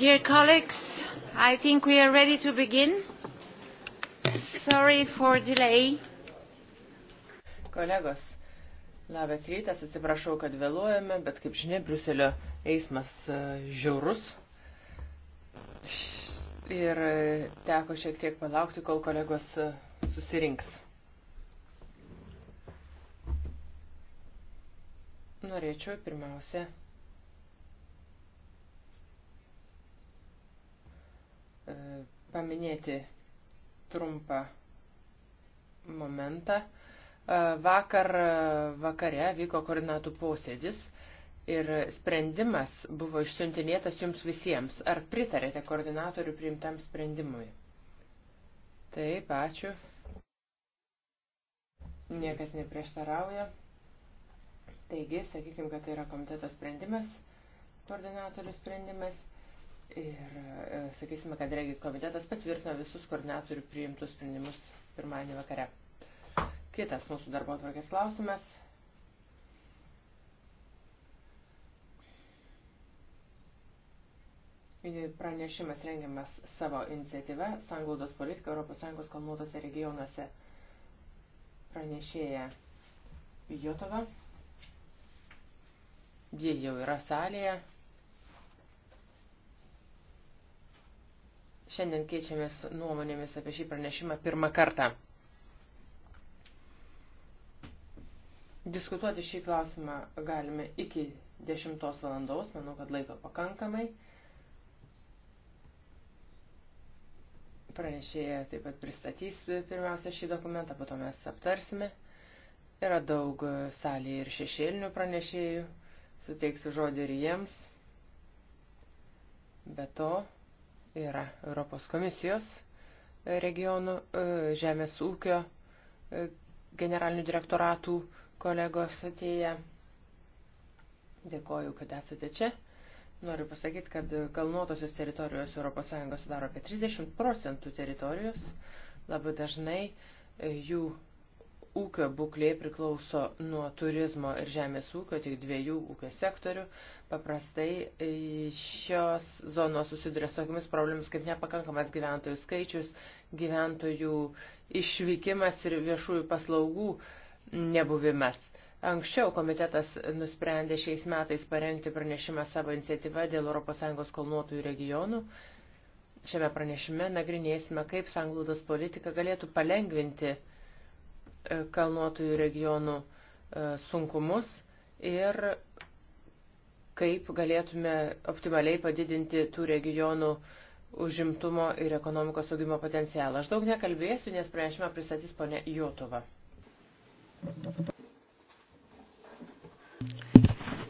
Dear colleagues, I think we are ready to begin. Sorry for delay. Kolegos, labas rytas, atsiprašau, kad vėluojame, bet kaip žinia, Bruselio eismas e, žiaurus. Ir e, teko šiek tiek palaukti, kol kolegos e, susirinks. Norėčiau pirmiausia paminėti trumpą momentą. Vakar vakare vyko koordinatų posėdis ir sprendimas buvo išsiuntinėtas jums visiems. Ar pritarėte koordinatorių priimtam sprendimui? Taip, ačiū. Niekas neprieštarauja. Taigi, sakykime, kad tai yra komiteto sprendimas, koordinatorių sprendimas. Ir e, sakysime, kad regi komitetas patvirtino visus koordinatorių priimtus sprendimus pirmąjį vakare. Kitas mūsų darbo atvarkės klausimas. Pranešimas rengiamas savo iniciatyvą Sanglaudos politika ES kalnuotose regionuose pranešėja Jotova. Jie jau yra salėje. Šiandien keičiamės nuomonėmis apie šį pranešimą pirmą kartą. Diskutuoti šį klausimą galime iki 10 valandos, manau, kad laiko pakankamai. Pranešėja taip pat pristatys pirmiausia šį dokumentą, po to mes aptarsime. Yra daug salėje ir šešėlinių pranešėjų, suteiksiu žodį ir jiems. Be to, yra Europos komisijos e, regionų e, žemės ūkio e, generalinių direktoratų kolegos atėję. Dėkoju, kad esate čia. Noriu pasakyti, kad kalnuotosios teritorijos ES sudaro apie 30 procentų teritorijos. Labai dažnai jų ūkio būklė priklauso nuo turizmo ir žemės ūkio, tik dviejų ūkio sektorių. Paprastai e, šios zonos susiduria su tokiamis problemas kaip nepakankamas gyventojų skaičius, gyventojų išvykimas ir viešųjų paslaugų nebuvimas. Anksčiau komitetas nusprendė šiais metais parengti pranešimą savo iniciatyvą dėl ES kalnuotųjų regionų Šiame pranešime nagrinėsime, kaip sanglaudos politika galėtų palengvinti E, kalnuotųjų regionų e, sunkumus ir kaip galėtume optimaliai padidinti tų regionų užimtumo ir ekonomikos augimo potencialą. Aš daug nekalbėsiu, nes pranešimą pristatys ponė Jotova.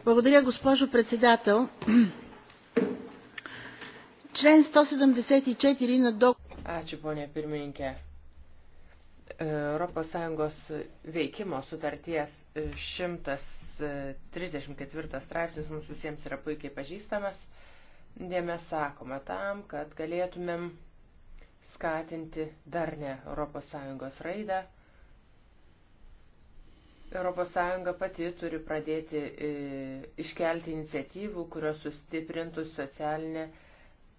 Благодаря, госпожо председател. Член 174 на договор. Ačiū, ponė pirmininkė. ES veikimo sutarties 134 e, straipsnis mums visiems yra puikiai pažįstamas. Dėme sakoma tam, kad galėtumėm skatinti dar ne ES raidą. ES pati turi pradėti e, iškelti iniciatyvų, kurios sustiprintų socialinę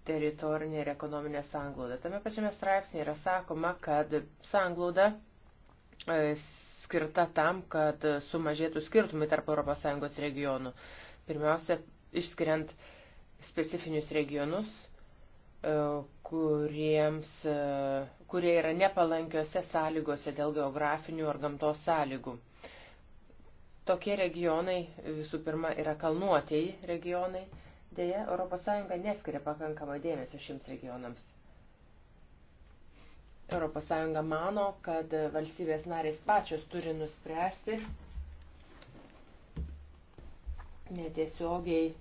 teritorinė ir ekonominė sanglauda. Tame pačiame straipsnėje yra sakoma, kad sanglauda e, skirta tam, kad sumažėtų skirtumai tarp ES regionų. Pirmiausia, išskiriant specifinius regionus, e, kuriems, e, kurie yra nepalankiose sąlygose dėl geografinių ar gamtos sąlygų. Tokie regionai visų pirma yra kalnuotieji regionai, Deja, ES neskiria pakankamo dėmesio šiems regionams. ES mano, kad valstybės narės pačios turi nuspręsti netiesiogiai e,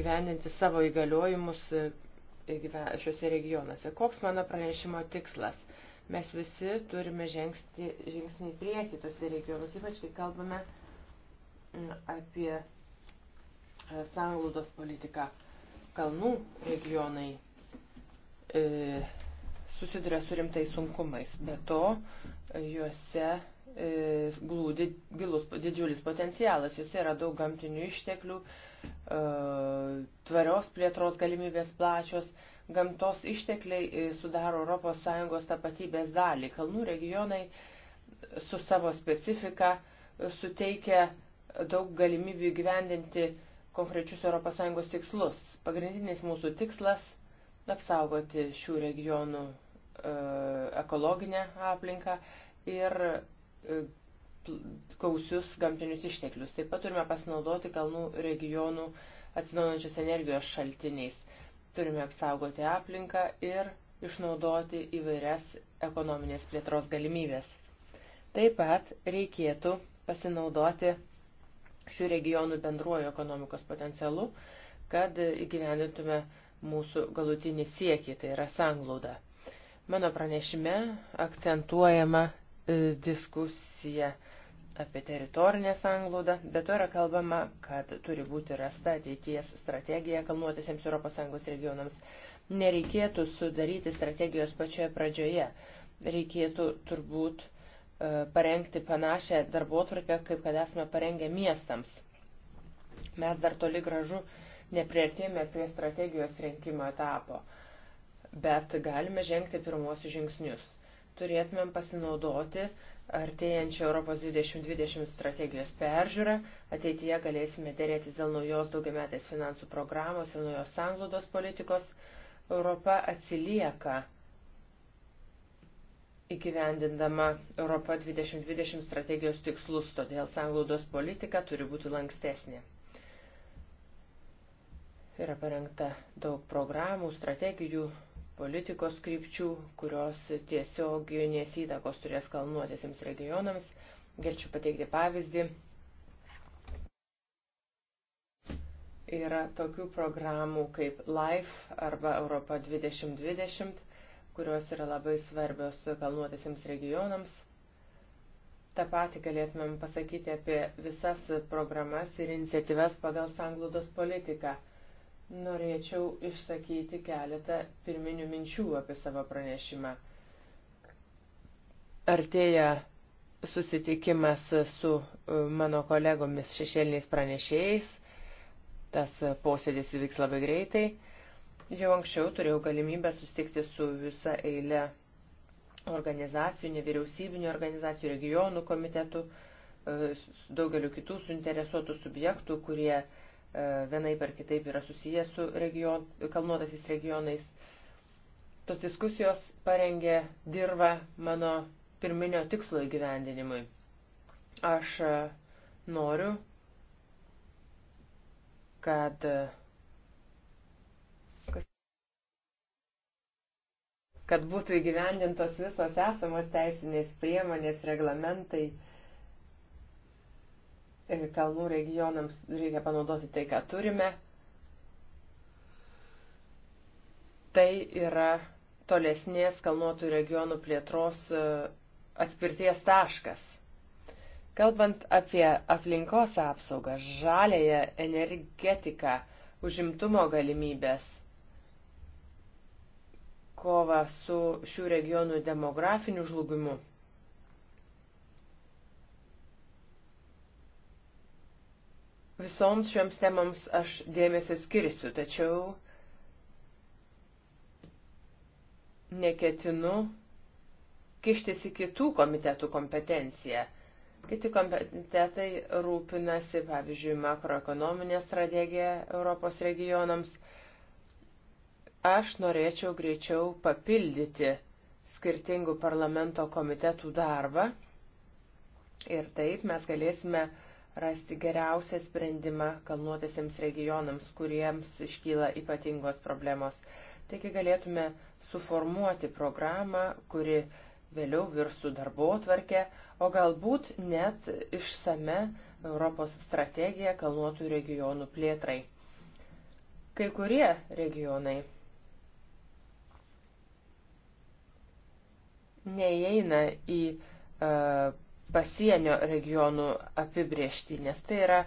gyvendinti savo įgaliojimus e, šiuose regionuose. Koks mano pranešimo tikslas? Mes visi turime žengsti žingsnį į priekį tuose regionuose, ypač kai kalbame mm, apie E, sanglaudos politika. Kalnų regionai e, susiduria su rimtais sunkumais. Be to, e, juose e, glūdi gilus, didžiulis potencialas, juose yra daug gamtinių išteklių, e, tvarios plėtros galimybės plačios, gamtos ištekliai e, sudaro ES tapatybės dalį. Kalnų regionai su savo specifika suteikia daug galimybių gyvendinti konkrečius ES tikslus. Pagrindinis mūsų tikslas - apsaugoti šių regionų e, ekologinę aplinką ir e, gausius gamtinius išteklius. Taip pat turime pasinaudoti kalnų regionų atsinaujančios energijos šaltiniais. Turime apsaugoti aplinką ir išnaudoti įvairias ekonominės plėtros galimybės. Taip pat reikėtų pasinaudoti šių regionų bendruoju ekonomikos potencialu, kad įgyvendintume mūsų galutinį siekį, tai yra sanglauda. Mano pranešime akcentuojama e, diskusija apie teritorinę sanglaudą, bet to yra kalbama, kad turi būti rasta ateities strategija kalnuotisiems ES regionams. Nereikėtų sudaryti strategijos pačioje pradžioje. Reikėtų turbūt E, parengti panašią darbotvarkę, kaip kad esame parengę miestams. Mes dar toli gražu neprieartėjome prie strategijos rinkimo etapo, bet galime žengti pirmosius žingsnius. Turėtumėm pasinaudoti artėjančią Europos 2020 strategijos peržiūrą, ateityje galėsime dėrėtis dėl naujos daugiametės finansų programos ir naujos sanglodos politikos. Europa atsilieka įgyvendindama Europa 2020 strategijos tikslus, todėl sanglaudos politika turi būti lankstesnė. Yra parengta daug programų, strategijų, politikos krypčių, kurios tiesioginės įtakos turės kalnuotėsiams regionams. Galčiau pateikti pavyzdį. Yra tokių programų kaip LIFE arba Europa 2020 kurios yra labai svarbios kalnuotėsiams regionams. Ta pati galėtumėm pasakyti apie visas programas ir iniciatyvas pagal sanglaudos politiką. Norėčiau išsakyti keletą pirminių minčių apie savo pranešimą. Artėja susitikimas su e, mano kolegomis šešėliniais pranešėjais. Tas posėdis įvyks labai greitai. Jau anksčiau turėjau galimybę susitikti su visa eile organizacijų, nevyriausybinio organizacijų, regionų komitetų, e, daugeliu kitų suinteresuotų subjektų, kurie e, vienai per kitaip yra susijęs su region, kalnuotasis regionais. Tos diskusijos parengė dirbą mano pirminio tikslo įgyvendinimui. Aš e, noriu, kad kad būtų įgyvendintos visos esamos teisinės priemonės, reglamentai. Kalnų regionams reikia panaudoti tai, ką turime. Tai yra tolesnės kalnuotų regionų plėtros e, atspirties taškas. Kalbant apie aplinkos apsaugą, žalėją energetiką, užimtumo galimybės – kovą su šių regionų demografiniu žlugimu. Visoms šioms temams aš dėmesio skirsiu, tačiau neketinu kištis į kitų komitetų kompetenciją. Kiti kompetetai rūpinasi, pavyzdžiui, makroekonominė strategija Europos regionams, Aš norėčiau greičiau papildyti skirtingų parlamento komitetų darbą ir taip mes galėsime rasti geriausią sprendimą kalnuotėsiems regionams, kuriems iškyla ypatingos problemos. Taigi galėtume suformuoti programą, kuri vėliau virstų darbo tvarkę, o galbūt net išsame Europos strategija kalnuotų regionų plėtrai. Kai kurie regionai neįeina į e, pasienio regionų apibriešti, nes tai yra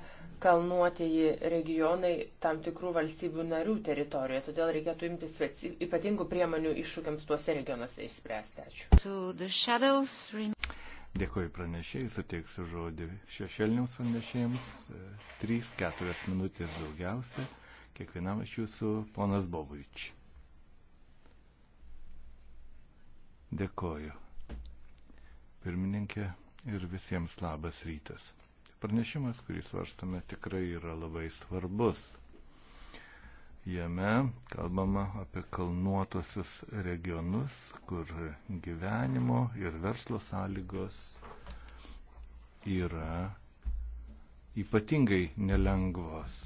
kalnuotieji regionai tam tikrų valstybių narių teritorijoje, todėl reikėtų imti ypatingų priemonių iššūkiams tuose regionuose išspręsti. Ačiū. Dėkuoju pranešėjai, suteiksiu žodį šešėliniams pranešėjams. 3-4 e, minutės daugiausia. Kiekvienam iš jūsų ponas Bovič. Dėkoju. Pirmininkė ir visiems labas rytas. Pranešimas, kurį svarstame, tikrai yra labai svarbus. Jame kalbama apie kalnuotosius regionus, kur gyvenimo ir verslo sąlygos yra ypatingai nelengvos.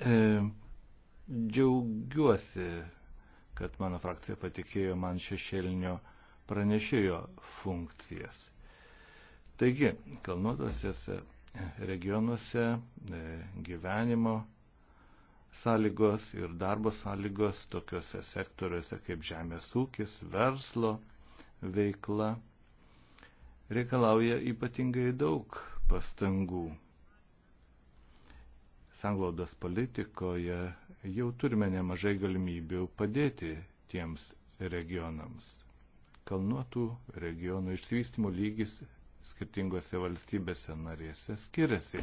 E, Džiaugiuosi, kad mano frakcija patikėjo man šešėlinio pranešėjo funkcijas. Taigi, kalnuotosiuose regionuose e, gyvenimo sąlygos ir darbo sąlygos tokiuose sektoriuose kaip žemės ūkis, verslo veikla reikalauja ypatingai daug pastangų sanglaudos politikoje jau turime nemažai galimybių padėti tiems regionams. Kalnuotų regionų išsivystimo lygis skirtingose valstybėse narėse skiriasi.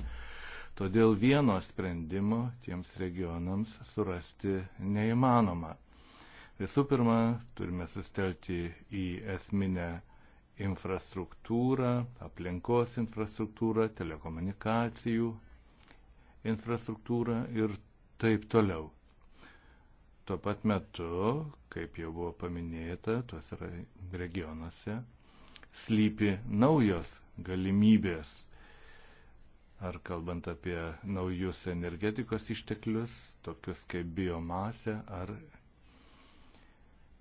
Todėl vieno sprendimo tiems regionams surasti neįmanoma. Visų pirma, turime sustelti į esminę infrastruktūrą, aplinkos infrastruktūrą, telekomunikacijų infrastruktūrą ir taip toliau. Tuo pat metu, kaip jau buvo paminėta, tuose regionuose slypi naujos galimybės. Ar kalbant apie naujus energetikos išteklius, tokius kaip biomasė ar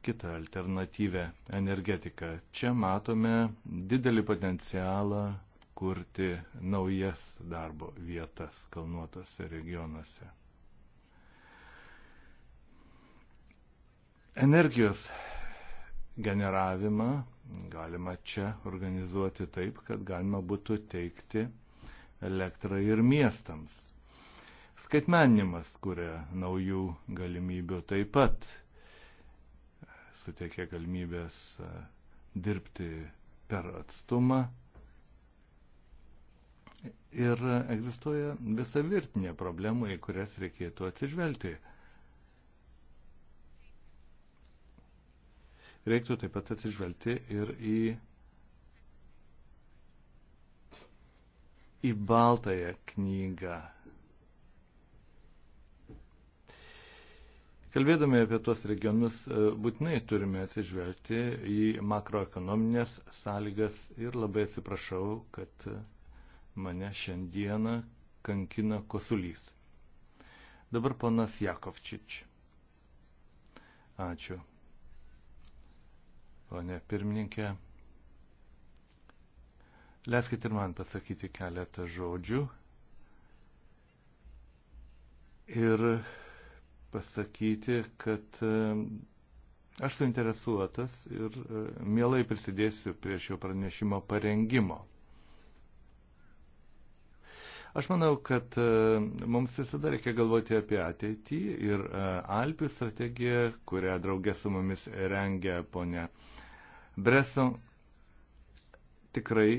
kitą alternatyvę energetiką. Čia matome didelį potencialą kurti naujas darbo vietas kalnuotose regionuose. Energijos generavimą galima čia organizuoti taip, kad galima būtų teikti elektrą ir miestams. Skaitmeninimas kuria naujų galimybių taip pat, suteikia galimybės dirbti per atstumą, Ir egzistuoja visa virtinė problemų, į kurias reikėtų atsižvelgti. Reiktų taip pat atsižvelgti ir į, į baltąją knygą. Kalbėdami apie tuos regionus, e, būtinai turime atsižvelgti į makroekonominės sąlygas ir labai atsiprašau, kad e, mane šiandieną kankina kosulys. Dabar ponas Jakovčič. Ačiū. Pone pirmininkė, leiskite ir man pasakyti keletą žodžių ir pasakyti, kad e, aš suinteresuotas ir e, mielai prisidėsiu prie šio pranešimo parengimo. Aš manau, kad e, mums visada reikia galvoti apie ateitį ir e, Alpių strategiją, kurią draugė su mumis rengia ponia Breso, tikrai,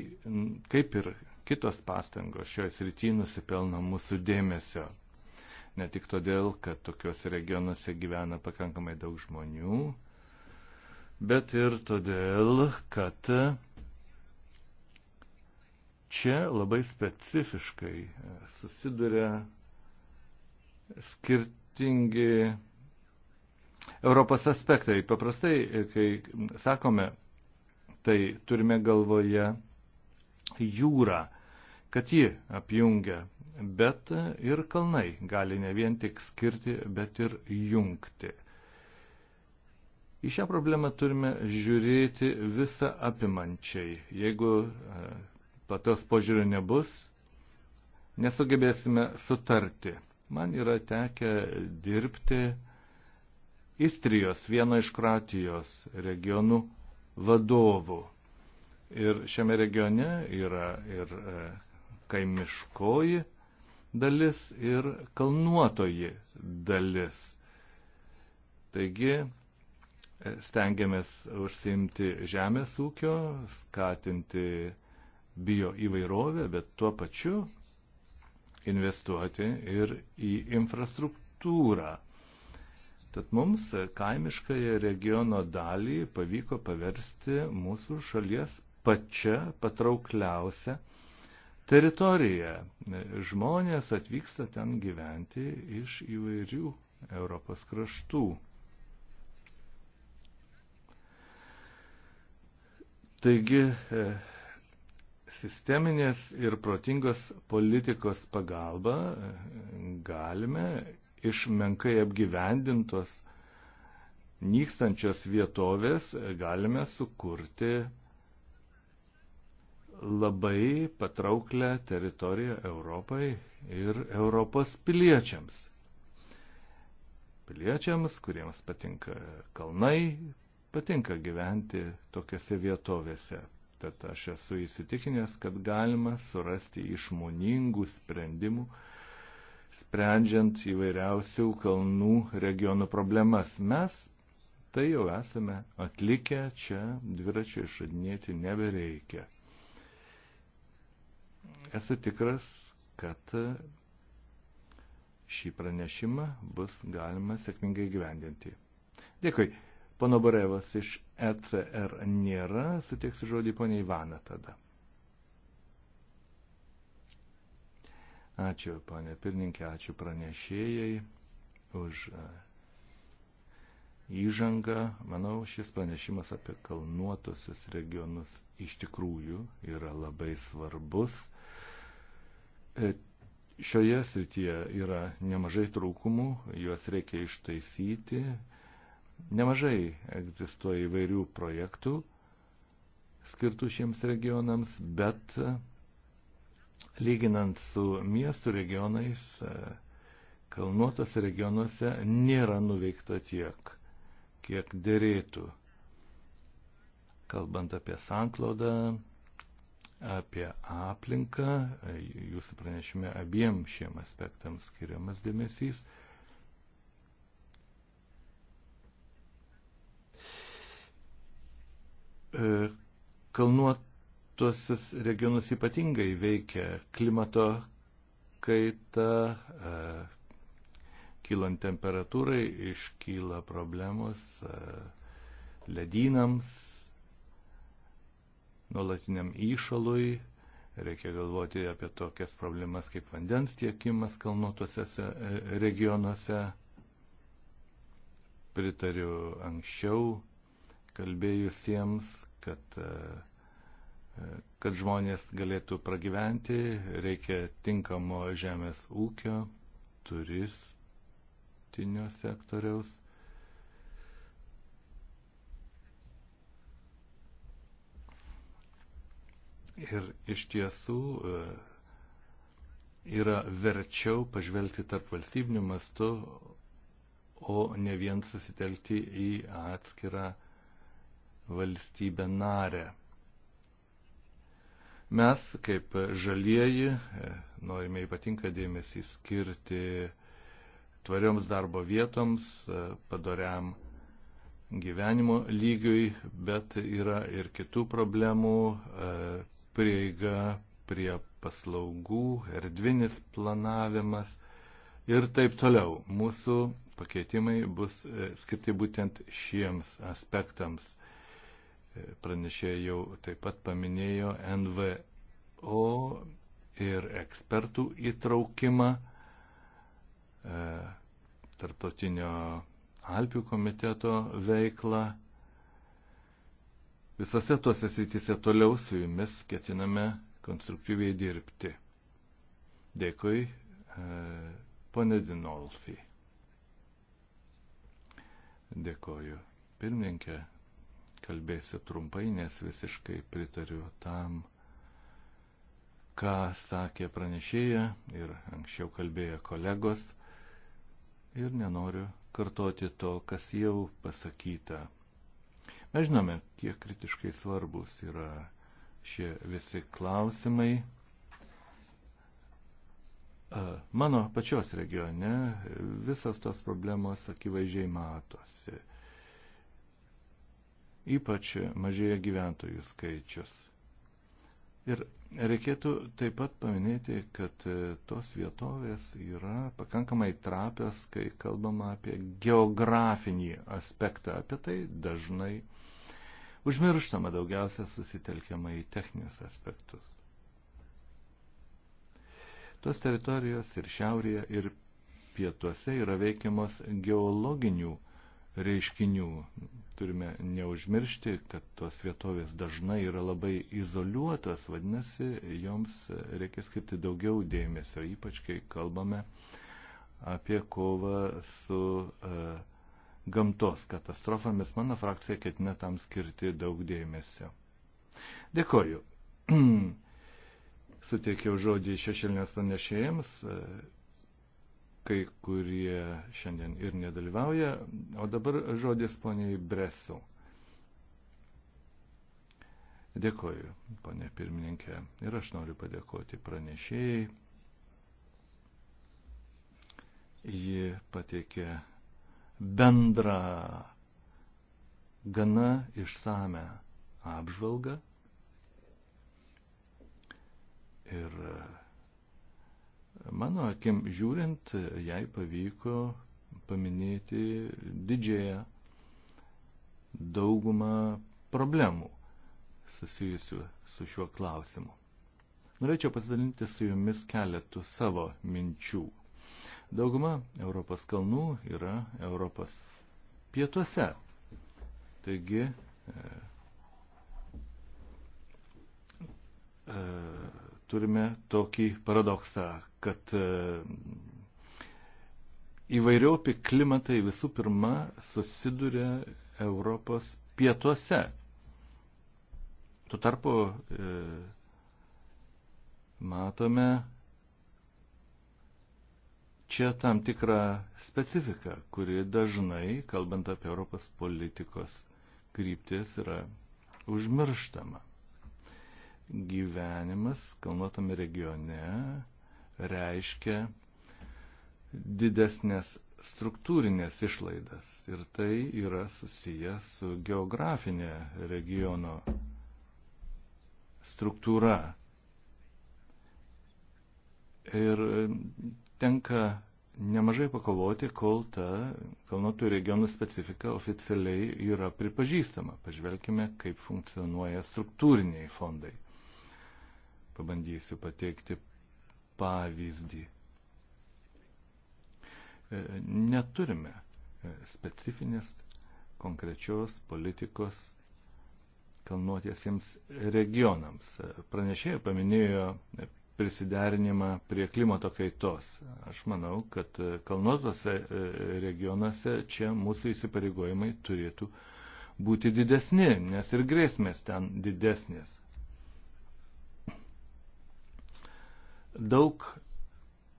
kaip ir kitos pastangos šioje srityje nusipelno mūsų dėmesio. Ne tik todėl, kad tokiuose regionuose gyvena pakankamai daug žmonių, bet ir todėl, kad Čia labai specifiškai e, susiduria skirtingi Europos aspektai. Paprastai, e, kai sakome, tai turime galvoje jūrą, kad ji apjungia, bet ir kalnai gali ne vien tik skirti, bet ir jungti. Į šią problemą turime žiūrėti visą apimančiai. Jeigu e, plataus požiūrio nebus, nesugebėsime sutarti. Man yra tekę dirbti Istrijos, vieno iš Kratijos regionų vadovų. Ir šiame regione yra ir e, kaimiškoji dalis ir kalnuotoji dalis. Taigi e, stengiamės užsiimti žemės ūkio, skatinti bio įvairovę, bet tuo pačiu investuoti ir į infrastruktūrą. Tad mums kaimiškąją regiono dalį pavyko paversti mūsų šalies pačią patraukliausią teritoriją. Žmonės atvyksta ten gyventi iš įvairių Europos kraštų. Taigi e, sisteminės ir protingos politikos pagalba galime iš menkai apgyvendintos nykstančios vietovės galime sukurti labai patrauklę teritoriją Europai ir Europos piliečiams. Piliečiams, kuriems patinka kalnai, patinka gyventi tokiuose vietovėse. Tad aš esu įsitikinęs, kad galima surasti išmoningų sprendimų, sprendžiant įvairiausių kalnų regionų problemas. Mes tai jau esame atlikę, čia dviračio išradinėti nebereikia. Esu tikras, kad šį pranešimą bus galima sėkmingai gyvendinti. Dėkui. Pono Borevas iš ECR nėra, suteiksiu žodį ponia Ivana tada. Ačiū, ponė pirmininkė, ačiū pranešėjai už e, įžangą. Manau, šis pranešimas apie kalnuotosius regionus iš tikrųjų yra labai svarbus. E, šioje srityje yra nemažai trūkumų, juos reikia ištaisyti, Nemažai egzistuoja įvairių projektų skirtų šiems regionams, bet e, lyginant su miestų regionais, e, kalnuotose regionuose nėra nuveikta tiek, kiek dėrėtų. Kalbant apie sanklaudą, apie aplinką, e, jūsų pranešime abiem šiem aspektams skiriamas dėmesys – E, kalnuotuosius regionus ypatingai veikia klimato kaita, e, kylant temperatūrai iškyla problemos e, ledynams, nuolatiniam įšalui, reikia galvoti apie tokias problemas kaip vandens tiekimas kalnuotose regionuose. Pritariu anksčiau kalbėjusiems, kad, e, kad žmonės galėtų pragyventi, reikia tinkamo žemės ūkio, turistinio sektoriaus. Ir iš tiesų e, yra verčiau pažvelgti tarp valstybinių mastų, o ne vien susitelkti į atskirą uh, valstybę narę. Mes, kaip žalieji, e, norime ypatinką dėmesį skirti tvarioms darbo vietoms, e, padoriam gyvenimo lygiui, bet yra ir kitų problemų, e, prieiga prie paslaugų, erdvinis planavimas ir taip toliau. Mūsų pakeitimai bus skirti būtent šiems aspektams pranešėjau taip pat paminėjo NVO ir ekspertų įtraukimą e, tarptautinio Alpių komiteto veiklą. Visose tuose srityse toliau su jumis ketiname konstruktyviai dirbti. Dėkui, e, ponė Dinolfi. Dėkoju. Pirmininkė kalbėsiu trumpai, nes visiškai pritariu tam, ką sakė pranešėja ir anksčiau kalbėjo kolegos. Ir nenoriu kartoti to, kas jau pasakyta. Mes žinome, kiek kritiškai svarbus yra šie visi klausimai. Mano pačios regione visas tos problemos akivaizdžiai matosi ypač mažėja gyventojų skaičius. Ir reikėtų taip pat paminėti, kad e, tos vietovės yra pakankamai trapios, kai kalbama apie geografinį aspektą. Apie tai dažnai užmirštama daugiausia susitelkiama į techninius aspektus. Tos teritorijos ir šiaurėje, ir pietuose yra veikiamos geologinių reiškinių, Turime neužmiršti, kad tos vietovės dažnai yra labai izoliuotos, vadinasi, joms reikia skirti daugiau dėmesio, ypač kai kalbame apie kovą su uh, gamtos katastrofomis. Mano frakcija ketina tam skirti daug dėmesio. Dėkoju. Suteikiau žodį šešėlinės pranešėjams. Uh, kai kurie šiandien ir nedalyvauja. O dabar žodis poniai Bresu. Dėkoju, ponė pirmininkė, ir aš noriu padėkoti pranešėjai. Ji pateikė bendrą, gana išsame apžvalgą ir Mano akim žiūrint, jai pavyko paminėti didžiąją daugumą problemų susijusių su šiuo klausimu. Norėčiau pasidalinti su jumis keletų savo minčių. Dauguma Europos kalnų yra Europos pietuose. Taigi, e, e, turime tokį paradoksą, kad e, įvairiopi klimatai visų pirma susiduria Europos pietuose. Tuo tarpu e, matome čia tam tikrą specifiką, kuri dažnai, kalbant apie Europos politikos kryptis, yra užmirštama gyvenimas kalnuotame regione reiškia didesnės struktūrinės išlaidas ir tai yra susiję su geografinė regiono struktūra. Ir tenka nemažai pakovoti, kol ta kalnotų regionų specifika oficialiai yra pripažįstama. Pažvelkime, kaip funkcionuoja struktūriniai fondai. Pabandysiu pateikti pavyzdį. E, neturime e, specifinės konkrečios politikos kalnuotiesiems regionams. E, Pranešėjai paminėjo prisiderinimą prie klimato kaitos. Aš manau, kad kalnuotose regionuose čia mūsų įsipareigojimai turėtų būti didesni, nes ir grėsmės ten didesnės. Daug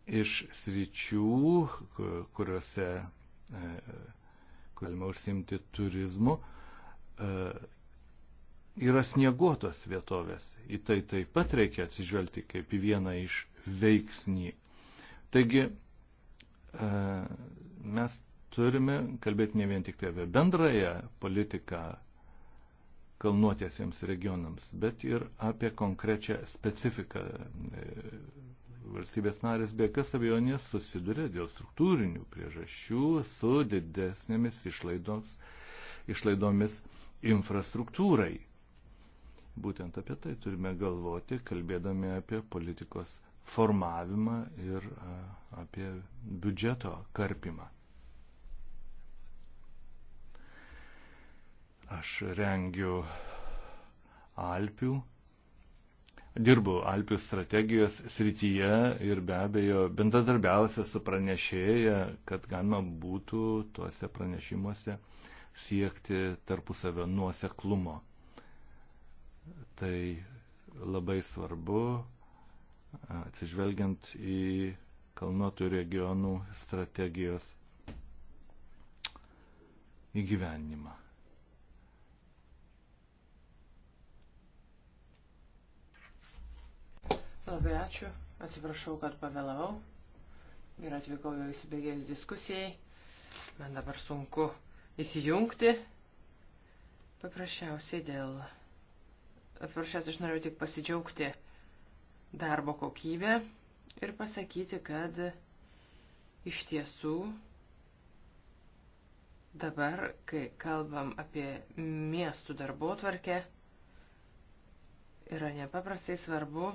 iš sričių, kuriuose e, galima užsimti turizmu, e, yra snieguotos vietovės. Į tai taip pat reikia atsižvelgti kaip į vieną iš veiksnį. Taigi e, mes turime kalbėti ne vien tik tai apie bendrąją politiką kalnuotėsiems regionams, bet ir apie konkrečią specifiką. E, valstybės narės be jokios abejonės susiduria dėl struktūrinių priežasčių su didesnėmis išlaidoms, išlaidomis infrastruktūrai. Būtent apie tai turime galvoti, kalbėdami apie politikos formavimą ir apie biudžeto karpimą. Aš rengiu Alpių, dirbu Alpių strategijos srityje ir be abejo bendradarbiausia su pranešėja, kad galima būtų tuose pranešimuose siekti tarpusavio nuoseklumo. Tai labai svarbu, atsižvelgiant į kalnuotų regionų strategijos įgyvenimą. Labai ačiū. Atsiprašau, kad pavėlavau ir atvykau jau įsibėgėjus diskusijai. Man dabar sunku įsijungti. Paprasčiausiai dėl. Paprasčiausiai aš norėjau tik pasidžiaugti darbo kokybę ir pasakyti, kad iš tiesų dabar, kai kalbam apie miestų darbo tvarkę, yra nepaprastai svarbu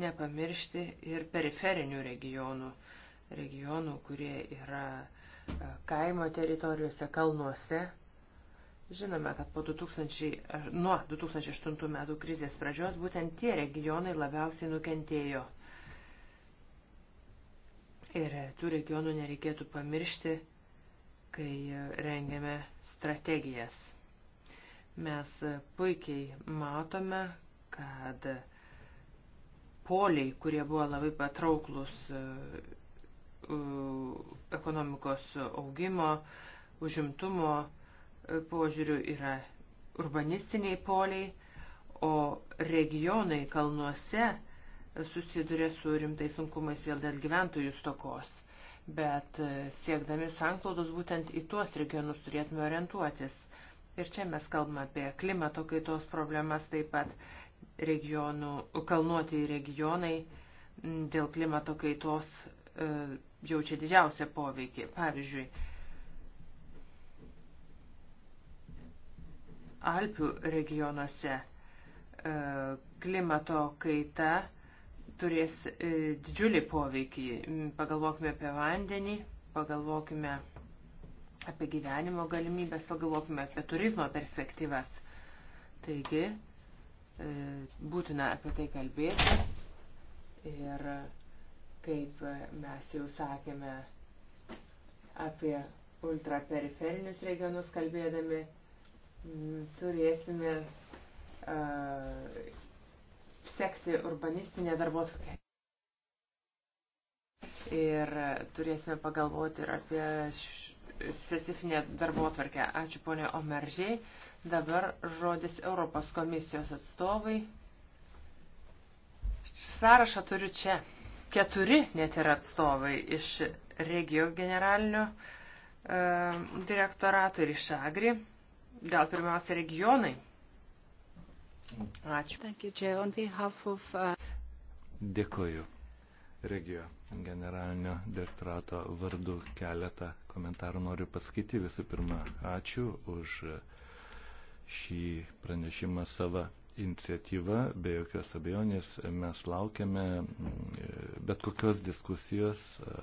nepamiršti ir periferinių regionų, regionų, kurie yra e, kaimo teritorijose, kalnuose. Žinome, kad po 2000, e, nuo 2008 metų krizės pradžios būtent tie regionai labiausiai nukentėjo. Ir tų regionų nereikėtų pamiršti, kai e, rengiame strategijas. Mes puikiai matome, kad poliai, kurie buvo labai patrauklus e, ekonomikos augimo, užimtumo e, požiūrių yra urbanistiniai poliai, o regionai kalnuose susiduria su rimtais sunkumais vėl dėl gyventojų stokos. Bet e, siekdami sanklaudos būtent į tuos regionus turėtume orientuotis. Ir čia mes kalbame apie klimato kaitos problemas taip pat regionų, kalnuotieji regionai dėl klimato kaitos e, jaučia didžiausią poveikį. Pavyzdžiui, Alpių regionuose e, klimato kaita turės e, didžiulį poveikį. Pagalvokime apie vandenį, pagalvokime apie gyvenimo galimybės, pagalvokime apie turizmo perspektyvas. Taigi, E, būtina apie tai kalbėti. Ir kaip mes jau sakėme apie ultraperiferinius regionus kalbėdami, turėsime uh, sekti urbanistinę darbotvarkę. Ir turėsime pagalvoti ir apie specifinę darbotvarkę. Ačiū ponė Omeržiai. Dabar žodis Europos komisijos atstovai. Sąrašą turiu čia. Keturi net yra atstovai iš regio generalinio e, direktorato ir iš Agri. Gal pirmiausia regionai. Ačiū. Uh, Dėkuoju regio generalinio direktorato vardu keletą komentarų noriu pasakyti. Visų pirma, ačiū už uh, šį pranešimą savo iniciatyva, be jokios abejonės mes laukiame mm, bet kokios diskusijos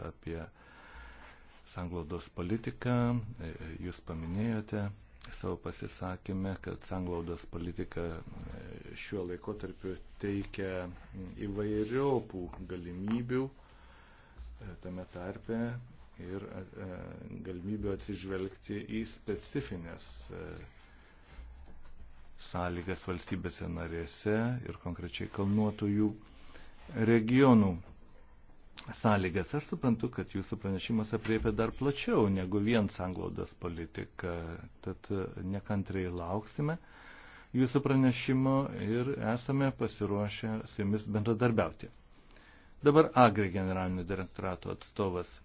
apie sanglaudos politiką. Jūs paminėjote savo pasisakymę, kad sanglaudos politika mm, šiuo laikotarpiu teikia mm, įvairiopų galimybių e, tame tarpe ir e, e, galimybių atsižvelgti į specifines sąlygas valstybėse narėse ir konkrečiai kalnuotojų regionų sąlygas. Aš suprantu, kad jūsų pranešimas apriepia dar plačiau negu vien sanglaudas politika, tad nekantriai lauksime jūsų pranešimo ir esame pasiruošę su jumis bendradarbiauti. Dabar Agri generalinio direktorato atstovas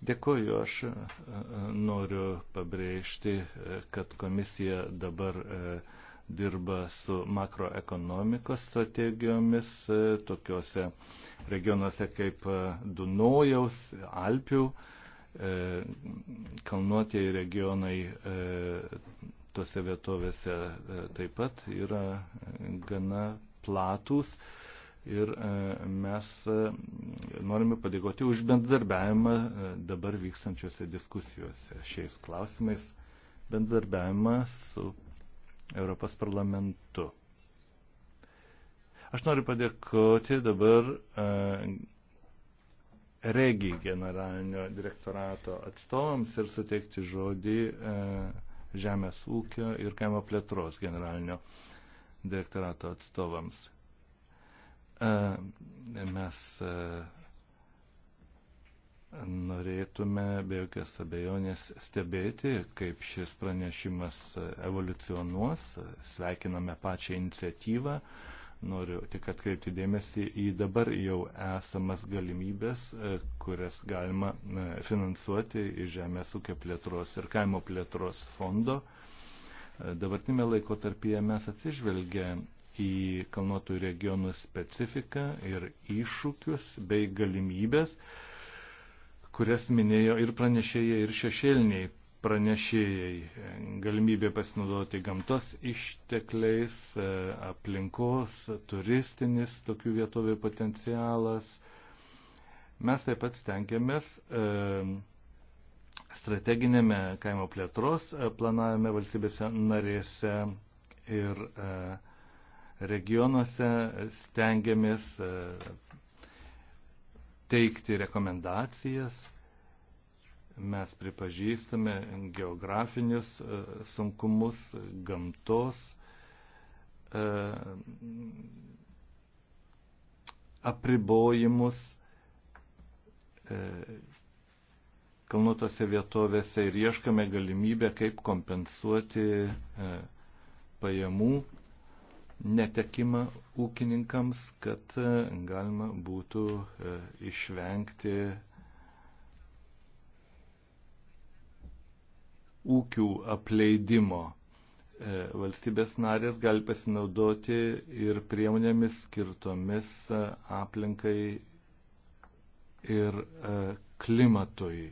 Dėkuoju, aš e, e, noriu pabrėžti, e, kad komisija dabar dirba su makroekonomikos strategijomis e, tokiuose regionuose kaip e, Dunojaus, Alpių, e, kalnuotieji regionai tuose vietovėse taip pat yra gana platūs. Ir mes norime padėkoti už bendradarbiavimą dabar vykstančiose diskusijose šiais klausimais bendradarbiavimą su Europos parlamentu. Aš noriu padėkoti dabar e, Regi generalinio direktorato atstovams ir suteikti žodį e, Žemės ūkio ir kaimo plėtros generalinio direktorato atstovams. E, mes norėtume be jokios abejonės stebėti, kaip šis pranešimas evoliucionuos. Sveikiname pačią iniciatyvą. Noriu tik atkreipti dėmesį į dabar jau esamas galimybės, e, kurias galima e, finansuoti iš Žemės ūkio plėtros ir kaimo plėtros fondo. E, Dabartinėme laiko tarpyje mes atsižvelgia į kalnuotų regionų specifiką ir iššūkius bei galimybės, kurias minėjo ir pranešėjai, ir šešėliniai pranešėjai. Galimybė pasinaudoti gamtos ištekliais, e, aplinkos, turistinis tokių vietovių potencialas. Mes taip pat stengiamės e, strateginėme kaimo plėtros e, planavime valstybėse narėse ir regionuose stengiamės teikti rekomendacijas, mes pripažįstame geografinius e, sunkumus, gamtos e, apribojimus e, kalnuotose vietovėse ir ieškame galimybę, kaip kompensuoti pajamų netekimą ūkininkams, kad e, galima būtų e, išvengti ūkių apleidimo. E, valstybės narės gali pasinaudoti ir priemonėmis skirtomis aplinkai ir klimatui.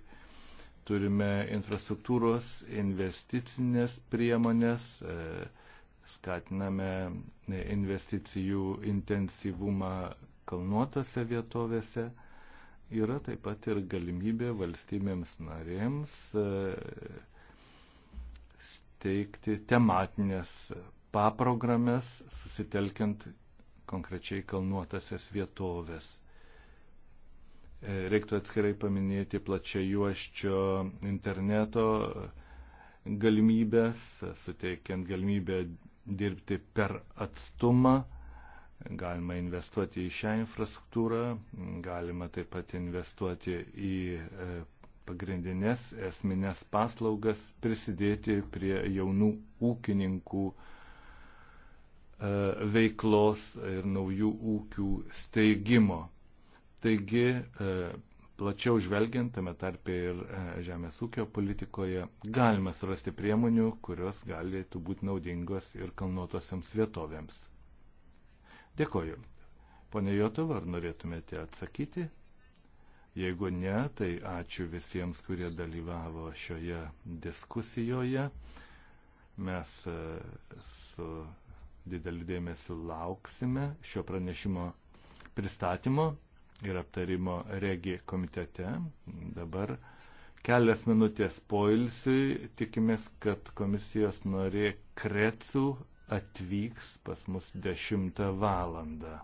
Turime infrastruktūros investicinės priemonės, e, skatiname investicijų intensyvumą kalnuotose vietovėse. Yra taip pat ir galimybė valstybėms narėms e, steigti tematinės paprogrames, susitelkiant konkrečiai kalnuotasias vietovės. E, reiktų atskirai paminėti plačiai juoščio interneto galimybės, suteikiant galimybę dirbti per atstumą, galima investuoti į šią infrastruktūrą, galima taip pat investuoti į e, pagrindinės esminės paslaugas, prisidėti prie jaunų ūkininkų e, veiklos ir naujų ūkių steigimo. Taigi e, plačiau žvelgiant, tame tarpe ir e, žemės ūkio politikoje, galime surasti priemonių, kurios galėtų būti naudingos ir kalnuotosiams vietovėms. Dėkoju. Pone Jotova, ar norėtumėte atsakyti? Jeigu ne, tai ačiū visiems, kurie dalyvavo šioje diskusijoje. Mes e, su dideliu dėmesiu lauksime šio pranešimo pristatymo ir aptarimo regi komitete. Dabar kelias minutės poilsiui. Tikimės, kad komisijos norė Krecu atvyks pas mus 10 valandą.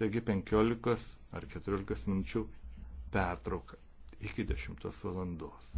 Taigi 15 ar 14 minučių pertrauka iki 10 valandos.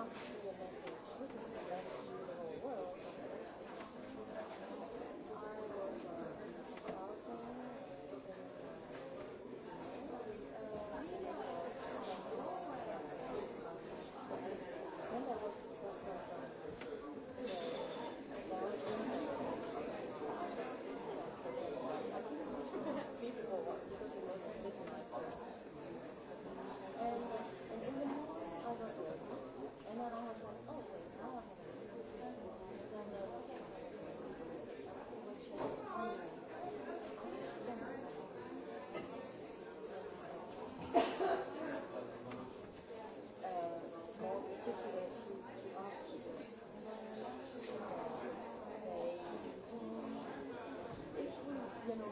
must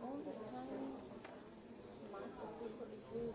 Marron, the time mass of people is losing.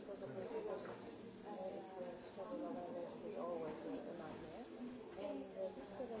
because of the people I have several others is always a nightmare. And uh, this several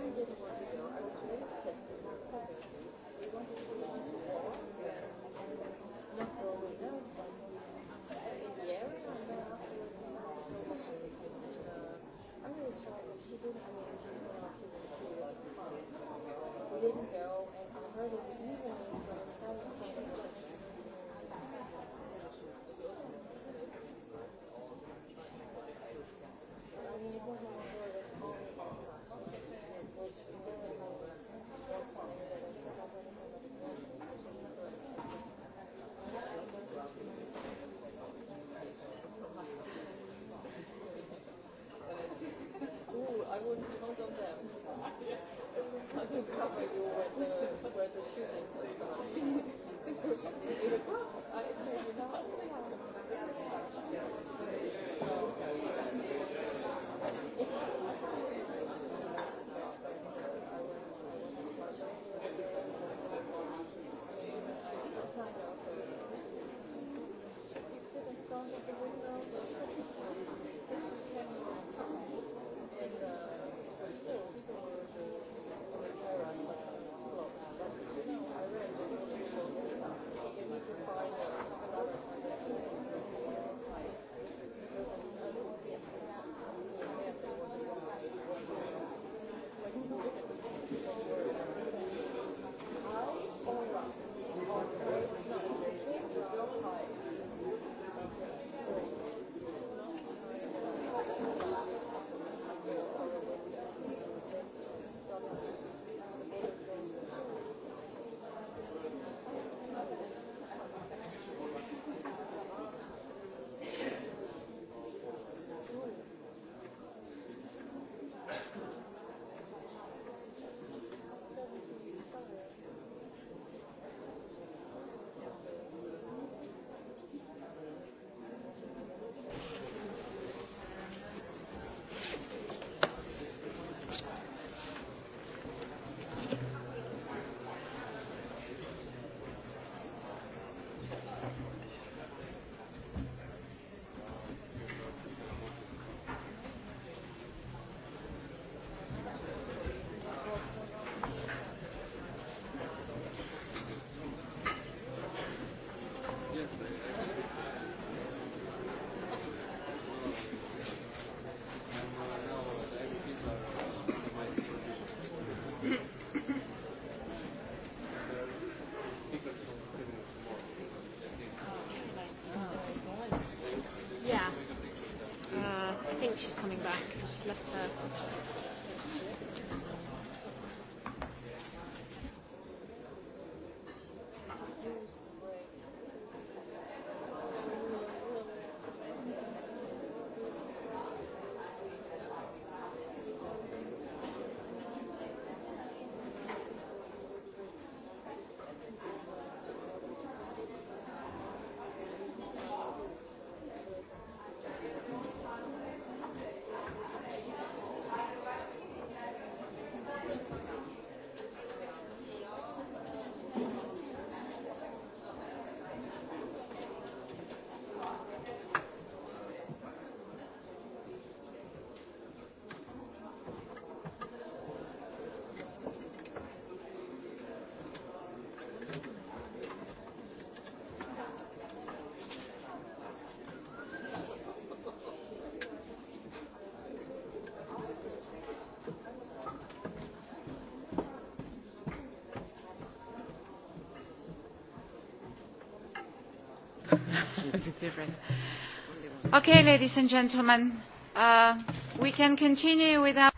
okay, ladies and gentlemen, uh, we can continue with our...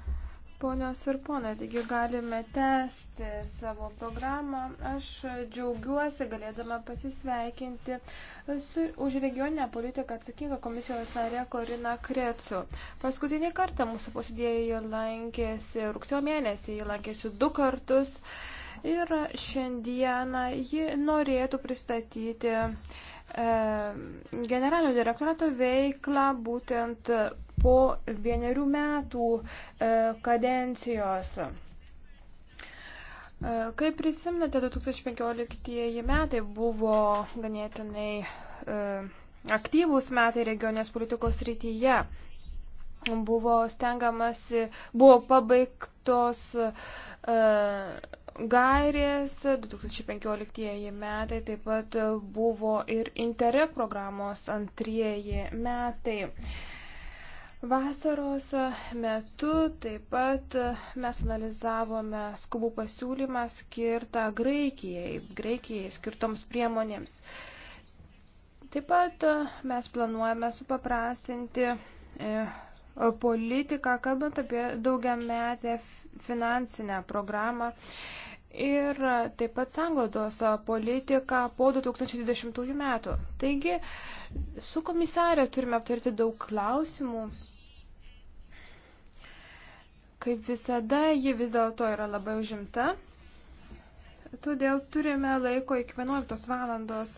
Ponios ir ponai, taigi galime tęsti savo programą. Aš džiaugiuosi galėdama pasisveikinti su, už regioninę politiką atsakingą komisijos narę Korina Krecu. Paskutinį kartą mūsų posėdėje lankėsi rugsėjo mėnesį, jį lankėsi du kartus ir šiandieną ji norėtų pristatyti uh, E, generalinio direktorato veiklą būtent po vienerių metų e, kadencijos. E, kaip prisimnate, 2015 metai buvo ganėtinai aktyvūs metai regionės politikos rytyje. Buvo stengiamasi, buvo pabaigtos uh, gairės 2015 metai taip pat buvo ir Interreg programos antrieji metai. Vasaros metu taip pat mes analizavome skubų pasiūlymą skirtą Graikijai, Graikijai skirtoms priemonėms. Taip pat mes planuojame supaprastinti e, politiką, kalbant apie daugiametę finansinę programą ir taip pat sanglaudos politiką po 2020 metų. Taigi, su komisarė turime aptarti daug klausimų. Kaip visada, ji vis dėlto yra labai užimta. Todėl turime laiko iki 11 valandos.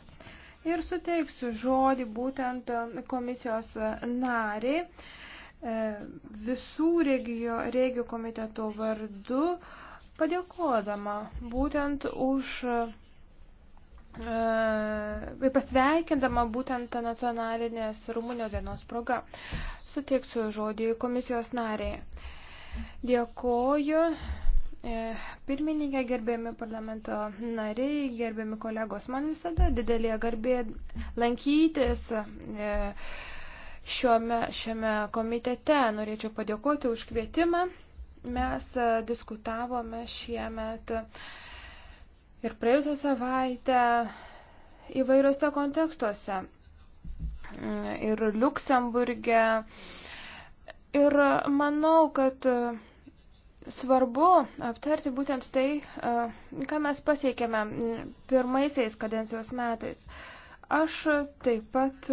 Ir suteiksiu žodį būtent komisijos nariai E, visų regio, regio komiteto vardu padėkodama būtent už e, pasveikindama būtent tą nacionalinės Rumunijos dienos progą. Suteiksiu žodį komisijos nariai. Dėkoju. E, pirmininkė, gerbėmi parlamento nariai, gerbėmi kolegos, man visada didelė garbė lankytis. E, šiuome, šiame komitete. Norėčiau padėkoti už kvietimą. Mes e, diskutavome šiemet ir praėjusią savaitę įvairiuose kontekstuose. Mm, ir Luksemburgė. Ir manau, kad e, svarbu aptarti būtent tai, e, ką mes pasiekėme mm, pirmaisiais kadencijos metais. Aš taip pat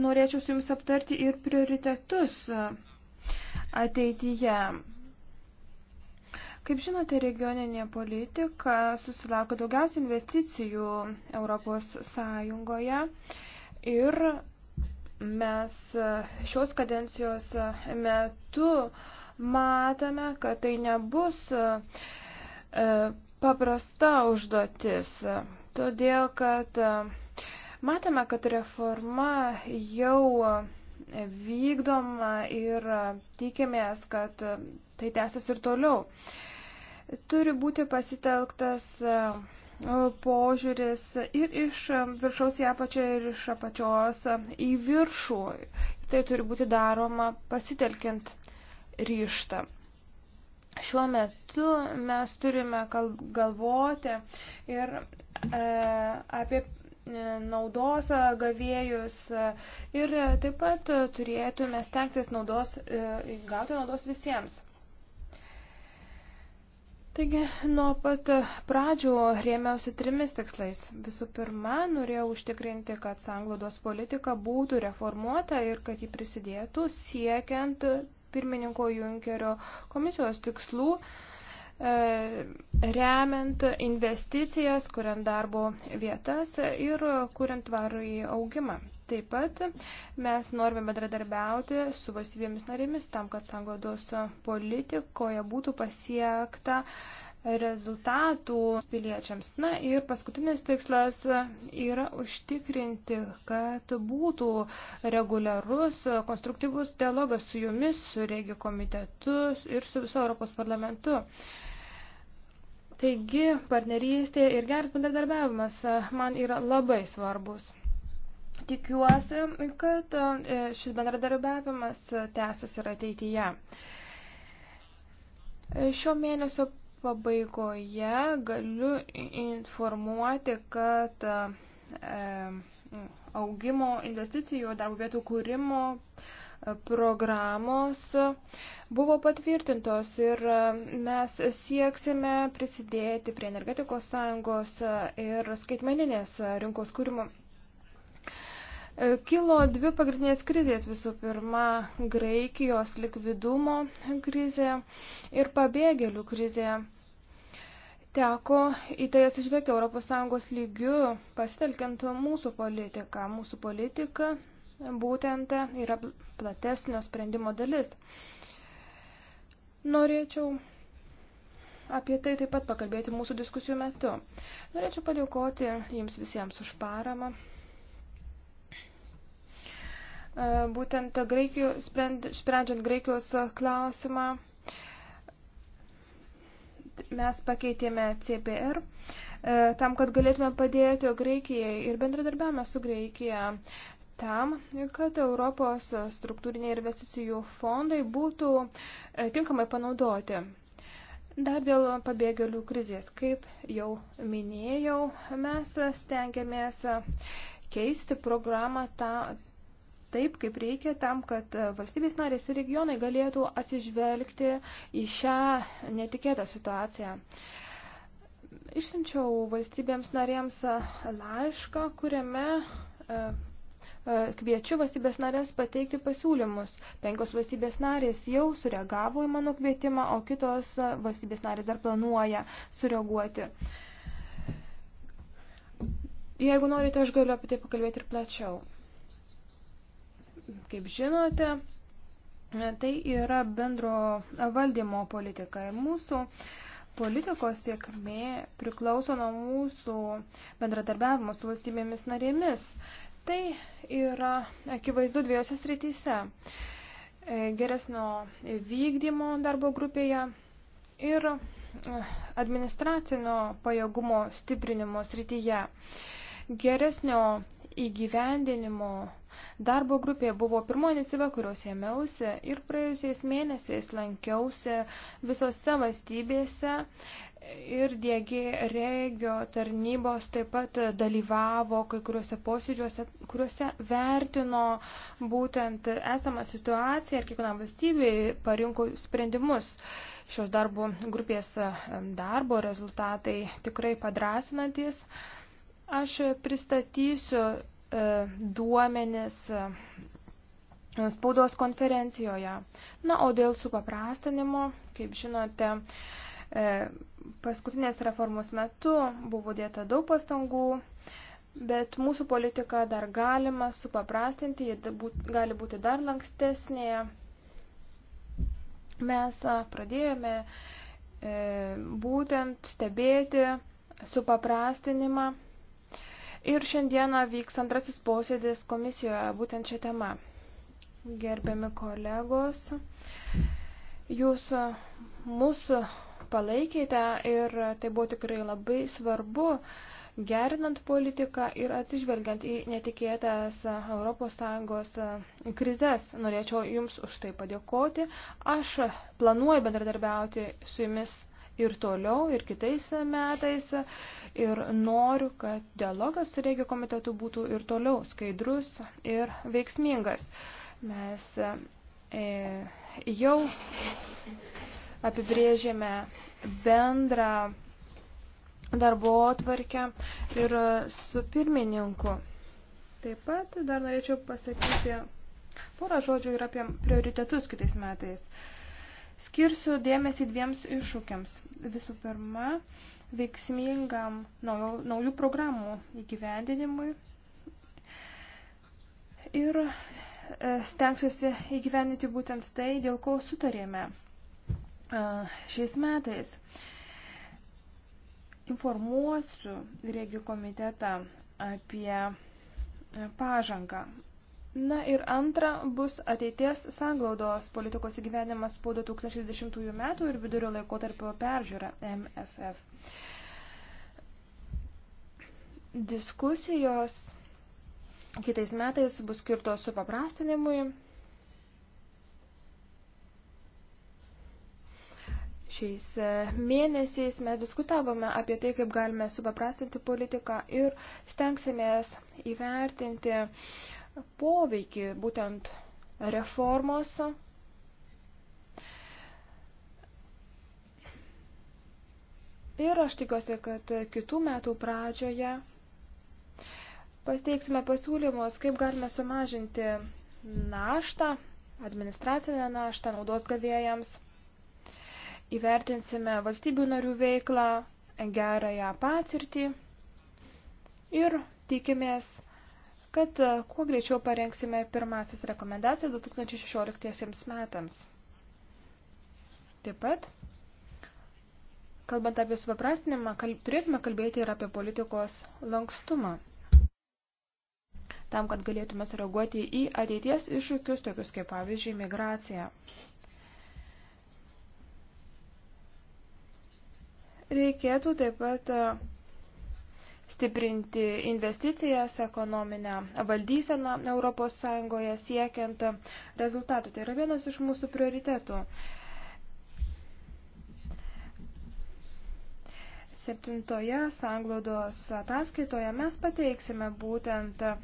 norėčiau su Jums aptarti ir prioritetus e, ateityje. Kaip žinote, regioninė politika susilauko daugiausiai investicijų Europos Sąjungoje ir mes šios kadencijos metu matome, kad tai nebus e, paprasta užduotis, todėl kad e, Matome, kad reforma jau vykdoma ir tikimės, kad tai tęsis ir toliau. Turi būti pasitelktas požiūris ir iš viršaus į apačią, ir iš apačios į viršų. Tai turi būti daroma pasitelkiant ryštą. Šiuo metu mes turime galvoti ir e, apie naudos gavėjus ir taip pat turėtume stengtis naudos, e, gauti naudos visiems. Taigi, nuo pat pradžių rėmiausi trimis tikslais. Visų pirma, norėjau užtikrinti, kad sanglaudos politika būtų reformuota ir kad ji prisidėtų siekiant pirmininko Junkerio komisijos tikslų, uh, E, remiant investicijas, kuriant darbo vietas ir kuriant tvarų į augimą. Taip pat mes norime bendradarbiauti su valstybėmis narėmis tam, kad sangodos politikoje būtų pasiekta rezultatų piliečiams. Na ir paskutinis tikslas yra užtikrinti, kad būtų reguliarus, konstruktyvus dialogas su jumis, su regio komitetu ir su viso Europos parlamentu. Taigi, partnerystė ir geras bendradarbiavimas e, man yra labai svarbus. Tikiuosi, kad e, šis bendradarbiavimas e, tęsis ir ateityje. Šio mėnesio pabaigoje galiu informuoti, kad augimo investicijų darbo vietų kūrimo programos buvo patvirtintos ir mes sieksime prisidėti prie energetikos sąjungos ir skaitmeninės rinkos kūrimo. Kilo dvi pagrindinės krizės. Visų pirma, Graikijos likvidumo krizė ir pabėgėlių krizė. Teko į tai atsižvelgti ES lygių, pasitelkiant mūsų politiką. Mūsų politika būtent yra platesnio sprendimo dalis. Norėčiau apie tai taip pat pakalbėti mūsų diskusijų metu. Norėčiau padėkoti jums visiems už paramą. E, būtent greikijų, sprend, sprendžiant Graikijos klausimą, mes pakeitėme CPR e, tam, kad galėtume padėti Graikijai ir bendradarbiavame su Graikija tam, kad Europos struktūriniai investicijų fondai būtų e, tinkamai panaudoti. Dar dėl pabėgėlių krizės. Kaip jau minėjau, mes stengiamės keisti programą tą, taip, kaip reikia tam, kad valstybės narės ir regionai galėtų atsižvelgti į šią netikėtą situaciją išsiunčiau valstybėms narėms laišką, kuriame e, E, kviečiu valstybės narės pateikti pasiūlymus. Penkios valstybės narės jau sureagavo į mano kvietimą, o kitos e, valstybės narės dar planuoja sureaguoti. Jeigu norite, aš galiu apie tai pakalbėti ir plačiau. Kaip žinote, e, tai yra bendro valdymo politika ir mūsų politikos sėkmė priklauso nuo mūsų bendradarbiavimo su valstybėmis narėmis. Tai yra akivaizdu dviejose srityse e, - geresnio vykdymo darbo grupėje ir e, administracinio pajėgumo stiprinimo srityje. Geresnio įgyvendinimo darbo grupėje buvo pirmoji iniciatyva, kurios ėmiausi ir praėjusiais mėnesiais lankiausi visose valstybėse ir DG regio tarnybos taip pat dalyvavo kai kuriuose posėdžiuose, kuriuose vertino būtent esamą situaciją ir kiekvieną valstybę parinko sprendimus. Šios darbo grupės darbo rezultatai tikrai padrasinantis. Aš pristatysiu e, duomenis e, spaudos konferencijoje. Na, o dėl supaprastinimo, kaip žinote, E, paskutinės reformos metu buvo dėta daug pastangų, bet mūsų politiką dar galima supaprastinti, ji gali būti dar lankstesnė. Mes pradėjome e, būtent stebėti supaprastinimą ir šiandieną vyks antrasis posėdis komisijoje būtent šią temą. Gerbiami kolegos, jūs mūsų palaikėte ir tai buvo tikrai labai svarbu, gerinant politiką ir atsižvelgiant į netikėtas ES e, krizes. Norėčiau Jums už tai padėkoti. Aš planuoju bendradarbiauti su Jumis ir toliau, ir kitais metais. Ir noriu, kad dialogas su regio komitetu būtų ir toliau skaidrus ir veiksmingas. Mes e, jau apibrėžėme bendrą darbo atvarkę ir su pirmininku. Taip pat dar norėčiau pasakyti porą žodžių ir apie prioritetus kitais metais. Skirsiu dėmesį dviems iššūkiams. Visų pirma, veiksmingam naujų, naujų programų įgyvendinimui ir e, stengsiuosi įgyvendinti būtent tai, dėl ko sutarėme šiais metais. Informuosiu Regi komitetą apie pažangą. Na ir antra bus ateities sanglaudos politikos įgyvenimas po 2020 metų ir vidurio laikotarpio peržiūra MFF. Diskusijos kitais metais bus skirtos supaprastinimui Šiais e, mėnesiais mes diskutavome apie tai, kaip galime supaprastinti politiką ir stengsimės įvertinti poveikį būtent reformos. Ir aš tikiuosi, kad kitų metų pradžioje pateiksime pasiūlymus, kaip galime sumažinti naštą, administracinę naštą naudos gavėjams įvertinsime valstybių narių veiklą, gerąją patirtį ir tikimės, kad e, kuo greičiau parengsime pirmasis rekomendacijas 2016 metams. Taip pat, kalbant apie supaprastinimą, kalb, turėtume kalbėti ir apie politikos lankstumą. Tam, kad galėtume sureaguoti į ateities iššūkius, tokius kaip pavyzdžiui migracija. Reikėtų taip pat e, stiprinti investicijas, ekonominę valdyseną Europos Sąjungoje siekiant rezultatų. Tai yra vienas iš mūsų prioritetų. Septintoje sanglaudos ataskaitoje mes pateiksime būtent e,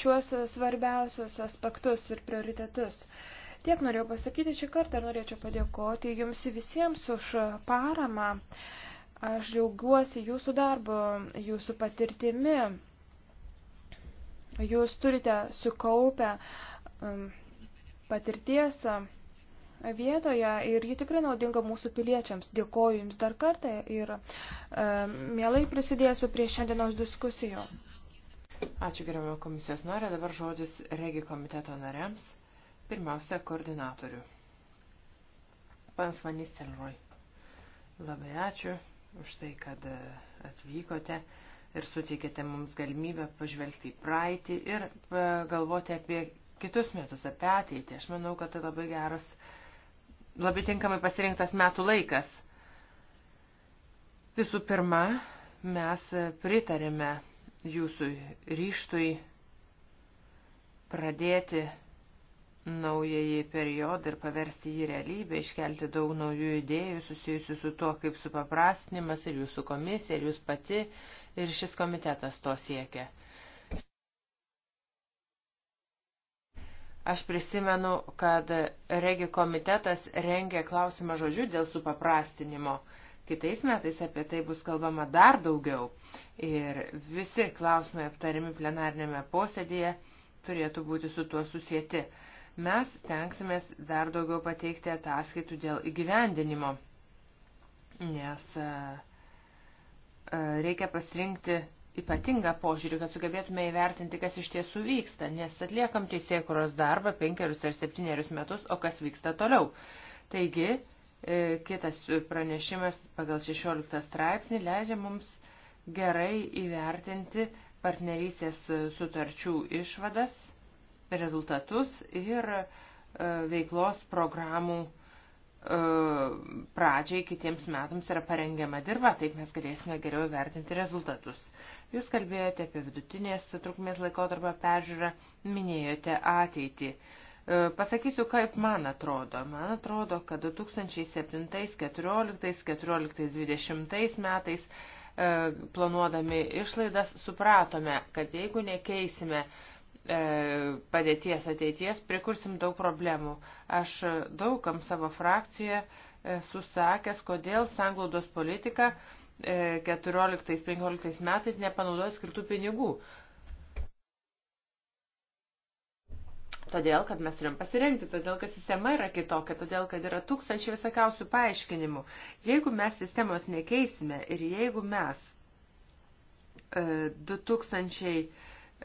šiuos svarbiausius aspektus ir prioritetus. E, Tiek norėjau pasakyti šį kartą ir norėčiau padėkoti jums visiems už paramą. Aš džiaugiuosi jūsų darbu, jūsų patirtimi. Jūs turite sukaupę um, patirties uh, vietoje ir ji tikrai naudinga mūsų piliečiams. Dėkoju Jums dar kartą ir e, mielai prisidėsiu prie šiandienos diskusijų. Ačiū gerbiamio komisijos norė, dabar žodis regi komiteto nariams. Pirmiausia, koordinatorių. Pans Manys Telroj, labai ačiū už tai, kad e, atvykote ir suteikėte mums galimybę pažvelgti į praeitį ir e, galvoti apie kitus metus, apie ateitį. Aš manau, kad tai labai geras, labai tinkamai pasirinktas metų laikas. Visų pirma, mes e, pritarėme jūsų ryštui pradėti naująjį periodą ir paversti jį realybę, iškelti daug naujų idėjų susijusių su tuo, kaip supaprastinimas ir jūsų komisija, ir jūs pati, ir šis komitetas to siekia. Aš prisimenu, kad regi komitetas rengė klausimą žodžiu dėl supaprastinimo. Kitais metais apie tai bus kalbama dar daugiau ir visi klausimai aptarimi plenarnėme posėdėje turėtų būti su tuo susijęti. Mes stengsimės dar daugiau pateikti ataskaitų dėl įgyvendinimo, nes e, e, reikia pasirinkti ypatingą požiūrį, kad sugebėtume įvertinti, kas iš tiesų vyksta, nes atliekam teisėkuros darbą penkerius ar septynerius metus, o kas vyksta toliau. Taigi, e, kitas pranešimas pagal 16 straipsnį leidžia mums gerai įvertinti partnerysės sutarčių išvadas rezultatus ir e, veiklos programų e, pradžiai kitiems metams yra parengiama dirba, taip mes galėsime geriau vertinti rezultatus. Jūs kalbėjote apie vidutinės trukmės laikotarpio peržiūrą, minėjote ateitį. E, pasakysiu, kaip man atrodo. Man atrodo, kad 2007, 2014, 2014-2020 metais planuodami išlaidas supratome, kad jeigu nekeisime E, padėties ateities, prikursim daug problemų. Aš daugam savo frakcijoje susakęs, kodėl sanglaudos politika 14-15 e, metais nepanaudoja skirtų pinigų. Todėl, kad mes turim pasirengti, todėl, kad sistema yra kitokia, todėl, kad yra tūkstančiai visokiausių paaiškinimų. Jeigu mes sistemos nekeisime ir jeigu mes e, 2000 17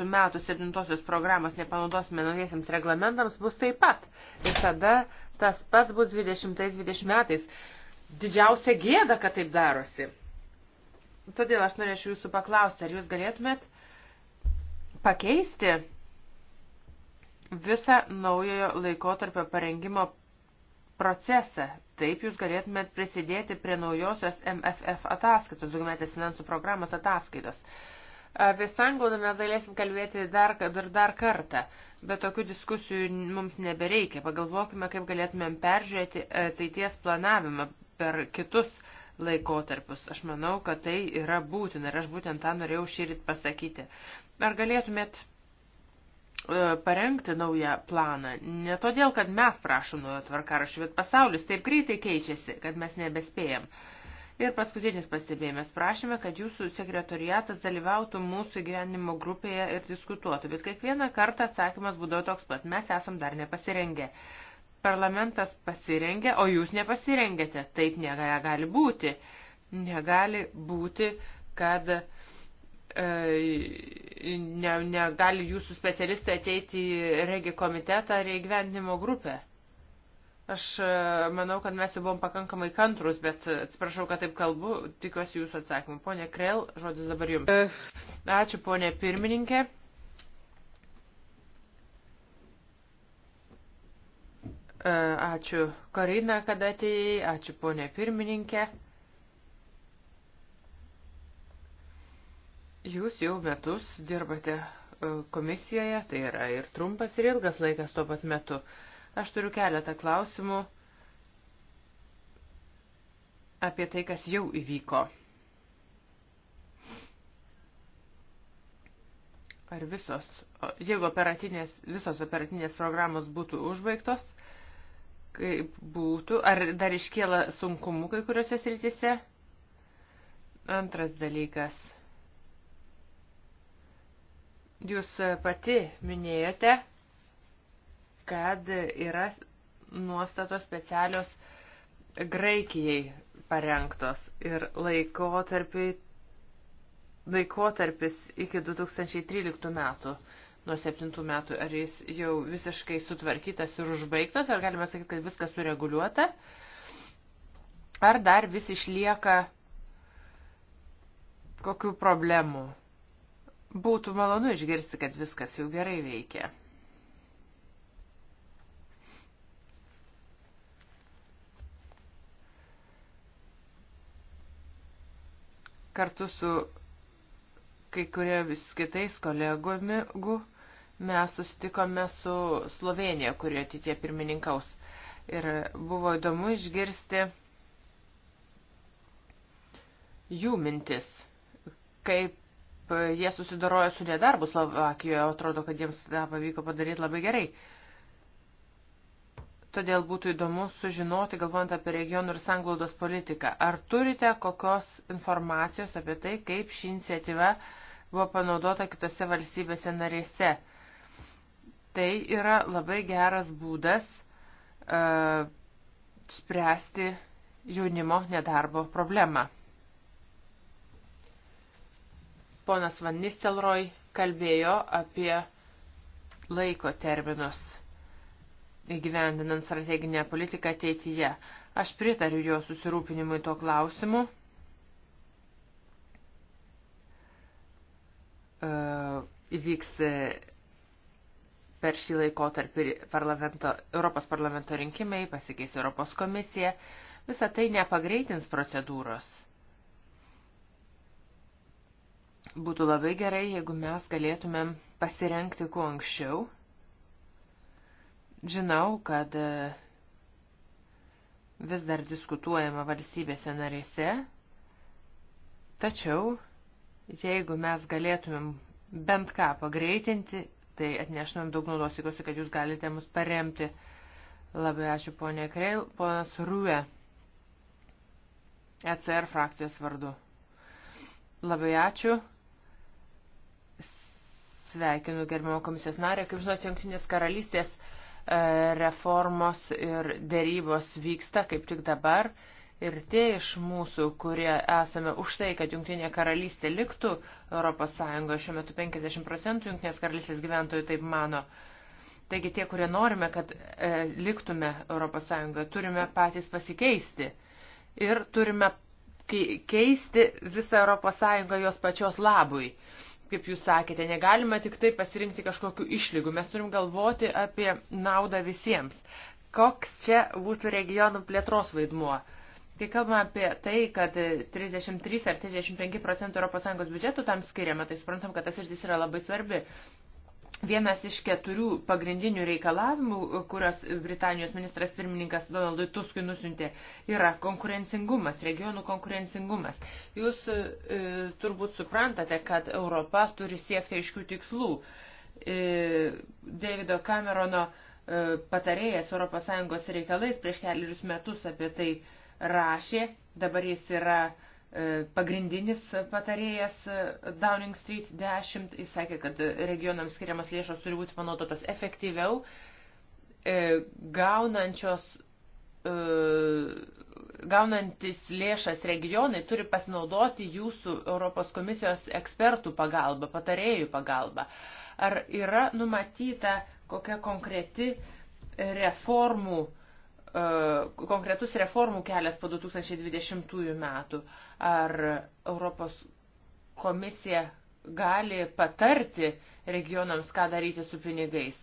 e, metų 7 programos nepanaudosime naujiesiams reglamentams, bus taip pat. Ir tada tas pats bus 20-20 metais. Didžiausia gėda, kad taip darosi. Todėl aš norėčiau jūsų paklausti, ar jūs galėtumėt pakeisti visą naujojo laikotarpio parengimo procesą. Taip jūs galėtumėt prisidėti prie naujosios MFF ataskaitos, daugiametės finansų programos ataskaitos. Apie sanglaudą mes galėsim kalbėti dar, dar, dar kartą, bet tokių diskusijų mums nebereikia. Pagalvokime, kaip galėtumėm peržiūrėti ateities planavimą per kitus laikotarpius. Aš manau, kad tai yra būtina ir aš būtent tą norėjau šįryt pasakyti. Ar galėtumėt E, parengti naują planą. Ne todėl, kad mes prašom naujo tvarkaraščio, bet pasaulis taip greitai keičiasi, kad mes nebespėjam. Ir paskutinis pastebėjimas. Prašome, kad jūsų sekretoriatas dalyvautų mūsų gyvenimo grupėje ir diskutuotų, bet kiekvieną kartą atsakymas būdavo toks pat. Mes esam dar nepasirengę. Parlamentas pasirengė, o jūs nepasirengėte. Taip negali būti. Negali būti, kad uh, E, ne, negali jūsų specialistai ateiti į regi komitetą ar į gyvendinimo grupę. Aš e, manau, kad mes jau buvom pakankamai kantrus, bet atsiprašau, kad taip kalbu, tikiuosi jūsų atsakymų. Pone Krell, žodis dabar jums. Ačiū, ponė pirmininkė. E, ačiū Karina, kad atėjai, ačiū ponė pirmininkė. Jūs jau metus dirbate e, komisijoje, tai yra ir trumpas, ir ilgas laikas tuo pat metu. Aš turiu keletą klausimų apie tai, kas jau įvyko. Ar visos, jeigu operatinės, visos operatinės programos būtų užbaigtos, kaip būtų, ar dar iškėla sunkumų kai kuriuose srityse? Antras dalykas – Jūs pati minėjote, kad yra nuostatos specialios Graikijai parengtos ir laikotarpiai, laikotarpis iki 2013 metų, nuo 7 metų, ar jis jau visiškai sutvarkytas ir užbaigtas, ar galima sakyti, kad viskas sureguliuota, ar dar vis išlieka kokių problemų. Būtų malonu išgirsti, kad viskas jau gerai veikia. Kartu su kai kuriomis kitais kolegomis mes susitikome su Slovenija, kurie atitie pirmininkaus. Ir buvo įdomu išgirsti jų mintis, kaip kaip jie susidorojo su nedarbu Slovakijoje, atrodo, kad jiems tą pavyko padaryti labai gerai. Todėl būtų įdomu sužinoti, galvojant apie regionų ir sanglaudos politiką, ar turite kokios informacijos apie tai, kaip ši iniciatyva buvo panaudota kitose valstybėse narėse. Tai yra labai geras būdas uh, spręsti jaunimo nedarbo problemą. ponas Van Nistelroj kalbėjo apie laiko terminus įgyvendinant strateginę politiką ateityje. Aš pritariu jo susirūpinimui tuo klausimu. E, įvyks per šį laikotarpį parlamento, Europos parlamento rinkimai, pasikeis Europos komisija. Visą tai nepagreitins procedūros Būtų labai gerai, jeigu mes galėtumėm pasirenkti kuo anksčiau. Žinau, kad e, vis dar diskutuojama valstybėse narėse, tačiau jeigu mes galėtumėm bent ką pagreitinti, tai atneštumėm daug naudos, tikiuosi, kad jūs galite mus paremti. Labai ačiū, ponė Kreil, ponas Rūė, ECR frakcijos vardu. Labai ačiū. Sveikinu gerbimo komisijos narę. Kaip žinote, Junktinės karalystės e, reformos ir dėrybos vyksta kaip tik dabar. Ir tie iš mūsų, kurie esame už tai, kad Junktinė karalystė liktų ES, šiuo metu 50 procentų Junktinės karalystės gyventojų taip mano. Taigi tie, kurie norime, kad e, liktume ES, turime patys pasikeisti. Ir turime keisti visą ES jos pačios labui. E, kaip jūs sakėte, negalima tik tai pasirinkti kažkokiu išlygu. Mes turim galvoti apie naudą visiems. Koks čia būtų regionų plėtros vaidmuo? Kai kalbame apie tai, kad 33 ar 35 procentų ES biudžeto tam skiriama, tai suprantam, kad tas rytis yra labai svarbi vienas iš keturių pagrindinių reikalavimų, kurios Britanijos ministras pirmininkas Donaldui Tuskui nusintė, yra konkurencingumas, regionų konkurencingumas. Jūs e, turbūt suprantate, kad Europa turi siekti aiškių tikslų. E, Davido Camerono e, patarėjas ES reikalais prieš keliarius metus apie tai rašė, dabar jis yra e, E, pagrindinis patarėjas Downing Street 10, jis sakė, kad regionams skiriamas lėšos turi būti panaudotas efektyviau, e, gaunančios, e, gaunantis lėšas regionai turi pasinaudoti jūsų Europos komisijos ekspertų pagalba, patarėjų pagalba. Ar yra numatyta kokia konkreti reformų uh, E, konkretus reformų kelias po 2020 metų. Ar Europos komisija gali patarti regionams, ką daryti su pinigais?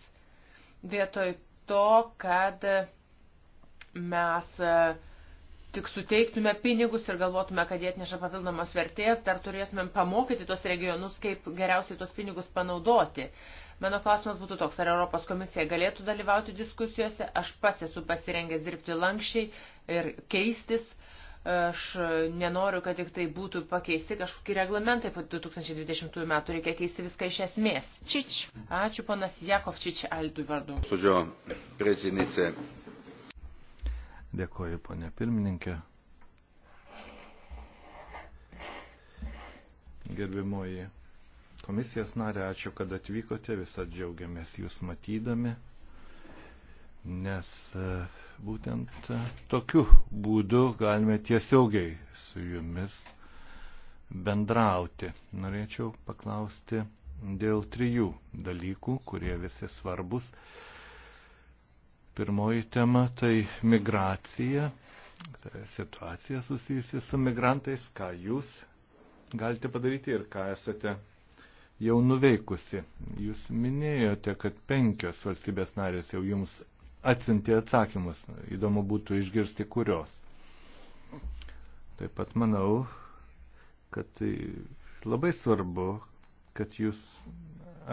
Vietoj to, kad mes e, tik suteiktume pinigus ir galvotume, kad jie atneša papildomos vertės, dar turėtumėm pamokyti tos regionus, kaip geriausiai tos pinigus panaudoti. Uh, Mano klausimas būtų toks, ar Europos komisija galėtų dalyvauti diskusijose, aš pats esu pasirengęs dirbti lankščiai ir keistis. Aš nenoriu, kad tik tai būtų pakeisti kažkokie reglamentai po 2020 metų, reikia keisti viską iš esmės. Čič. Ačiū ponas Jakovčič Aldų vardu. Sužio, prezinice. Dėkoju, ponė pirmininkė. Gerbimoji Komisijos narė, ačiū, kad atvykote, visą džiaugiamės jūs matydami, nes e, būtent e, tokiu būdu galime tiesiogiai su jumis bendrauti. Norėčiau paklausti dėl trijų dalykų, kurie visi svarbus. Pirmoji tema tai migracija, tai situacija susijusi su migrantais, ką jūs galite padaryti ir ką esate jau nuveikusi. Jūs minėjote, kad penkios valstybės narės jau jums atsinti atsakymus. Įdomu būtų išgirsti kurios. Taip pat manau, kad tai labai svarbu, kad jūs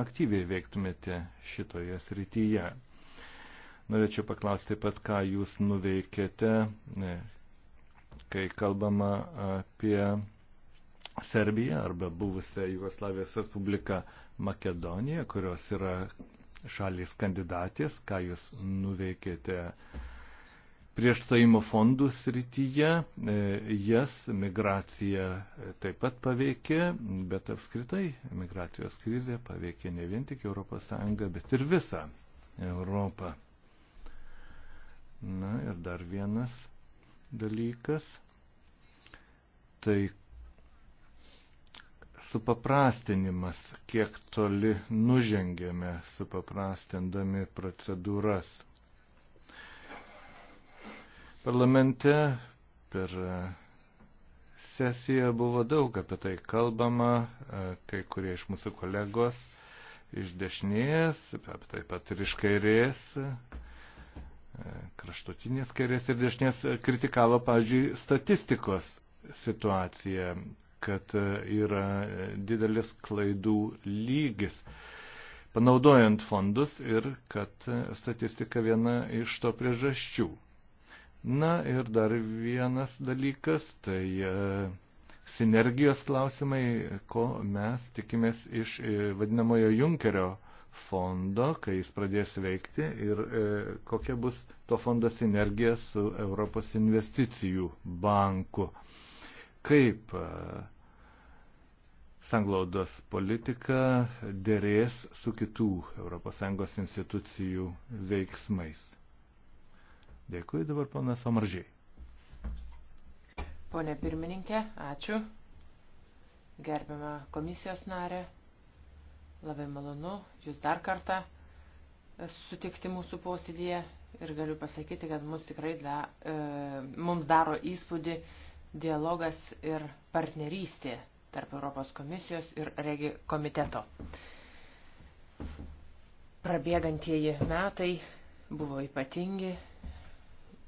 aktyviai veiktumėte šitoje srityje. Norėčiau paklausti taip pat, ką jūs nuveikėte, kai kalbama apie Serbija arba buvusią Jugoslavijos Respubliką Makedoniją, kurios yra šalys kandidatės, ką jūs nuveikėte prieš stojimo fondų srityje, e, jas migracija taip pat paveikė, bet apskritai migracijos krizė paveikė ne vien tik ES, bet ir visą Europą. Na ir dar vienas dalykas. Tai supaprastinimas, kiek toli nužengėme supaprastindami procedūras. Parlamente per sesiją buvo daug apie tai kalbama, kai kurie iš mūsų kolegos iš dešinės, taip pat ir iš kairės, kraštutinės kairės ir dešinės kritikavo, pavyzdžiui, statistikos situaciją kad e, yra e, didelis klaidų lygis panaudojant fondus ir kad e, statistika viena iš to priežasčių. Na ir dar vienas dalykas, tai sinergijos klausimai, ko mes tikimės iš vadinamojo Junkerio fondo, kai jis pradės veikti ir e, kokia bus to fondo sinergija su Europos investicijų banku. E, kaip e, sanglaudos politika dėrės su kitų ES institucijų veiksmais. Dėkui dabar ponas Omaržiai. Pone pirmininkė, ačiū. Gerbiama komisijos narė, labai malonu jūs dar kartą sutikti mūsų posėdėje ir galiu pasakyti, kad mums tikrai da, e, mums daro įspūdį dialogas ir partnerystė tarp Europos komisijos ir regi komiteto. Prabėgantieji metai buvo ypatingi,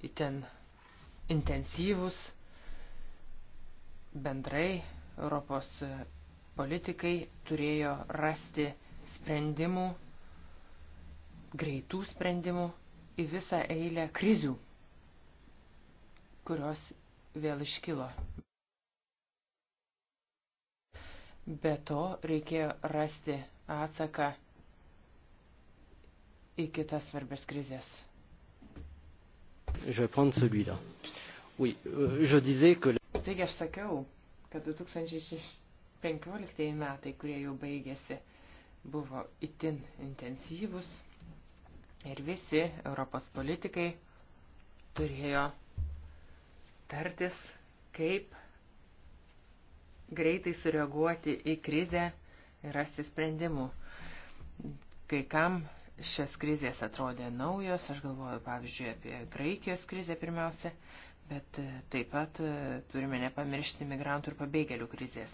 itin intensyvus, bendrai Europos politikai turėjo rasti sprendimų, greitų sprendimų į visą eilę krizių, kurios vėl iškilo. Be to reikėjo rasti atsaką į kitas svarbės krizės. Je prends celui-là. Oui, euh, je disais que... Taigi aš sakiau, kad 2015 metai, kurie jau baigėsi, buvo itin intensyvus ir visi Europos politikai turėjo tartis, kaip greitai sureaguoti į krizę ir rasti sprendimų. Kai kam šios krizės atrodė naujos, aš galvoju pavyzdžiui apie Graikijos krizę pirmiausia, bet e, taip pat e, turime nepamiršti migrantų ir pabėgėlių krizės.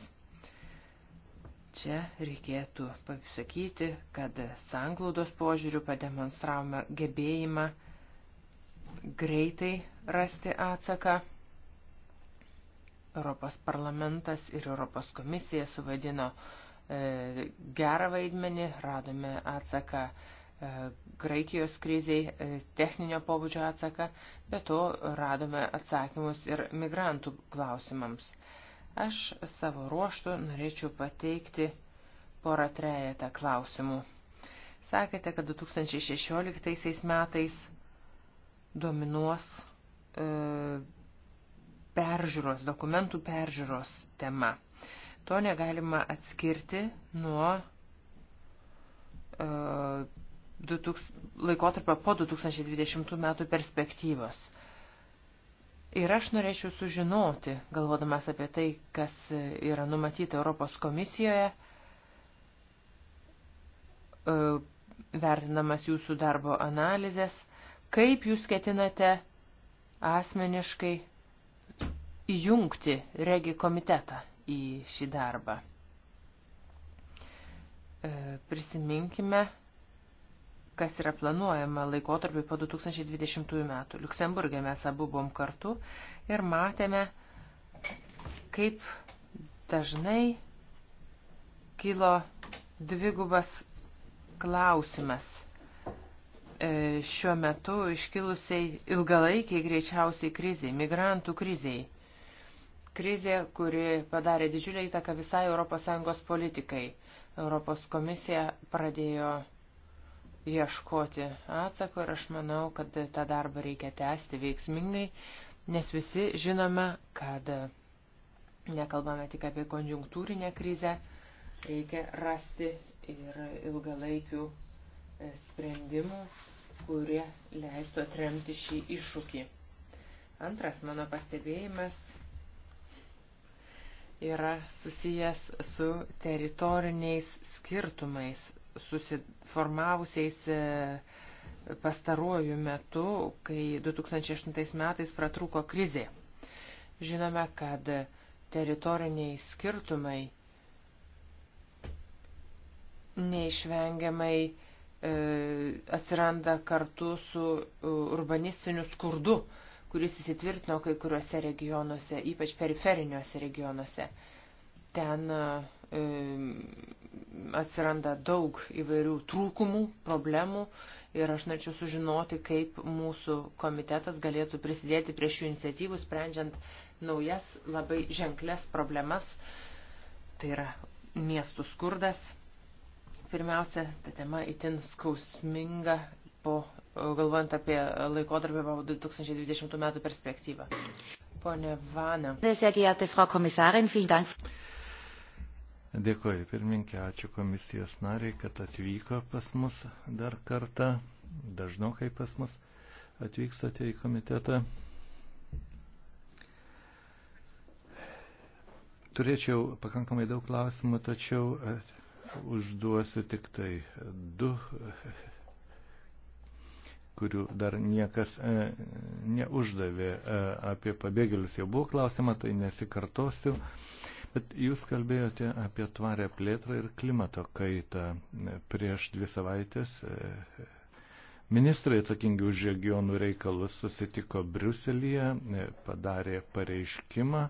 Čia reikėtų pasakyti, kad sanglaudos požiūrių pademonstravome gebėjimą greitai rasti atsaką Europos parlamentas ir Europos komisija suvaidino e, gerą vaidmenį, radome atsaką e, Graikijos kriziai, e, techninio pobūdžio atsaką, bet to radome atsakymus ir migrantų klausimams. Aš savo ruoštų norėčiau pateikti porą trejetą klausimų. Sakėte, kad 2016 metais dominuos e, peržiūros, dokumentų peržiūros tema. To negalima atskirti nuo uh, laikotarpio po 2020 metų perspektyvos. Ir aš norėčiau sužinoti, galvodamas apie tai, kas yra numatyta Europos komisijoje, e, vertinamas jūsų darbo analizės, kaip jūs ketinate asmeniškai įjungti regi komitetą į šį darbą. E, prisiminkime, kas yra planuojama laikotarpiu po 2020 metų. Luksemburgė mes abu buvom kartu ir matėme, kaip dažnai kilo dvigubas klausimas e, šiuo metu iškilusiai ilgalaikiai greičiausiai kriziai, migrantų kriziai krizė, kuri padarė didžiulę įtaką visai ES politikai. Europos komisija pradėjo ieškoti atsako ir aš manau, kad tą darbą reikia tęsti veiksmingai, nes visi žinome, kad nekalbame tik apie konjunktūrinę krizę, reikia rasti ir ilgalaikių e, sprendimų, kurie leistų atremti šį iššūkį. Antras mano pastebėjimas – yra susijęs su teritoriniais skirtumais susiformavusiais e, pastaruoju metu, kai 2008 metais pratruko krizė. Žinome, kad teritoriniai skirtumai neišvengiamai e, atsiranda kartu su e, urbanistiniu skurdu, e, kuris įsitvirtino kai kuriuose regionuose, ypač periferiniuose regionuose. Ten e, atsiranda daug įvairių trūkumų, problemų ir aš norėčiau sužinoti, kaip mūsų komitetas galėtų prisidėti prie šių iniciatyvų, sprendžiant naujas labai ženklės problemas. Tai yra miestų skurdas. Pirmiausia, ta tema itin skausminga tarpu, galvojant apie laikotarpį 2020 metų perspektyvą. Pone Vana. Dėkuoju, pirminkė, ačiū komisijos nariai, kad atvyko pas mus dar kartą, dažnokai pas mus atvykstate į komitetą. Turėčiau pakankamai daug klausimų, tačiau e, užduosiu tik tai du e, kurių dar niekas e, neuždavė e, apie pabėgėlius. Jau buvo klausima, tai nesikartosiu. Bet jūs kalbėjote apie tvarę plėtrą ir klimato kaitą. Prieš dvi savaitės e, ministrai atsakingi už regionų reikalus susitiko Briuselyje, e, padarė pareiškimą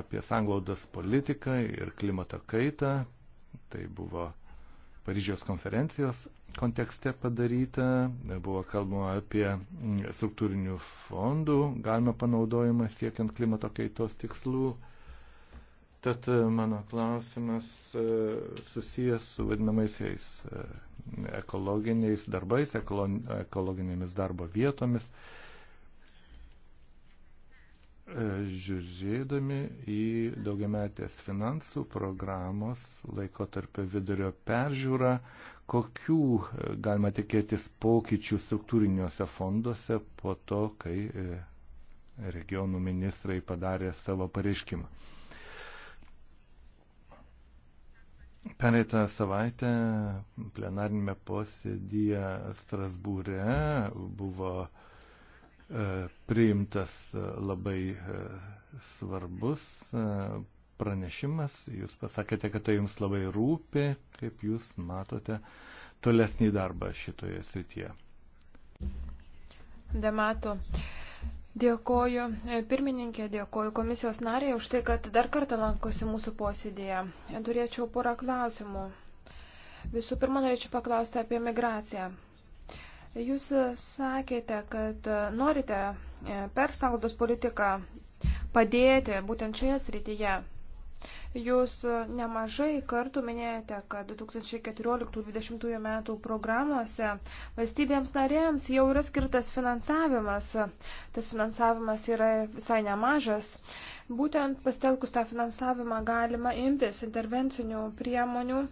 apie sanglaudos politiką ir klimato kaitą. Tai buvo Paryžiaus konferencijos kontekste padaryta. Buvo kalbama apie mm, struktūrinių fondų galima panaudojimą siekiant klimato kaitos tikslų. Tad e, mano klausimas e, susijęs su vadinamaisiais e, ekologiniais darbais, ekologinėmis darbo vietomis. Žiūrėdami į daugiametės finansų programos laikotarpio vidurio peržiūrą, kokių e, galima tikėtis pokyčių struktūriniuose fonduose po to, kai e, regionų ministrai padarė savo pareiškimą. Pereitą savaitę plenarinėme posėdyje Strasbūre buvo e, priimtas labai svarbus pranešimas. Jūs pasakėte, kad tai jums labai rūpi, kaip jūs matote tolesnį darbą šitoje srityje. Demato. Dėkoju e, pirmininkė, dėkoju komisijos nariai už tai, kad dar kartą lankosi mūsų posėdėje. Turėčiau porą klausimų. Visų pirma, norėčiau paklausti apie migraciją. Jūs sakėte, kad norite e, per sąnaudos politiką padėti būtent šioje srityje. Jūs e, nemažai kartų minėjote, kad 2014-2020 metų programuose valstybėms narėms jau yra skirtas finansavimas. Tas finansavimas yra visai nemažas. Būtent pastelkus tą finansavimą galima imtis intervencinių priemonių e,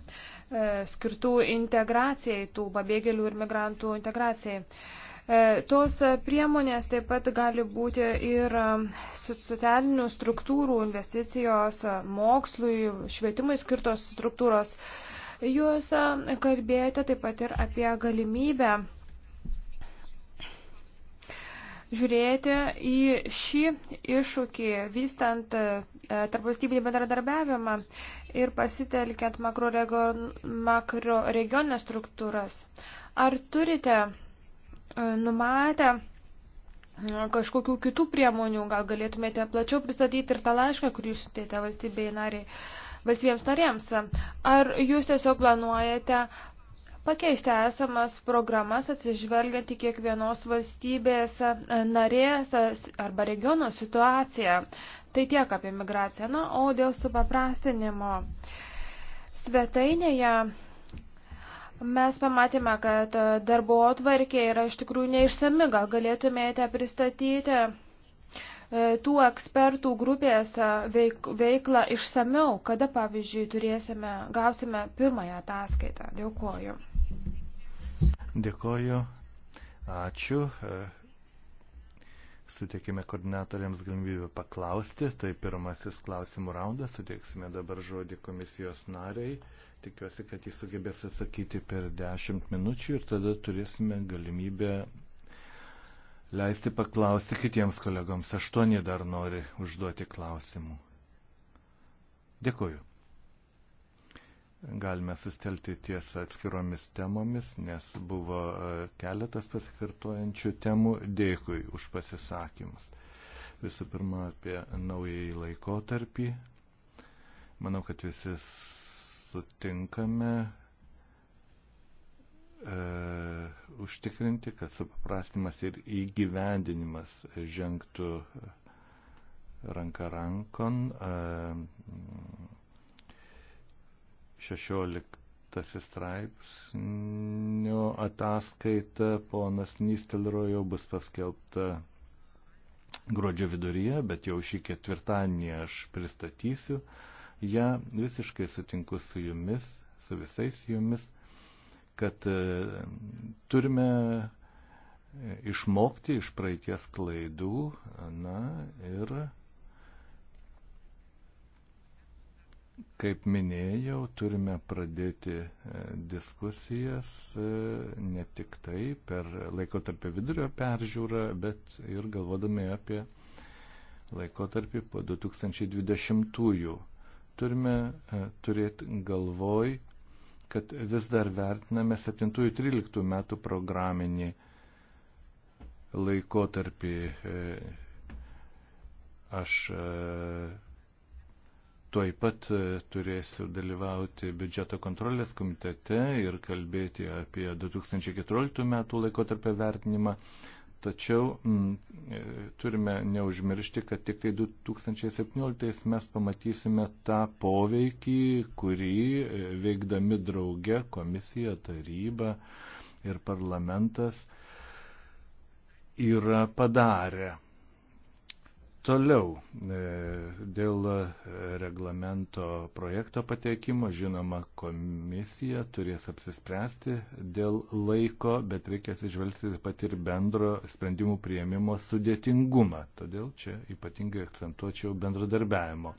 skirtų integracijai, tų pabėgėlių ir migrantų integracijai. E, E, tos priemonės taip pat gali būti ir um, socialinių struktūrų investicijos mokslui, švietimui skirtos struktūros. Jūs um, kalbėjote taip pat ir apie galimybę žiūrėti į šį iššūkį, vystant e, tarpvalstybinį bendradarbiavimą ir pasitelkiant makroregioninės struktūras. Ar turite numatę e, kažkokių kitų priemonių, gal galėtumėte plačiau pristatyti ir tą laišką, kurį jūs sutėte valstybei nariai, valstybėms narėms. Ar jūs tiesiog planuojate pakeisti esamas programas atsižvelgiant į kiekvienos valstybės e, narės e, arba regiono situaciją? Tai tiek apie migraciją. Na, o dėl supaprastinimo svetainėje Mes pamatėme, kad e, darbo atvarkė yra iš tikrųjų neišsami. Gal galėtumėte pristatyti e, tų ekspertų grupės e, veik, veiklą išsamiau, kada, pavyzdžiui, turėsime, gausime pirmąją ataskaitą. Dėkuoju. Dėkuoju. Ačiū. Suteikime koordinatoriams galimybę paklausti. Tai pirmasis klausimų raundas. Suteiksime dabar žodį komisijos nariai. Tikiuosi, kad jis sugebės atsakyti per 10 minučių ir tada turėsime galimybę leisti paklausti kitiems kolegoms. Aštuoni dar nori užduoti klausimų. Dėkuoju. Galime sustelti ties atskiromis temomis, nes buvo e, keletas pasikartojančių temų. Dėkui už pasisakymus. Visų pirma, apie naująjį laikotarpį. Manau, kad visi sutinkame e, užtikrinti, kad supaprastimas ir įgyvendinimas žengtų ranka rankon. E, 16 straipsnio ataskaita ponas Nistelrojo bus paskelbta gruodžio viduryje, bet jau šį ketvirtadienį aš pristatysiu. E, Ja visiškai sutinku su jumis, su visais jumis, kad e, turime e, išmokti iš praeities klaidų na, ir Kaip minėjau, turime pradėti e, diskusijas ne tik tai per laikotarpį vidurio peržiūrą, bet ir galvodami apie laikotarpį po 2020-ųjų turime e, turėti galvoj, kad vis dar vertiname 7-13 metų programinį laikotarpį. E, aš e, tuoj pat turėsiu dalyvauti biudžeto kontrolės komitete ir kalbėti apie 2014 metų laikotarpio vertinimą. Tačiau m, mm, e, turime neužmiršti, kad tik tai 2017 mes pamatysime tą poveikį, kurį e, veikdami drauge komisija, taryba ir parlamentas yra padarę. Toliau e, dėl e, reglamento projekto pateikimo, žinoma, komisija turės apsispręsti dėl laiko, bet reikia atsižvelgti taip pat ir bendro sprendimų prieimimo sudėtingumą. Todėl čia ypatingai akcentuočiau bendradarbiavimo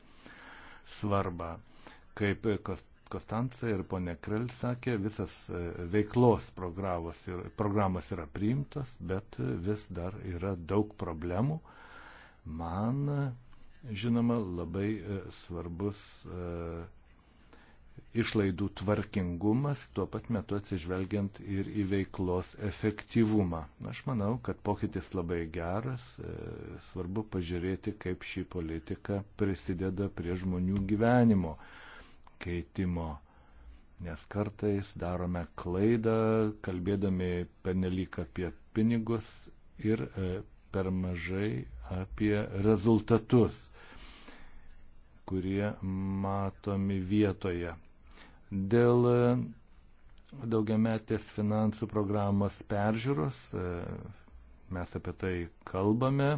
svarbą. Kaip Kostanca ir ponė Krell sakė, visas e, veiklos programos yra priimtos, bet vis dar yra daug problemų Man, žinoma, labai e, svarbus e, išlaidų tvarkingumas, tuo pat metu atsižvelgiant ir į veiklos efektyvumą. Aš manau, kad pokytis labai geras, e, svarbu pažiūrėti, kaip šį politiką prisideda prie žmonių gyvenimo keitimo. Nes kartais darome klaidą, kalbėdami penelyk apie pinigus ir per mažai apie rezultatus, kurie matomi vietoje. Dėl e, daugiametės finansų programos peržiūros e, mes apie tai kalbame,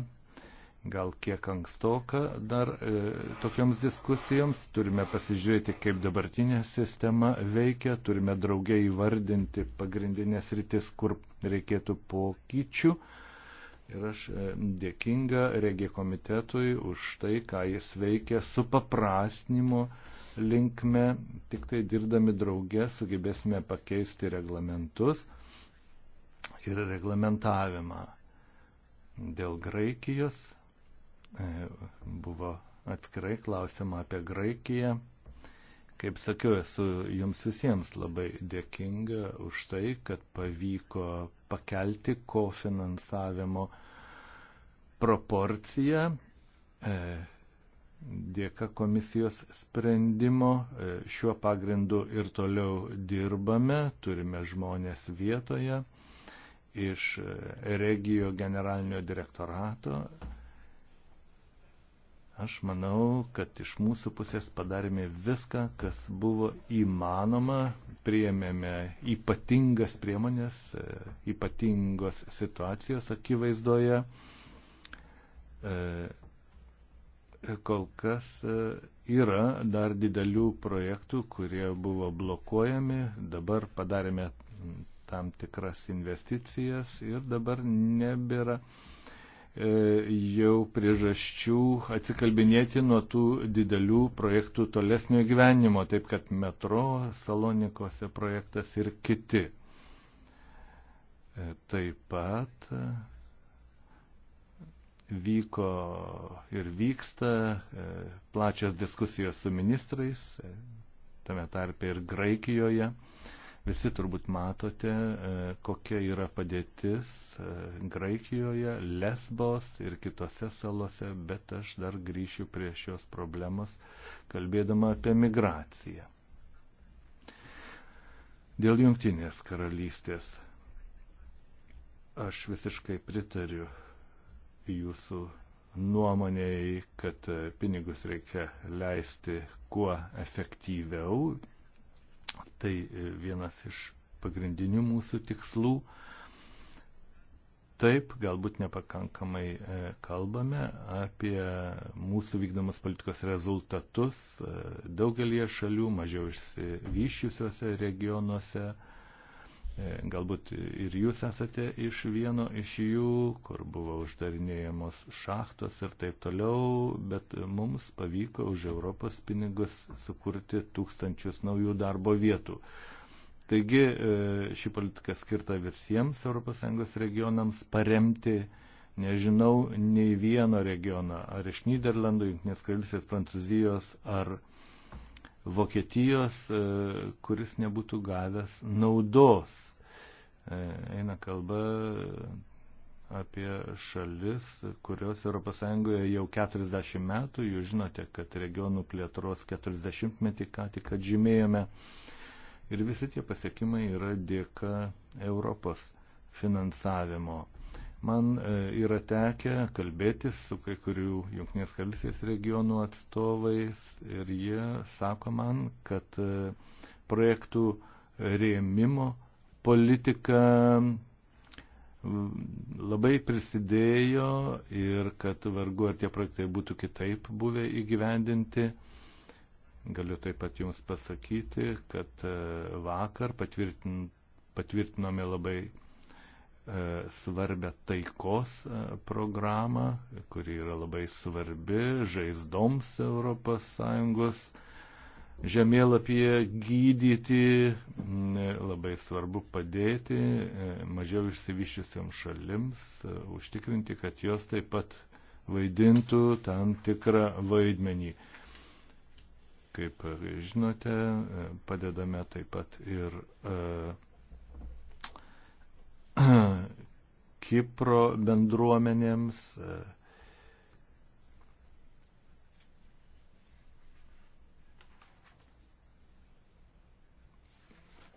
gal kiek ankstoka dar e, tokioms diskusijoms. Turime pasižiūrėti, kaip dabartinė sistema veikia, turime draugiai įvardinti pagrindinės rytis, kur reikėtų pokyčių. E, Ir aš e, dėkinga regė komitetui už tai, ką jis veikia su paprastinimu linkme, tik tai dirbdami drauge sugebėsime pakeisti reglamentus ir reglamentavimą. Dėl Graikijos e, buvo atskirai klausima apie Graikiją. Kaip sakiau, esu jums visiems labai dėkinga už tai, kad pavyko pakelti kofinansavimo proporciją. E, dėka komisijos sprendimo e, šiuo pagrindu ir toliau dirbame, turime žmonės vietoje iš e, regijo generalinio direktorato Aš manau, kad iš mūsų pusės padarėme viską, kas buvo įmanoma, priėmėme ypatingas priemonės, e, ypatingos situacijos akivaizdoje. E, kol kas e, yra dar didelių projektų, kurie buvo blokuojami, dabar padarėme tam tikras investicijas ir dabar nebėra. Uh, E, jau priežasčių atsikalbinėti nuo tų didelių projektų tolesnio gyvenimo, taip kad metro, salonikose projektas ir kiti. E, taip pat e, vyko ir vyksta plačios diskusijos su ministrais, tame tarpe ir Graikijoje. Visi turbūt matote, e, kokia yra padėtis e, Graikijoje, Lesbos ir kitose salose, bet aš dar grįšiu prie šios problemos, kalbėdama apie migraciją. Dėl jungtinės karalystės aš visiškai pritariu jūsų nuomonėjai, kad e, pinigus reikia leisti kuo efektyviau, Tai e, vienas iš pagrindinių mūsų tikslų. Taip, galbūt nepakankamai e, kalbame apie mūsų vykdomas politikos rezultatus e, daugelie šalių, mažiau išsivyščiusiuose regionuose E, galbūt ir jūs esate iš vieno iš jų, kur buvo uždarinėjamos šachtos ir taip toliau, bet mums pavyko už Europos pinigus sukurti tūkstančius naujų darbo vietų. Taigi e, ši politika skirta visiems ES regionams paremti. Nežinau nei vieno regiono, ar iš Niderlandų, Junktinės karalystės, Prancūzijos, ar Vokietijos, e, kuris nebūtų gavęs naudos E, eina kalba apie šalis, kurios ES jau 40 metų, jūs žinote, kad regionų plėtros 40 metį ką tik atžymėjome. Ir visi tie pasiekimai yra dėka Europos finansavimo. Man e, yra tekę kalbėtis su kai kurių Junktinės karalystės regionų atstovais ir jie sako man, kad e, projektų rėmimo politika mm, labai prisidėjo ir kad vargu ar tie projektai būtų kitaip buvę įgyvendinti. Galiu taip pat Jums pasakyti, kad e, vakar patvirtin, patvirtinome labai e, svarbę taikos e, programą, kuri yra labai svarbi žaizdoms ES žemėlapyje gydyti, labai svarbu padėti e, mažiau išsivyščiusiam šalims, e, užtikrinti, kad jos taip pat vaidintų tam tikrą vaidmenį. Kaip žinote, e, padedame taip pat ir uh, Kipro bendruomenėms, uh,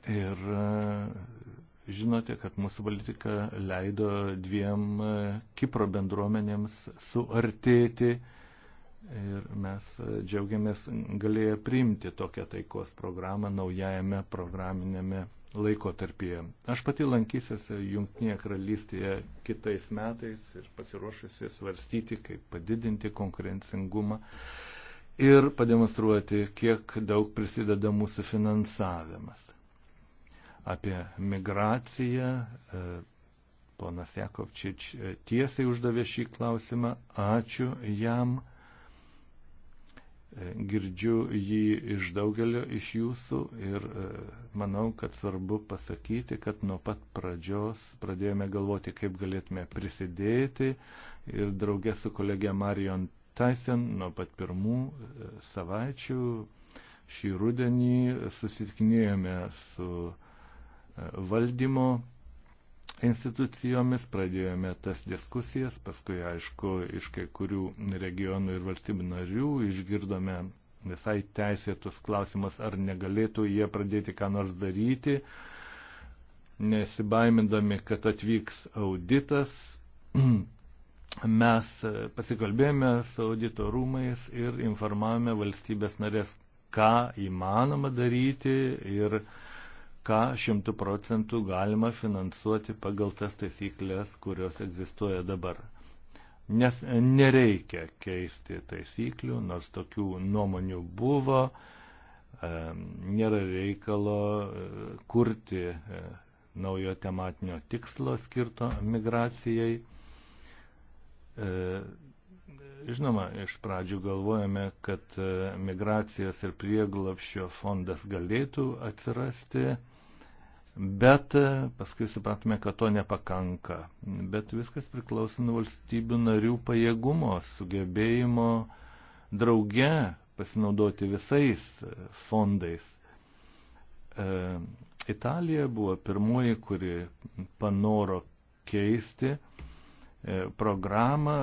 Ir e, žinote, kad mūsų politika leido dviem e, Kipro bendruomenėms suartėti ir mes e, džiaugiamės galėję priimti tokią taikos programą naujajame programinėme laikotarpyje. Aš pati lankysiuosi Junktinėje karalystėje kitais metais ir pasiruošusi svarstyti, kaip padidinti konkurencingumą ir pademonstruoti, kiek daug prisideda mūsų finansavimas apie migraciją. E, ponas Jakovčič e, tiesiai uždavė šį klausimą. Ačiū jam. E, girdžiu jį iš daugelio iš jūsų ir manau, kad svarbu pasakyti, kad nuo pat pradžios pradėjome galvoti, kaip galėtume prisidėti ir draugė su kolegė Marion Tyson nuo pat pirmų savaičių šį rudenį susitikinėjome su uh, valdymo institucijomis, pradėjome tas diskusijas, paskui, aišku, iš kai kurių regionų ir valstybių narių išgirdome visai teisėtus klausimus, ar negalėtų jie pradėti ką nors daryti, nesibaimindami, kad atvyks auditas. Mes pasikalbėjome su audito rūmais ir informavome valstybės narės, ką įmanoma daryti ir uh, ką šimtų procentų galima finansuoti pagal tas taisyklės, kurios egzistuoja dabar. Nes nereikia keisti taisyklių, nors tokių nuomonių buvo, nėra reikalo e, kurti e, naujo tematinio tikslo skirto migracijai. E, žinoma, iš pradžių galvojame, kad migracijos ir prieglapščio fondas galėtų atsirasti Bet e, paskui supratome, kad to nepakanka. Bet viskas priklauso nuo valstybių narių pajėgumo, sugebėjimo drauge pasinaudoti visais e, fondais. E, Italija buvo pirmoji, kuri panoro keisti e, programą.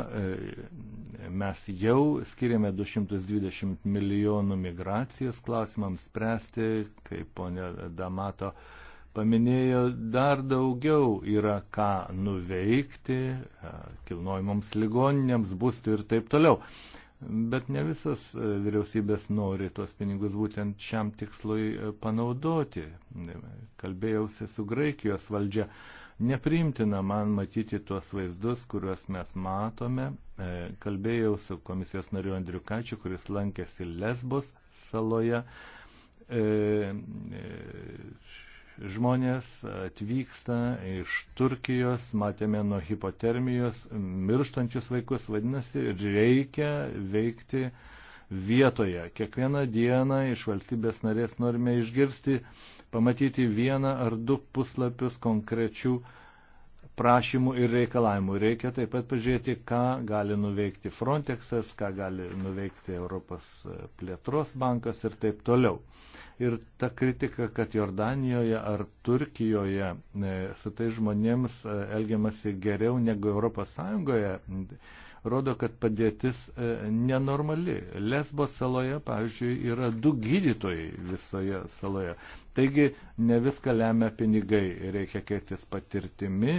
Mes jau skiriame 220 milijonų migracijos klausimams spręsti, kaip ponė Damato e, paminėjo, dar daugiau yra ką nuveikti kilnojimams ligoninėms, būstui ir taip toliau. Bet ne visas vyriausybės nori tuos pinigus būtent šiam tikslui panaudoti. Kalbėjausi su Graikijos valdžia. Nepriimtina man matyti tuos vaizdus, kuriuos mes matome. E, kalbėjau su komisijos nariu Andriu Kačiu, kuris lankėsi Lesbos saloje. E, e, Žmonės atvyksta iš Turkijos, matėme nuo hipotermijos mirštančius vaikus, vadinasi, reikia veikti vietoje. Kiekvieną dieną iš valstybės narės norime išgirsti, pamatyti vieną ar du puslapius konkrečių uh, prašymų ir reikalavimų. Reikia taip pat pažiūrėti, ką gali nuveikti Frontexas, ką gali nuveikti Europos plėtros bankas ir taip toliau. Ir ta kritika, kad Jordanijoje ar Turkijoje e, su tai žmonėms e, elgiamasi geriau negu Europos Sąjungoje, rodo, kad padėtis e, nenormali. Lesbo saloje, pavyzdžiui, yra du gydytojai visoje saloje. Taigi ne viską lemia pinigai, reikia keistis patirtimi,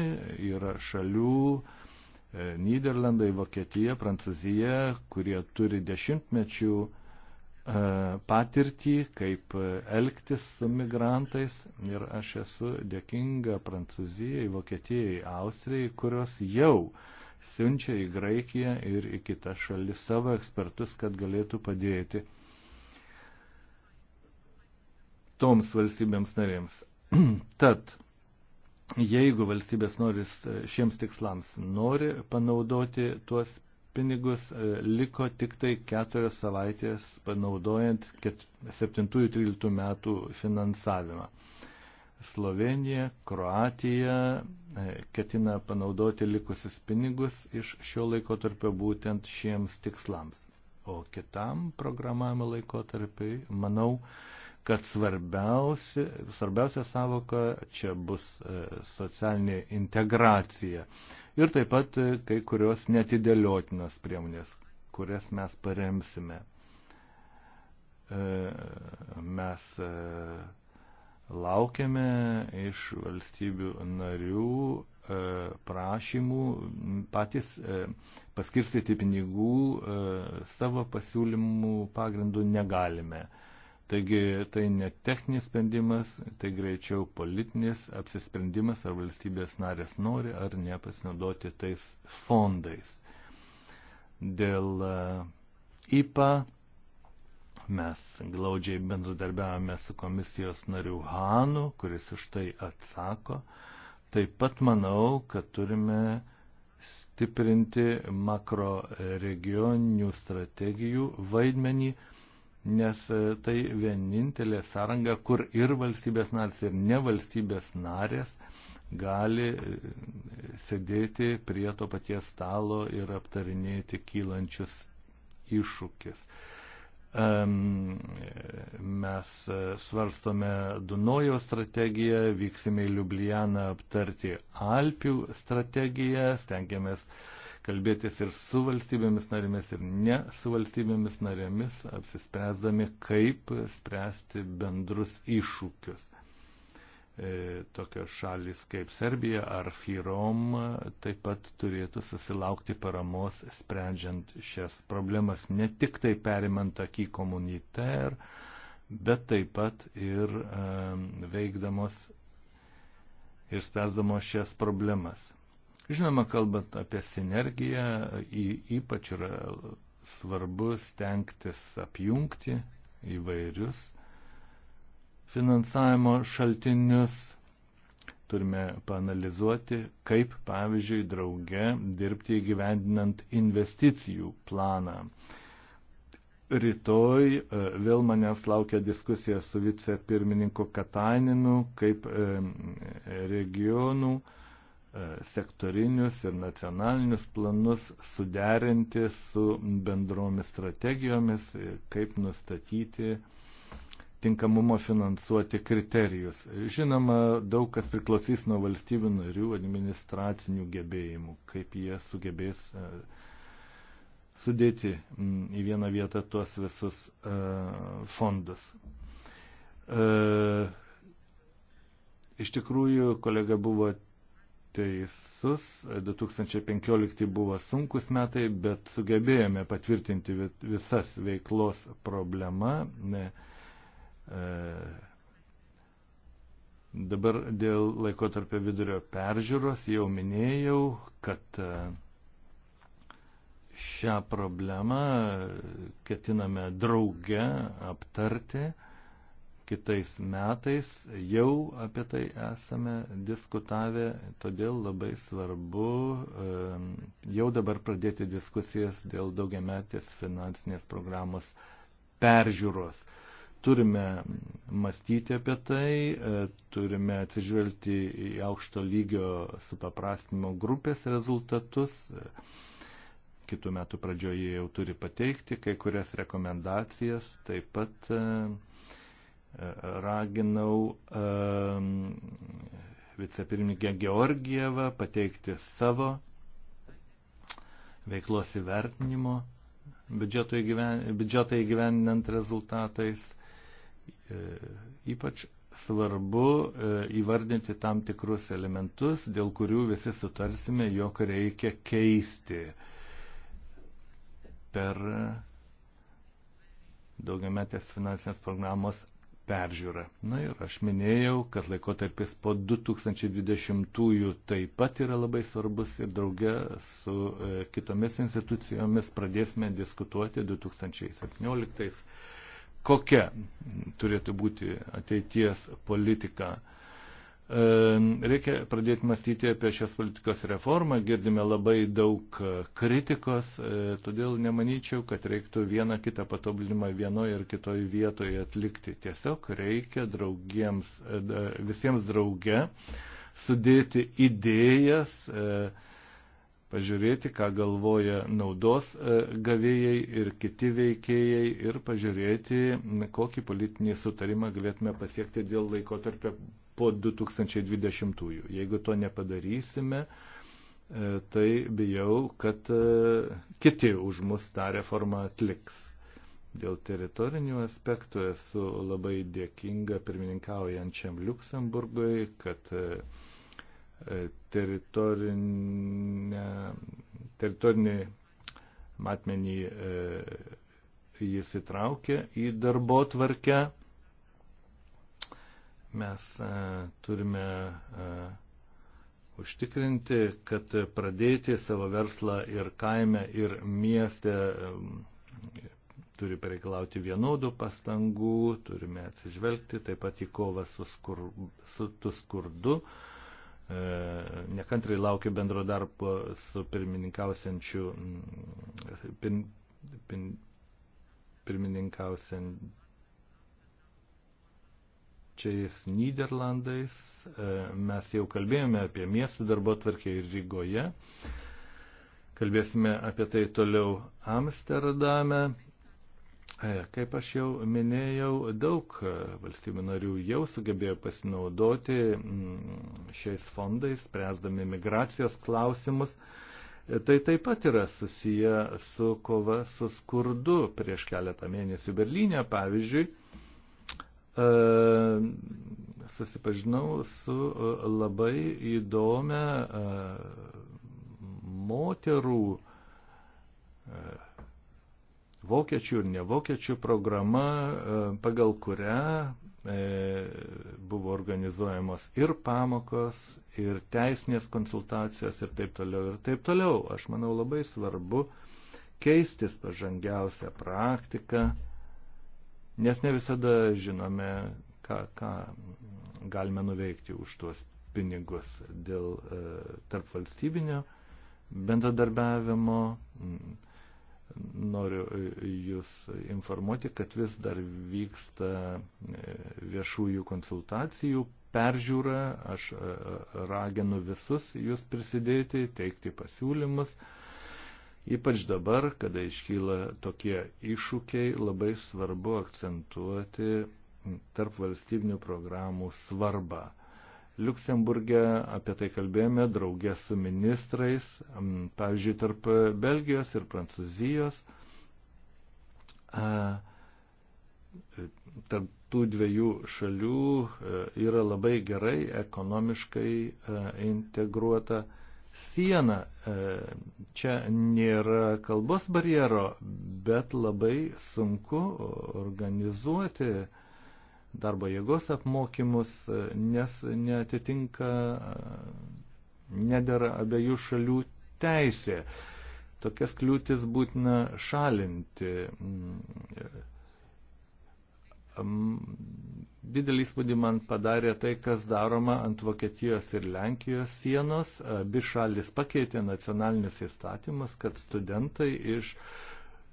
yra šalių. E, Niderlandai, Vokietija, Prancūzija, kurie turi dešimtmečių e, patirtį, kaip elgtis su migrantais. Ir aš esu dėkinga Prancūzijai, Vokietijai, Austrijai, kurios jau uh, siunčia į Graikiją ir į kitą šalį savo ekspertus, kad galėtų padėti toms valstybėms narėms. Tad, jeigu valstybės noris e, šiems tikslams nori panaudoti tuos pinigus, e, liko tik tai keturias savaitės panaudojant 7-13 metų finansavimą. Slovenija, Kroatija e, ketina panaudoti likusius pinigus iš šio laiko tarpio būtent šiems tikslams. O kitam programavimo laiko tarpiai, manau, kad svarbiausia, svarbiausia savoka čia bus e, socialinė integracija. Ir taip pat e, kai kurios netidėliotinos priemonės, kurias mes paremsime. Mes Laukiame iš valstybių narių e, prašymų patys e, paskirstyti pinigų e, savo pasiūlymų pagrindų negalime. Taigi tai ne techninis sprendimas, tai greičiau politinis apsisprendimas, ar valstybės narės nori ar nepasinaudoti tais fondais. Dėl IPA Mes glaudžiai bendradarbiavame su komisijos nariu Hanu, kuris už tai atsako. Taip pat manau, kad turime stiprinti makro regioninių strategijų vaidmenį, nes e, tai vienintelė sąranga, kur ir valstybės narės, ir ne valstybės narės gali e, sėdėti prie to paties stalo ir aptarinėti kylančius iššūkis. Mes e, svarstome Dunojo strategiją, vyksime į Liublianą aptarti Alpių strategiją, stengiamės kalbėtis ir su valstybėmis narėmis, ir ne su valstybėmis narėmis, apsispręsdami, kaip spręsti bendrus iššūkius. E, tokios šalis kaip Serbija ar Firom taip pat turėtų susilaukti paramos sprendžiant šias problemas, ne tik tai perimant akį komuniter, bet taip pat ir e, veikdamos ir spręsdamos šias problemas. Žinoma, kalbant apie sinergiją, ypač yra svarbu stengtis apjungti įvairius finansavimo šaltinius, turime panalizuoti, kaip, pavyzdžiui, drauge dirbti įgyvendinant investicijų planą. Rytoj e, vėl manęs laukia diskusija su vicepirmininku Kataininu, kaip e, regionų e, sektorinius ir nacionalinius planus suderinti su bendromis strategijomis, kaip nustatyti uh, tinkamumo finansuoti kriterijus. Žinoma, daug kas priklausys nuo valstybių narių administracinių gebėjimų, kaip jie sugebės e, sudėti į vieną vietą tuos visus e, fondus. E, iš tikrųjų, kolega buvo teisus, 2015 buvo sunkus metai, bet sugebėjome patvirtinti visas veiklos problema. Ne, E, dabar dėl laikotarpio vidurio peržiūros jau minėjau, kad e, šią problemą ketiname drauge aptarti kitais metais. Jau apie tai esame diskutavę, todėl labai svarbu e, jau dabar pradėti diskusijas dėl daugiametės finansinės programos peržiūros. Turime mąstyti apie tai, e, turime atsižvelgti į aukšto lygio supaprastinimo grupės rezultatus. E, kitų metų pradžioje jau turi pateikti kai kurias rekomendacijas. Taip pat e, raginau vicepirmininkę Georgievą pateikti savo veiklos įvertinimo biudžeto įgyven, biudžetą įgyveninant rezultatais. E, ypač svarbu e, įvardinti tam tikrus elementus, dėl kurių visi sutarsime, jog reikia keisti per daugiametės finansinės programos peržiūrą. Na ir aš minėjau, kad laikotarpis po 2020-ųjų taip pat yra labai svarbus ir drauge su e, kitomis institucijomis pradėsime diskutuoti 2017 kokia turėtų būti ateities politika. E, reikia pradėti mąstyti apie šias politikos reformą, girdime labai daug kritikos, e, todėl nemanyčiau, kad reiktų vieną kitą patobulinimą vienoje ir kitoje vietoje atlikti. Tiesiog reikia draugiems, e, visiems drauge sudėti idėjas, e, pažiūrėti, ką galvoja naudos e, gavėjai ir kiti veikėjai ir pažiūrėti, kokį politinį sutarimą galėtume pasiekti dėl laikotarpio po 2020-ųjų. Jeigu to nepadarysime, e, tai bijau, kad e, kiti už mus tą reformą atliks. Dėl teritorinių aspektų esu labai dėkinga pirmininkaujančiam Luksemburgui, kad uh, E, teritorinį matmenį e, jis įtraukė į darbo tvarkę. Mes e, turime užtikrinti, kad pradėti savo verslą ir kaime, ir mieste turi pareikalauti vienodų pastangų, turime atsižvelgti taip pat į kovą su, skur, su tu skurdu. Uh, E, nekantrai laukiu bendro darbo su pirmininkausiančiu, mm, pin, pin, pirmininkausiančiais Niderlandais. E, mes jau kalbėjome apie miestų darbo tvarkę ir Rygoje. Kalbėsime apie tai toliau Amsterdame E, kaip aš jau minėjau, daug e, valstybių narių jau sugebėjo pasinaudoti mm, šiais fondais, spręsdami migracijos klausimus. E, tai taip pat yra susiję su kova su skurdu. Prieš keletą mėnesių Berlyne, pavyzdžiui, susipažinau su labai įdomia moterų vokiečių ir nevokiečių programa, e, pagal kurią e, buvo organizuojamos ir pamokos, ir teisinės konsultacijos, ir taip toliau, ir taip toliau. Aš manau labai svarbu keistis pažangiausią praktiką, nes ne visada žinome, ką, ką galime nuveikti už tuos pinigus dėl e, tarp valstybinio bendradarbiavimo. M, mm. Noriu e, Jūs informuoti, kad vis dar vyksta e, viešųjų konsultacijų peržiūra. Aš e, raginu visus Jūs prisidėti, teikti pasiūlymus. Ypač dabar, kada iškyla tokie iššūkiai, labai svarbu akcentuoti tarp valstybinių programų svarbą Luksemburgė apie tai kalbėjome draugė su ministrais, pavyzdžiui, tarp Belgijos ir Prancūzijos. Tarp tų dviejų šalių e, yra labai gerai ekonomiškai e, integruota siena. E, čia nėra kalbos barjero, bet labai sunku organizuoti uh, darbo jėgos apmokymus, e, nes netitinka, e, nedėra abiejų šalių teisė. Tokias kliūtis būtina šalinti. Mm, e, didelį įspūdį man padarė tai, kas daroma ant Vokietijos ir Lenkijos sienos. Abi šalis pakeitė nacionalinius įstatymus, kad studentai iš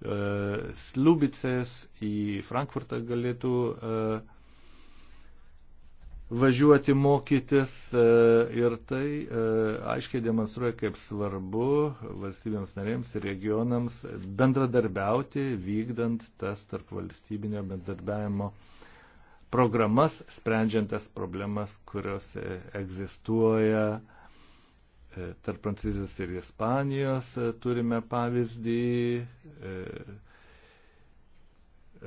uh, Slubicės į Frankfurtą galėtų uh, važiuoti mokytis e, ir tai e, aiškiai demonstruoja, kaip svarbu valstybėms narėms ir regionams bendradarbiauti, vykdant tas tarp valstybinio bendradarbiavimo programas, sprendžiant tas problemas, kurios e, egzistuoja tarp Prancūzijos ir Ispanijos turime pavyzdį,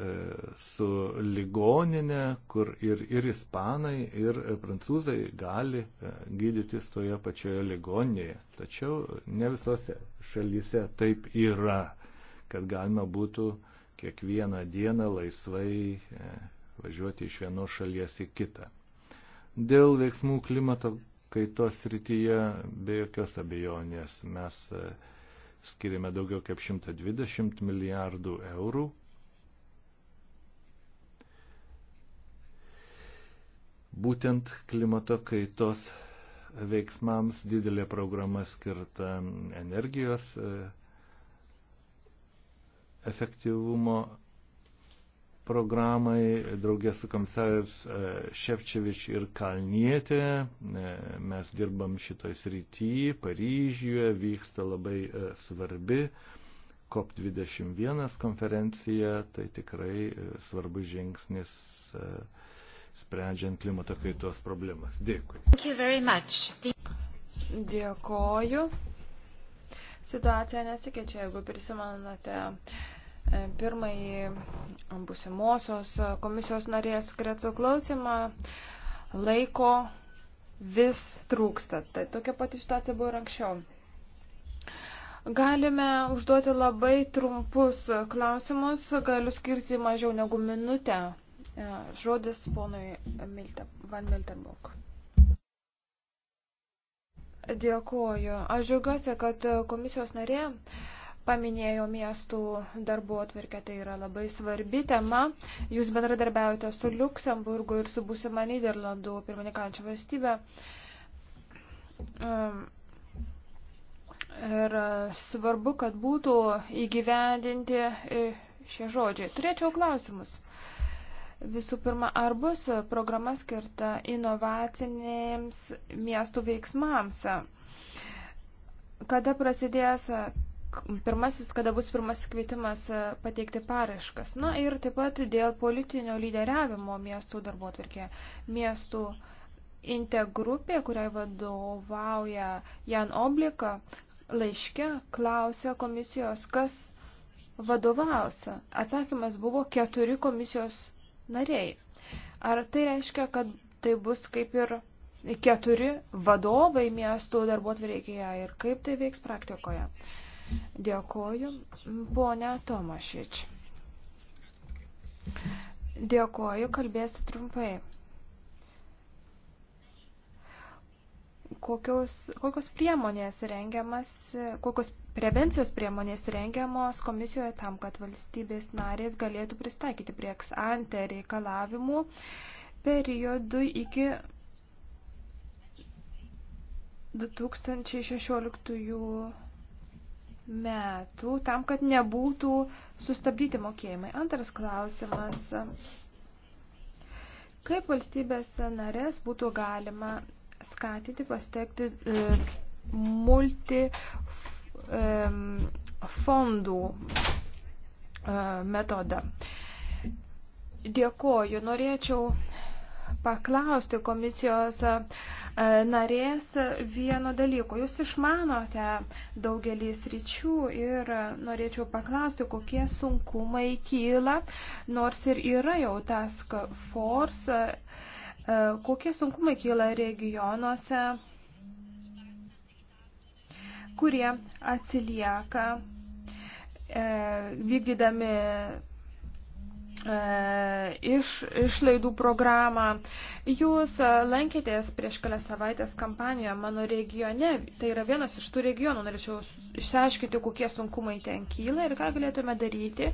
E, su ligoninė, kur ir, ir ispanai, ir prancūzai gali e, gydytis toje pačioje ligoninėje. Tačiau ne visose šalyse taip yra, kad galima būtų kiekvieną dieną laisvai e, važiuoti iš vienos šalies į kitą. Dėl veiksmų klimato kaitos rytyje be jokios abejonės mes skiriame daugiau kaip 120 milijardų eurų Būtent klimato kaitos veiksmams didelė programa skirta energijos e, efektyvumo programai, draugės su komisaris e, Ševčevič ir Kalnietė. E, mes dirbam šitoj srity, Paryžiuje vyksta labai svarbi COP21 konferencija, tai tikrai svarbus žingsnis sprendžiant klimato kaitos problemas. Dėkui. Dėkoju. Situacija nesikeičia, jeigu prisimenate e, pirmąjį busimosios komisijos narės kreco klausimą. Laiko vis trūksta. Tai tokia pati situacija buvo ir anksčiau. Galime užduoti labai trumpus klausimus, galiu skirti mažiau negu minutę E, žodis ponui Milten, Van Miltenburg. Dėkuoju. Aš džiaugiuosi, kad komisijos narė paminėjo miestų darbo atvirkę, tai yra labai svarbi tema. Jūs bendradarbiaujate su Luksemburgu ir su būsima Niderlandų pirmininkančia valstybė. Um, Ir svarbu, kad būtų įgyvendinti e, šie žodžiai. Turėčiau klausimus. Uh, Visų pirma, ar bus programa skirta inovacinėms miestų veiksmams? Kada prasidės pirmasis, kada bus pirmasis kvietimas pateikti paraiškas? Na ir taip pat dėl politinio lyderiavimo miestų darbo atvirkė. Miestų intergrupė, kuriai vadovauja Jan Oblika, laiške klausė komisijos, kas vadovausia. Atsakymas buvo keturi komisijos nariai. Ar tai reiškia, kad tai bus kaip ir keturi vadovai miestų darbuotvarkėje ir kaip tai veiks praktikoje? Dėkoju, ponia Tomašič. Dėkoju, kalbėsiu trumpai. kokios, kokios priemonės rengiamas, kokios prevencijos priemonės rengiamos komisijoje tam, kad valstybės narės galėtų pristaikyti prie ex-ante reikalavimų periodui iki 2016 metų, tam, kad nebūtų sustabdyti mokėjimai. Antras klausimas. Kaip valstybės narės būtų galima skatyti, pasitekti e, multifondų e, e, metodą. Dėkoju. Norėčiau paklausti komisijos narės vieno dalyko. Jūs išmanote daugelį sričių ir norėčiau paklausti, kokie sunkumai kyla, nors ir yra jau task force E, kokie sunkumai kyla regionuose, kurie atsilieka e, vykdydami E, iš, išlaidų programą. Jūs e, lankėtės prieš kelias savaitės kampanijoje mano regione. Tai yra vienas iš tų regionų. Norėčiau išsiaiškinti, kokie sunkumai ten kyla ir ką galėtume daryti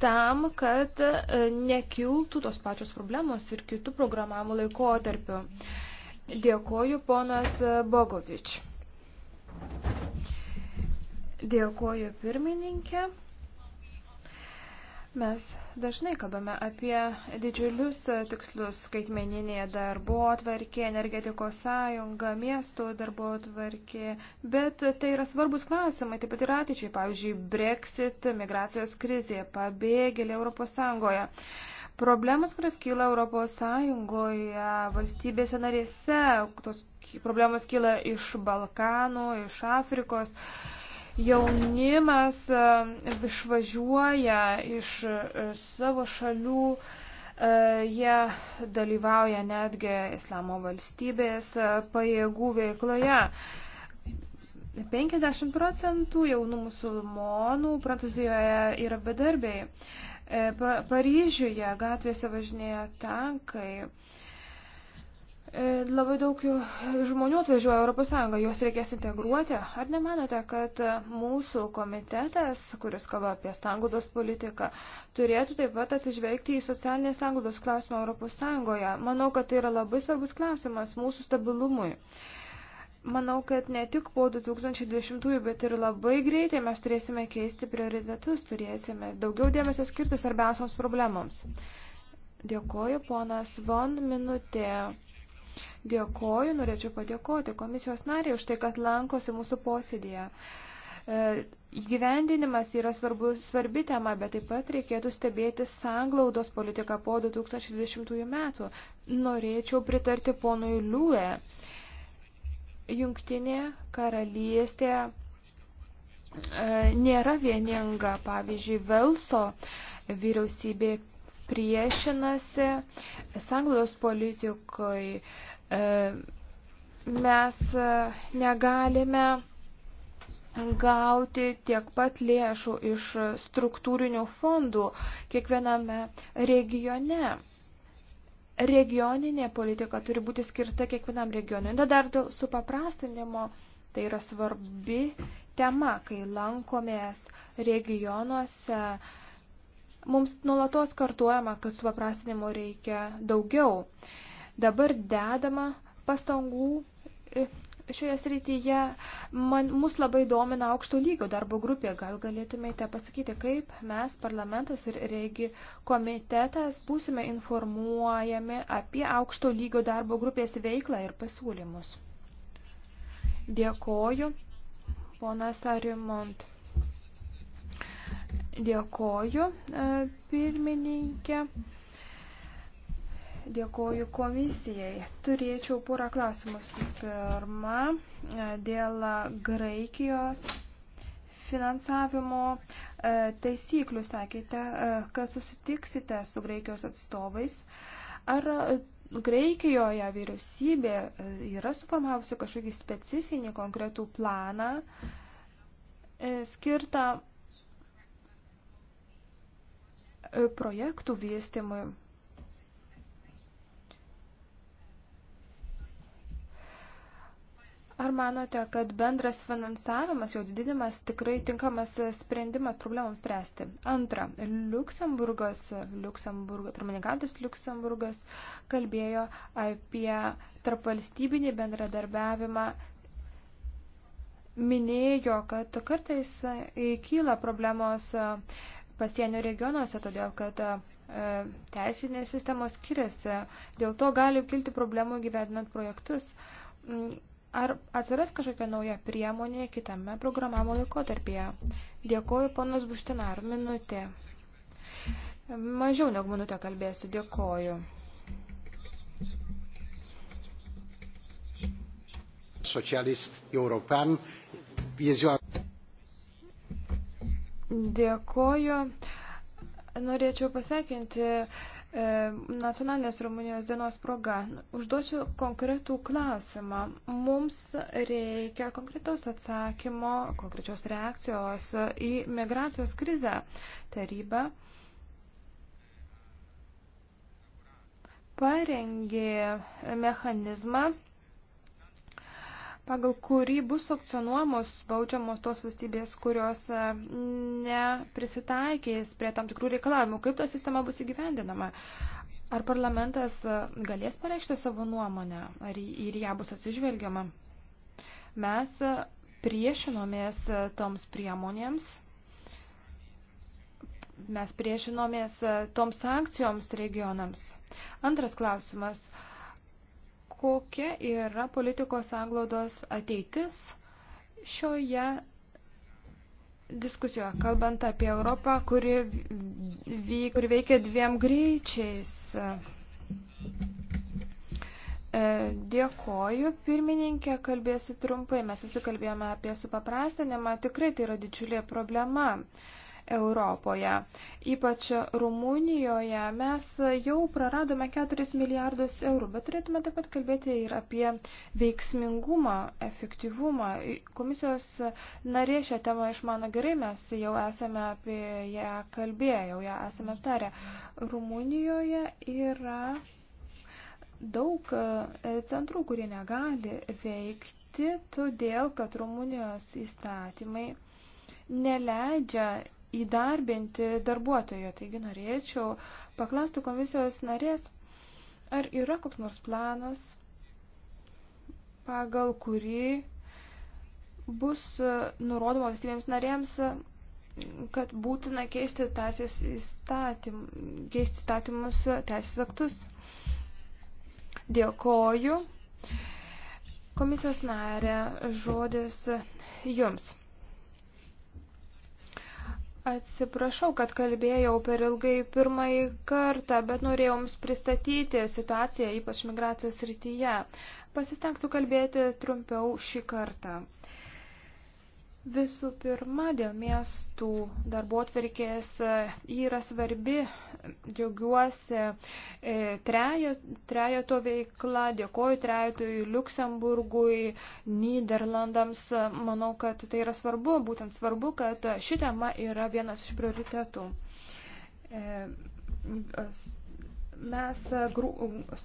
tam, kad e, nekiltų tos pačios problemos ir kitų programavimo laikotarpių. Dėkoju, ponas Bogovič. Dėkoju, pirmininkė. Mes dažnai kalbame apie didžiulius e, tikslus skaitmeninėje darbo atvarkė, energetikos sąjunga, miestų darbo atvarkė, bet tai yra svarbus klausimai, taip pat ir ateičiai, pavyzdžiui, Brexit, migracijos krizė, pabėgėlė Europos Sąjungoje. Problemos, kurios kyla Europos Sąjungoje, valstybėse narėse, tos problemos kyla iš Balkanų, iš Afrikos. Uh, Jaunimas e, išvažiuoja iš e, savo šalių, e, jie dalyvauja netgi Islamo valstybės pajėgų veikloje. 50 procentų jaunų musulmonų Prancūzijoje yra bedarbiai. Paryžiuje gatvėse važinėja tankai. E, labai daug žmonių atvažiuoja Europos Sąjungą, juos reikės integruoti. Ar nemanote, kad mūsų komitetas, kuris kalba apie sangudos politiką, turėtų taip pat atsižvelgti į socialinės sangudos klausimą Europos Sąjungoje? Manau, kad tai yra labai svarbus klausimas mūsų stabilumui. Manau, kad ne tik po 2020, bet ir labai greitai mes turėsime keisti prioritetus, turėsime daugiau dėmesio skirti svarbiausioms problemams. Dėkoju, ponas Von, minutė. Dėkoju, norėčiau padėkoti komisijos nariai už tai, kad lankosi mūsų posėdėje. E, įgyvendinimas yra svarbu, svarbi tema, bet taip pat reikėtų stebėti sanglaudos politiką po 2020 metų. Norėčiau pritarti ponui Liūė. Jungtinė karalystė e, nėra vieninga. Pavyzdžiui, Velso vyriausybė priešinasi sanglaudos politikai. E, mes e, negalime gauti tiek pat lėšų iš struktūrinių fondų kiekviename regione. Regioninė politika turi būti skirta kiekvienam regionui. Na dar dėl supaprastinimo tai yra svarbi tema, kai lankomės regionuose, Mums nuolatos kartuojama, kad supaprastinimo reikia daugiau. Dabar dedama pastangų e, šioje srityje. Man, mus labai domina aukšto lygio darbo grupė. Gal galėtumėte pasakyti, kaip mes, parlamentas ir regi komitetas, būsime informuojami apie aukšto lygio darbo grupės veiklą ir pasiūlymus. Dėkoju, ponas Arimont. Dėkoju, e, pirmininkė. Dėkoju komisijai. Turėčiau porą klausimų. Pirma, e, dėl Graikijos finansavimo e, taisyklių sakėte, kad susitiksite su Graikijos atstovais. Ar Graikijoje vyriausybė yra suformavusi kažkokį specifinį konkretų planą skirtą E, projektų vystymui. Ar manote, kad bendras finansavimas, jo didinimas tikrai tinkamas sprendimas problemams spręsti? Antra, Luksemburgas, Luksemburgo, pirmininkantis Luksemburgas kalbėjo apie tarpvalstybinį bendradarbiavimą, minėjo, kad kartais e, kyla problemos pasienio regionuose, todėl kad e, teisinės sistemos skiriasi. Dėl to gali kilti problemų gyvendinant projektus. Mm, ar atsiras kažkokia nauja priemonė kitame programavimo laikotarpyje? Dėkoju, ponas Buštinar, minutė. Mažiau negu minutę kalbėsiu, dėkoju. Socialist european, e ziua Dėkoju. Norėčiau pasveikinti e, nacionalinės Rumunijos dienos proga. Užduočiau konkretų klausimą. Mums reikia konkretaus atsakymo, konkrečios reakcijos į migracijos krizę. Taryba parengė mechanizmą pagal kurį bus sankcionuojamos baudžiamos tos valstybės, kurios e, neprisitaikys prie tam tikrų reikalavimų. Kaip ta sistema bus įgyvendinama? Ar parlamentas e, galės pareikšti savo nuomonę, ar ir ją bus atsižvelgiama? Mes e, priešinomės toms priemonėms, mes priešinomės toms sankcijoms regionams. Antras klausimas kokia yra politikos anglodos ateitis šioje diskusijoje, kalbant apie Europą, kuri, vyk, kuri veikia dviem greičiais. E, dėkoju, pirmininkė, kalbėsiu trumpai. Mes visi kalbėjome apie supaprastinimą. Tikrai tai yra didžiulė problema. Europoje. Ypač Rumunijoje mes jau praradome 4 milijardus eurų, bet turėtume taip pat kalbėti ir apie veiksmingumą, efektyvumą. Komisijos narė šią temą išmano gerai, mes jau esame apie ją kalbėję, jau ją esame aptarę. Rumunijoje yra daug e, centrų, kurie negali veikti, todėl kad Rumunijos įstatymai neleidžia įdarbinti darbuotojo. Taigi norėčiau paklausti komisijos narės, ar yra koks nors planas, pagal kurį bus nurodoma visiems narėms, kad būtina keisti, įstatym, keisti įstatymus teisės aktus. Dėkoju. Komisijos narė, žodis jums. Atsiprašau, kad kalbėjau per ilgai pirmąjį kartą, bet norėjau jums pristatyti situaciją, ypač migracijos rytyje. Pasistengsiu kalbėti trumpiau šį kartą. Uh, Visų pirma, dėl miestų darbo atverkės e, yra svarbi, džiaugiuosi e, trejo, trejoto veikla, dėkoju trejotui Luksemburgui, Niderlandams. Manau, kad tai yra svarbu, būtent svarbu, kad ši tema yra vienas iš prioritetų. E, mes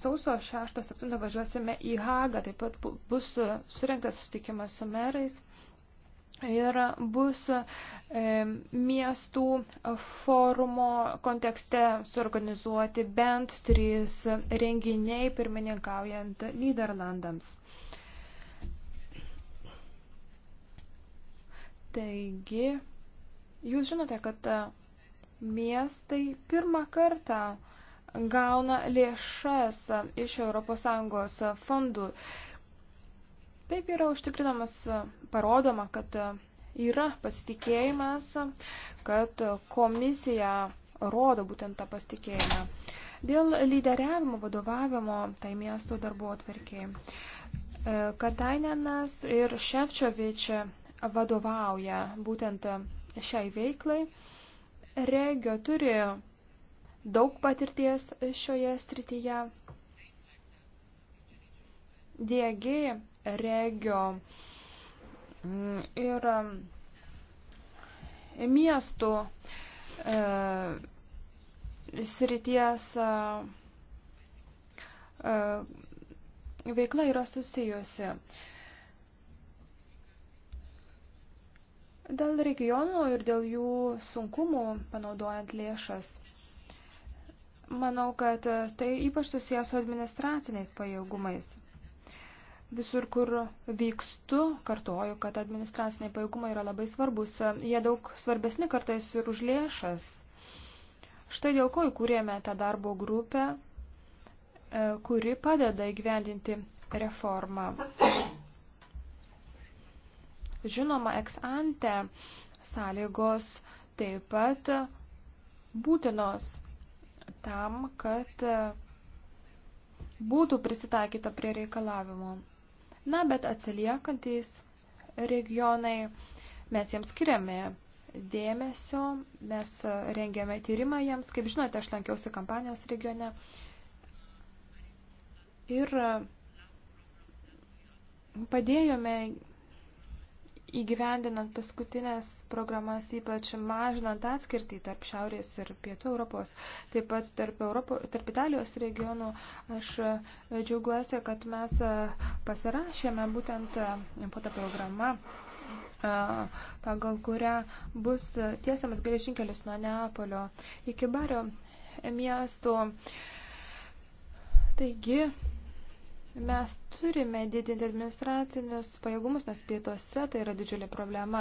sausio 6-7 važiuosime į Hagą, taip pat bus surinktas susitikimas su merais ir bus e, miestų forumo kontekste suorganizuoti bent trys renginiai pirmininkaujant Niderlandams. Taigi, jūs žinote, kad miestai pirmą kartą gauna lėšas iš ES fondų Taip yra užtikrinamas, parodoma, kad e, yra pasitikėjimas, kad komisija rodo būtent tą pasitikėjimą. Dėl lyderiavimo, vadovavimo tai miesto darbo atverkiai. E, Katainenas ir Ševčiovič vadovauja būtent šiai veiklai. Regio turi daug patirties šioje srityje, DG regio mm, ir mm, miestų e, srities e, veikla yra susijusi. Dėl regionų ir dėl jų sunkumų panaudojant lėšas. Manau, kad tai ypač susijęs su administraciniais pajėgumais. Visur, kur vykstu, kartoju, kad administraciniai pajėgumai yra labai svarbus. Jie daug svarbesni kartais ir už lėšas. Štai dėl ko įkūrėme tą darbo grupę, e, kuri padeda įgyvendinti reformą. Žinoma, ex ante sąlygos taip pat būtinos tam, kad būtų prisitaikyta prie reikalavimų. Na, bet atsiliekantys regionai, mes jiems skiriame dėmesio, mes rengiame tyrimą jiems. Kaip žinote, aš lankiausi kampanijos regione. Ir padėjome įgyvendinant paskutinės programas, ypač mažinant atskirtį tarp Šiaurės ir Pietų Europos, taip pat tarp, Europo, tarp Italijos regionų, aš džiaugiuosi, kad mes pasirašėme būtent foto programą pagal kurią bus tiesiamas geležinkelis nuo Neapolio iki Bario miesto. Taigi, Mes turime didinti administracinius pajėgumus, nes pietuose tai yra didžiulė problema.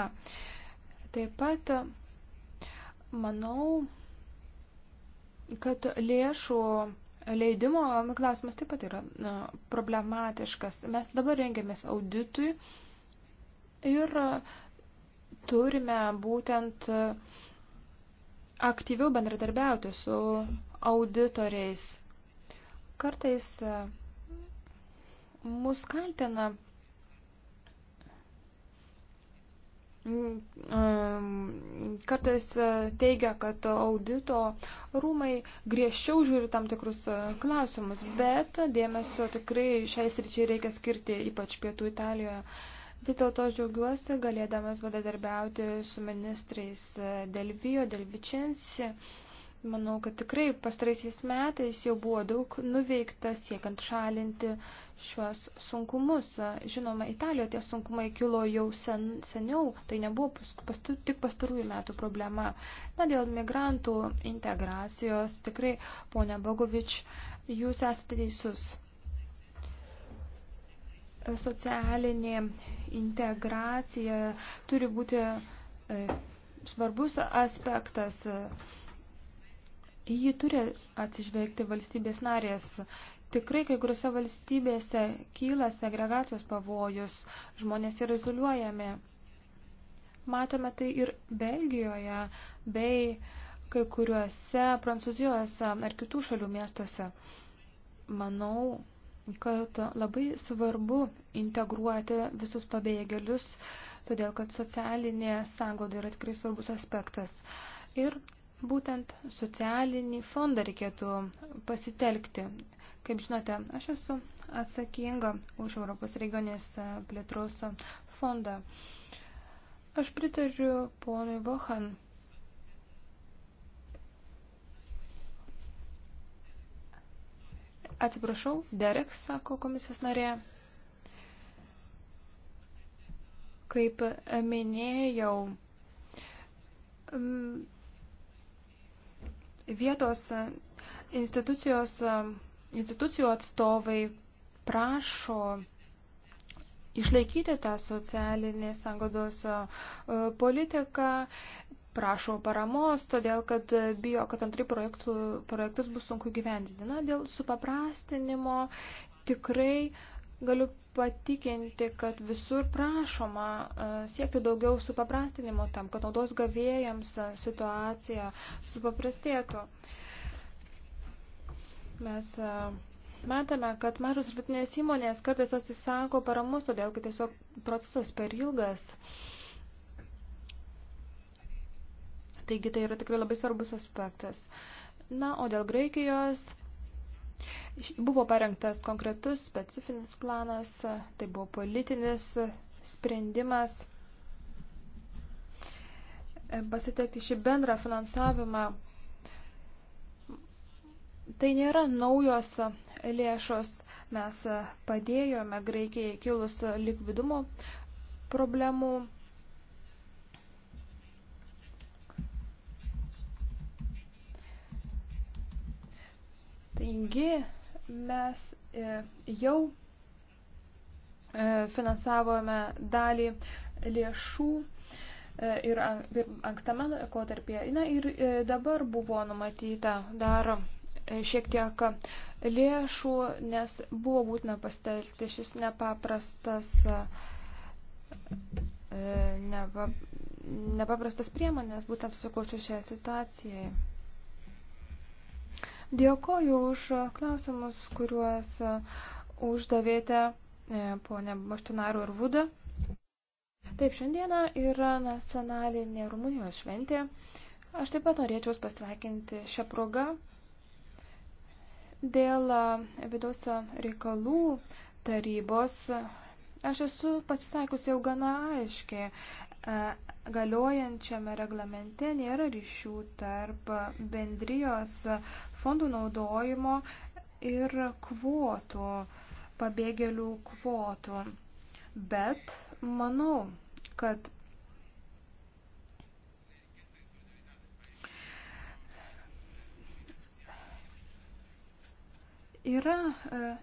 Taip pat manau, kad lėšų leidimo klausimas taip pat yra problematiškas. Mes dabar rengiamės auditui ir turime būtent aktyviau bendradarbiauti su auditoriais. Kartais mus kaltina mm, mm, kartais e, teigia, kad audito rūmai griežčiau žiūri tam tikrus e, klausimus, bet dėmesio tikrai šiais ryčiai reikia skirti, ypač pietų Italijoje. Vis dėlto džiaugiuosi galėdamas vadarbiauti su ministrais e, Delvijo, Delvičensi. Del Manau, kad tikrai pastaraisiais metais jau buvo daug nuveikta siekiant šalinti šiuos sunkumus. Žinoma, Italijoje tie sunkumai kilo jau sen, seniau, tai nebuvo pastu, tik pastarųjų metų problema. Na, dėl migrantų integracijos tikrai, ponia Bogovič, jūs esate teisus. Socialinė integracija turi būti e, svarbus aspektas. E, Jį turi atsižvelgti valstybės narės. Tikrai kai kuriuose valstybėse kyla segregacijos pavojus, žmonės yra izoliuojami. Matome tai ir Belgijoje, bei kai kuriuose Prancūzijos ar kitų šalių miestuose. Manau, kad labai svarbu integruoti visus pabėgėlius, todėl kad socialinė sanglauda yra tikrai svarbus aspektas. Ir būtent socialinį fondą reikėtų pasitelkti. Kaip žinote, aš esu atsakinga už Europos regionės plėtros fondą. Aš pritariu ponui Vohan. Atsiprašau, Derek, sako komisijos narė. Kaip minėjau, vietos e, institucijos, e, institucijų atstovai prašo išlaikyti tą socialinį sangodos e, politiką, prašo paramos, todėl kad bijo, kad antrai projektų, projektus bus sunku gyvendyti. Na, dėl supaprastinimo tikrai uh, Galiu patikinti, kad visur prašoma e, siekti daugiau supaprastinimo tam, kad naudos gavėjams e, situacija supaprastėtų. Mes e, matome, kad mažos ir vidutinės įmonės kartais atsisako paramos, todėl kad tiesiog procesas per ilgas. Taigi tai yra tikrai labai svarbus aspektas. Na, o dėl Graikijos Buvo parengtas konkretus specifinis planas, tai buvo politinis sprendimas e, pasitekti šį bendrą finansavimą. Tai nėra naujos lėšos, mes padėjome Graikijai kilus likvidumo problemų. Taigi, mes e, jau e, finansavome dalį lėšų e, ir ankstame laikotarpyje. Na ir dabar buvo numatyta dar šiek tiek lėšų, nes buvo būtina pastelgti šis nepaprastas nepaprastas priemonės, būtent susikaučiu šią situaciją. Dėkoju už klausimus, kuriuos e, uždavėte e, ponė Maštinaru ir Vuda. Taip, šiandieną yra nacionalinė Rumunijos šventė. Aš taip pat norėčiau pasveikinti šią progą dėl e, vidaus reikalų tarybos. Aš esu pasisakiusi jau gana aiškiai. E, galiojančiame reglamente nėra ryšių tarp bendrijos fondų naudojimo ir kvotų, pabėgėlių kvotų. Bet manau, kad yra e,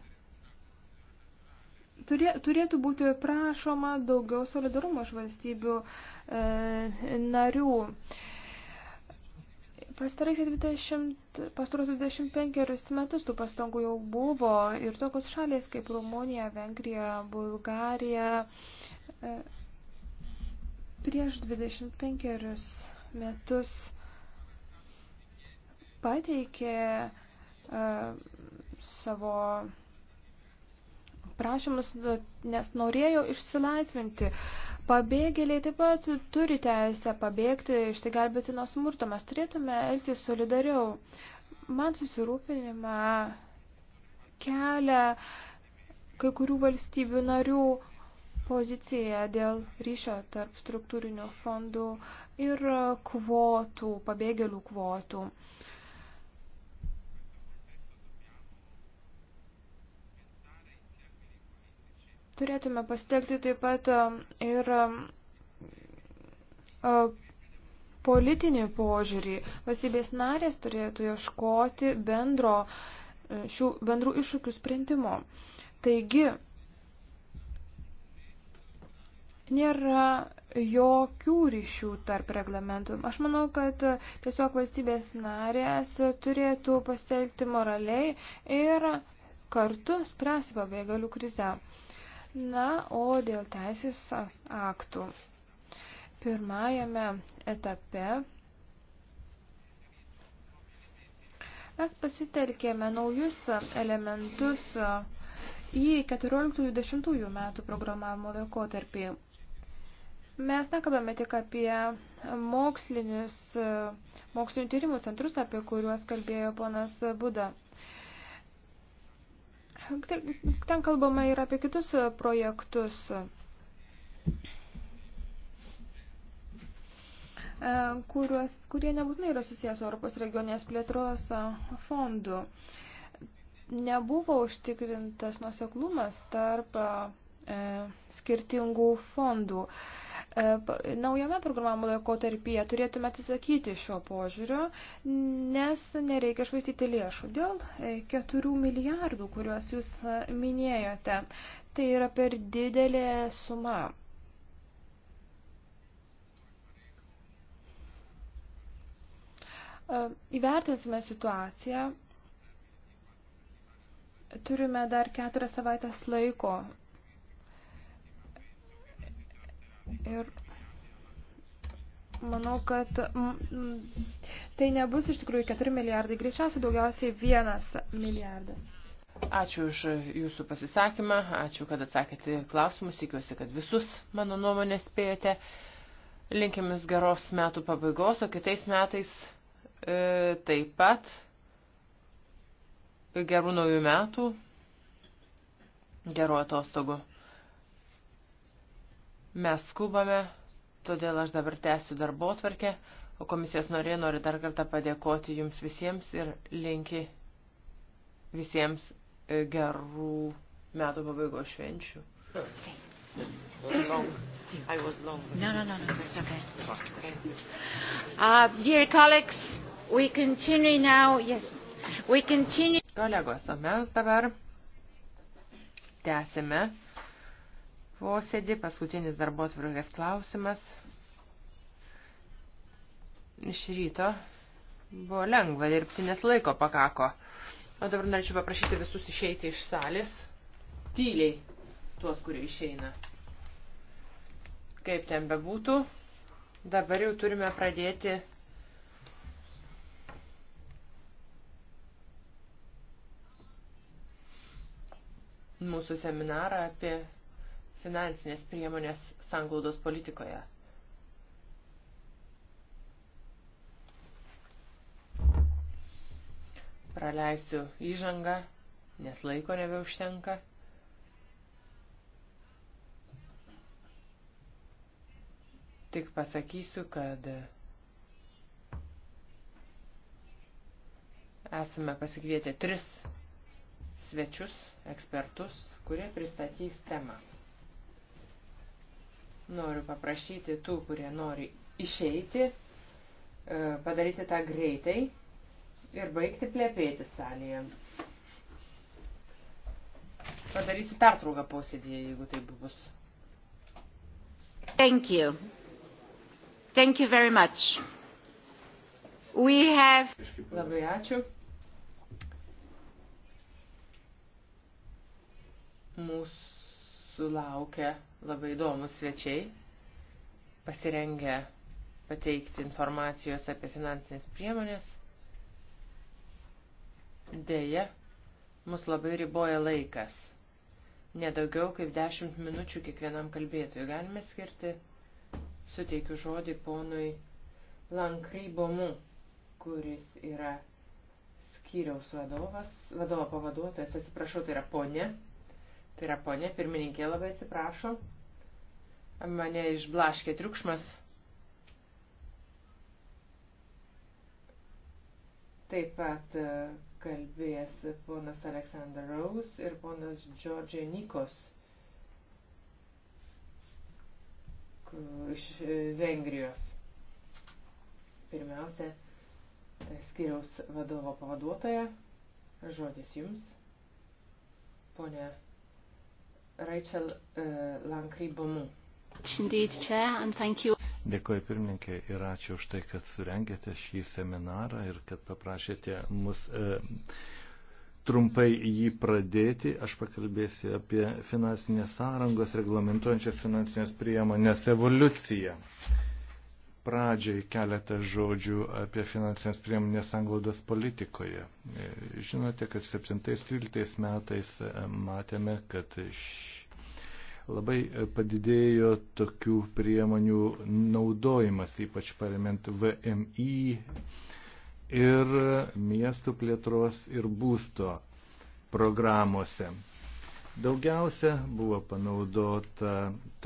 turė, turėtų būti prašoma daugiau solidarumo iš valstybių e, narių. Pastaraisiais 20, pastaros 25 metus tų pastangų jau buvo ir tokios šalės kaip Rumunija, Vengrija, Bulgarija e, prieš 25 metus pateikė e, savo prašymus, nes norėjo išsilaisvinti. Pabėgėliai taip pat turi teisę pabėgti, išsigelbėti nuo smurto. Mes turėtume elgtis solidariau. Man susirūpinimą kelia kai kurių valstybių narių poziciją dėl ryšio tarp struktūrinių fondų ir kvotų, pabėgėlių kvotų. Uh, Turėtume pasitelkti taip pat ir politinį požiūrį. Valstybės narės turėtų ieškoti bendro, e, šių bendrų iššūkių sprendimo. Taigi, nėra jokių ryšių tarp reglamentų. Aš manau, kad e, tiesiog valstybės narės turėtų pasielgti moraliai ir kartu spręsti pabėgalių krizę. Na, o dėl teisės aktų. Pirmajame etape mes pasitelkėme naujus elementus į 14-20 metų programavimo laikotarpį. Mes nekalbame tik apie mokslinius, mokslinių tyrimų centrus, apie kuriuos kalbėjo ponas Buda. Ten kalbama ir apie kitus e, projektus. E, kuriuos, kurie nebūtinai yra susijęs Europos regionės plėtros e, fondų. Nebuvo užtikrintas nuseklumas tarp e, skirtingų fondų. E, E, naujame programų laikotarpyje turėtume atsisakyti šio požiūrio, nes nereikia švaistyti lėšų. Dėl 4 e, milijardų, kuriuos jūs e, minėjote, tai yra per didelė suma. Įvertinsime situaciją. Turime dar keturias savaitės laiko Ir manau, kad tai nebus iš tikrųjų 4 milijardai, greičiausiai daugiausiai 1 milijardas. Ačiū už jūsų pasisakymą, ačiū, kad atsakėte klausimus, tikiuosi, kad visus mano nuomonę spėjote. Linkim jūs geros metų pabaigos, o kitais metais e, taip pat gerų naujų metų, gerų atostogų. Mes skubame, todėl aš dabar tęsiu darbo tvarkę, o komisijos norė nori dar kartą padėkoti jums visiems ir linki visiems e, gerų metų pabaigos švenčių. I was long. No, no, no, no, it's okay. okay. Uh, dear colleagues, we continue now. Yes, we continue. Kolegos, o mes dabar tęsime posėdį. Paskutinis darbo atvirgas klausimas. Iš ryto buvo lengva dirbti, nes laiko pakako. O dabar norėčiau paprašyti visus išeiti iš salės. Tyliai tuos, kurie išeina. Kaip ten bebūtų, dabar jau turime pradėti mūsų seminarą apie finansinės priemonės sanglaudos politikoje. Praleisiu įžangą, nes laiko nebeužtenka. Tik pasakysiu, kad esame pasikvietę tris svečius, ekspertus, kurie pristatys temą. Noriu paprašyti tų, kurie nori išeiti, e, padaryti tą greitai ir baigti plėpėti salėje. Padarysiu pertrauką posėdėje, jeigu tai bus. Thank you. Thank you very much. We have... Labai ačiū. Mūsų laukia labai įdomus svečiai, pasirengę pateikti informacijos apie finansinės priemonės. Deja, mus labai riboja laikas. Nedaugiau kaip 10 minučių kiekvienam kalbėtojui galime skirti. Suteikiu žodį ponui Lankrybomu, kuris yra skyriaus vadovas, vadovo pavaduotojas, atsiprašau, tai yra ponė. Tai yra ponė, pirmininkė labai atsiprašo. Mane išblaškė triukšmas. Taip pat e, kalbėjęs ponas Aleksandr Rose ir ponas Džordžiai Nikos iš e, Vengrijos. Pirmiausia, e, skiriaus vadovo pavaduotoja, žodis jums, ponė Rachel Lankry Bomu. Dėkuoju pirmininkė ir ačiū už tai, kad surengėte šį seminarą ir kad paprašėte mus e, trumpai jį pradėti. Aš pakalbėsiu apie finansinės sąrangos reglamentuojančias finansinės priemonės evoliuciją. Pradžiai keletą žodžių apie finansinės priemonės anglaudos politikoje. E, žinote, kad 7-13 metais e, matėme, kad ši Labai padidėjo tokių priemonių naudojimas, ypač paremint VMI ir miestų plėtros ir būsto programuose. Daugiausia buvo panaudota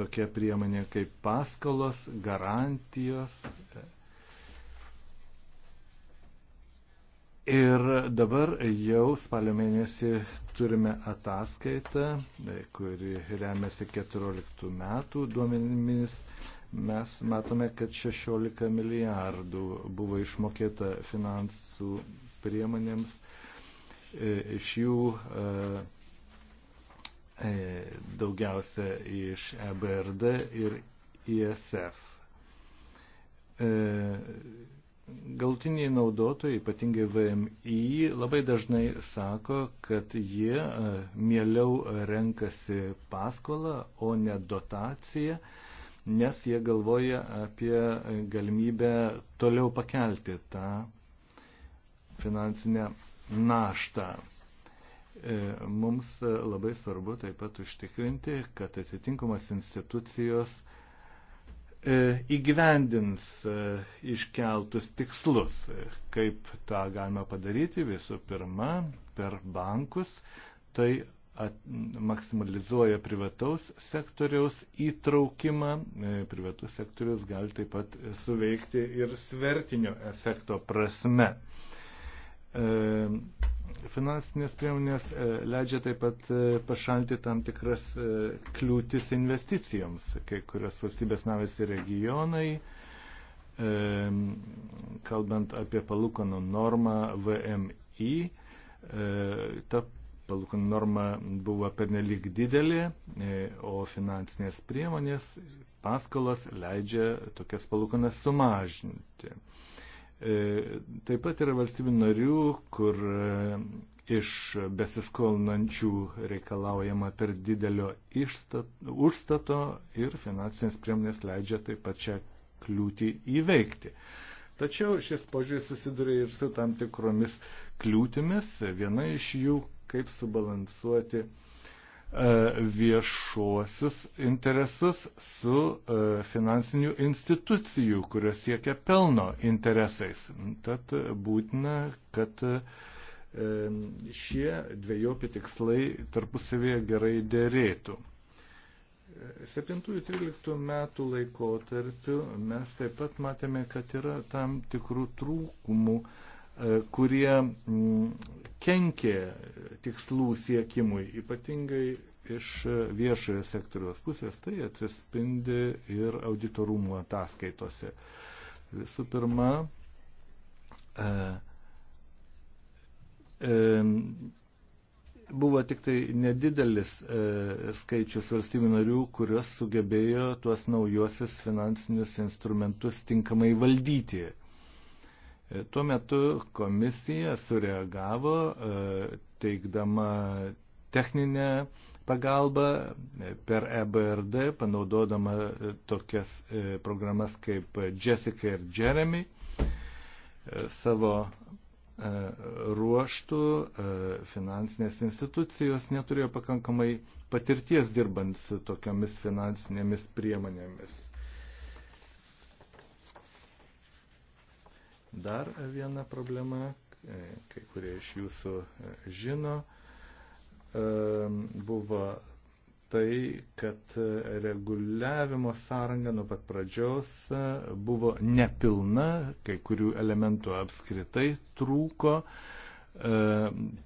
tokia priemonė kaip paskolos, garantijos, Ir dabar jau spalio mėnesį turime ataskaitą, kuri remiasi 14 metų duomenimis. Mes matome, kad 16 milijardų buvo išmokėta finansų priemonėms. E, iš jų e, e, daugiausia iš EBRD ir ISF galtiniai naudotojai, ypatingai VMI, labai dažnai sako, kad jie e, mieliau renkasi paskolą, o ne dotaciją, nes jie galvoja apie galimybę toliau pakelti tą finansinę naštą. E, mums labai svarbu taip pat užtikrinti, kad atitinkamas institucijos uh, E, įgyvendins e, iškeltus tikslus. Kaip tą galima padaryti? Visų pirma, per bankus. Tai at, maksimalizuoja privataus sektoriaus įtraukimą. E, privatus sektorius gali taip pat suveikti ir svertinio efekto prasme. E, E, finansinės priemonės e, leidžia taip pat e, pašalti tam tikras kliūtis investicijoms, kai kurios valstybės navės ir regionai, kalbant apie palūkanų normą VMI, ta palūkanų norma buvo pernelyg didelė, o finansinės priemonės paskolas leidžia tokias palūkanas sumažinti. E, taip pat yra valstybių narių, kur e, iš besiskolinančių reikalaujama per didelio išstat, užstato ir finansinės priemonės leidžia taip pat čia kliūtį įveikti. Tačiau šis požiūris susiduria ir su tam tikromis kliūtimis. Viena iš jų, kaip subalansuoti uh, E, viešuosius interesus su e, finansinių institucijų, kurios siekia pelno interesais. Tad būtina, kad e, šie dviejopi tikslai tarpusavėje gerai dėrėtų. 7-13 metų laikotarpiu mes taip pat matėme, kad yra tam tikrų trūkumų, kurie kenkė tikslų siekimui, ypatingai iš viešojo sektoriaus pusės, tai atsispindi ir auditorumų ataskaitose. Visų pirma, e, e, buvo tik tai nedidelis e, skaičius valstybių narių, kurios sugebėjo tuos naujosius finansinius instrumentus tinkamai valdyti. Tuo metu komisija sureagavo e, teikdama techninę pagalbą e, per EBRD, panaudodama e, tokias programas kaip Jessica ir Jeremy. Savo ruoštų finansinės institucijos neturėjo pakankamai patirties dirbant su tokiamis finansinėmis priemonėmis. Dar viena problema, e, kai kurie iš jūsų e, žino, e, buvo tai, kad reguliavimo sąranga nuo pat pradžios buvo nepilna, kai kurių elementų apskritai trūko.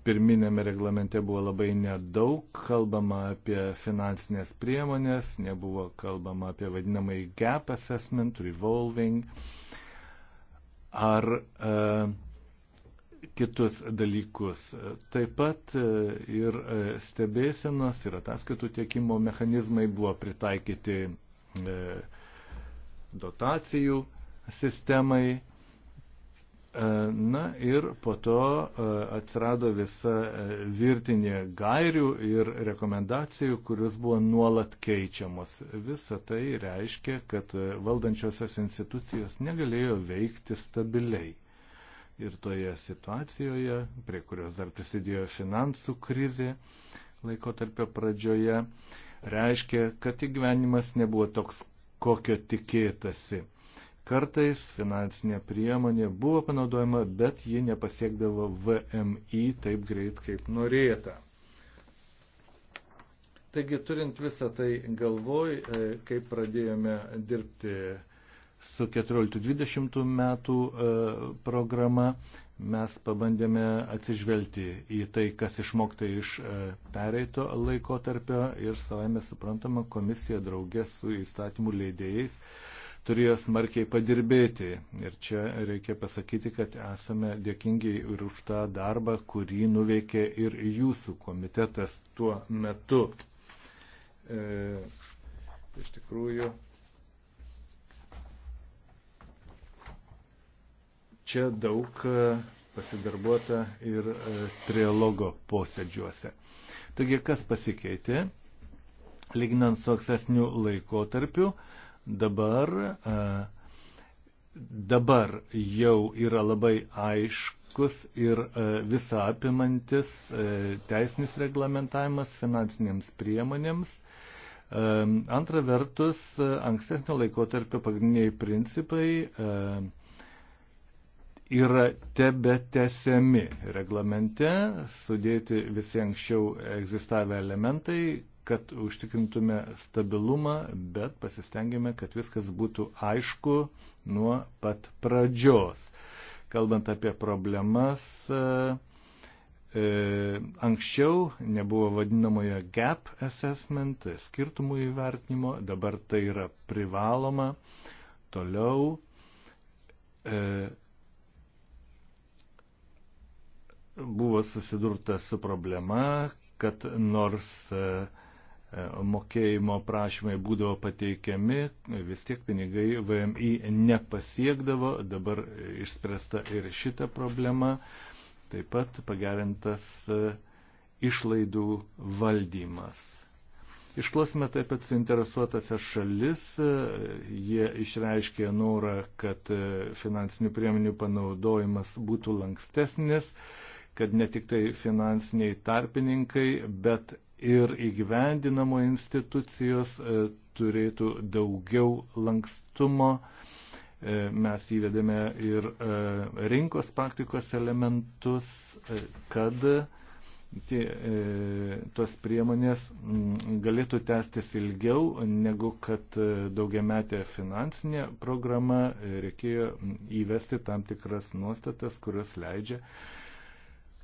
Pirminėme reglamente buvo labai nedaug, kalbama apie finansinės priemonės, nebuvo kalbama apie vadinamąjį gap assessment, revolving ar e, kitus dalykus. Taip pat e, ir e, stebėsenos ir ataskaitų tiekimo mechanizmai buvo pritaikyti e, dotacijų sistemai E, na ir po to e, atsirado visa e, virtinė gairių ir rekomendacijų, kuris buvo nuolat keičiamos. Visa tai reiškia, kad valdančiosios institucijos negalėjo veikti stabiliai. Ir toje situacijoje, prie kurios dar prisidėjo finansų krizė laikotarpio pradžioje, reiškia, kad įgyvenimas nebuvo toks, kokio tikėtasi Kartais finansinė priemonė buvo panaudojama, bet ji nepasiekdavo VMI taip greit, kaip norėta. Taigi, turint visą tai galvoj, e, kai pradėjome dirbti su 14-20 metų e, programa, mes pabandėme atsižvelgti į tai, kas išmokta iš e, pereito laiko tarpio ir savame suprantama komisija draugė su įstatymų leidėjais turėjo smarkiai padirbėti. Ir čia reikia pasakyti, kad esame dėkingi ir už tą darbą, kurį nuveikė ir jūsų komitetas tuo metu. E, iš tikrųjų, čia daug e, pasidarbuota ir e, trialogo posėdžiuose. Taigi, kas pasikeitė, lyginant su aksesniu laikotarpiu, e, Dabar, e, dabar jau yra labai aiškus ir e, visą apimantis e, teisinis reglamentavimas finansinėms priemonėms. Antra vertus, ankstesnio laikotarpio pagrindiniai principai yra tebe tesiami reglamente, sudėti visi anksčiau egzistavę elementai, kad užtikrintume stabilumą, bet pasistengėme, kad viskas būtų aišku nuo pat pradžios. Kalbant apie problemas, e, e, anksčiau nebuvo vadinamojo gap assessment, skirtumų įvertinimo, dabar tai yra privaloma. Toliau e, buvo susidurta su problema, kad nors e, mokėjimo prašymai būdavo pateikiami, vis tiek pinigai VMI nepasiekdavo, dabar išspręsta ir šita problema, taip pat pagerintas e, išlaidų valdymas. Išklausime taip pat suinteresuotasias šalis, e, jie išreiškė norą, kad e, finansinių priemonių panaudojimas būtų lankstesnis, kad ne tik tai finansiniai tarpininkai, bet ir įgyvendinamo institucijos e, turėtų daugiau lankstumo. E, mes įvedėme ir e, rinkos praktikos elementus, kad tie, tos priemonės galėtų tęstis ilgiau, negu kad daugiametė finansinė programa reikėjo įvesti tam tikras nuostatas, kurios leidžia uh,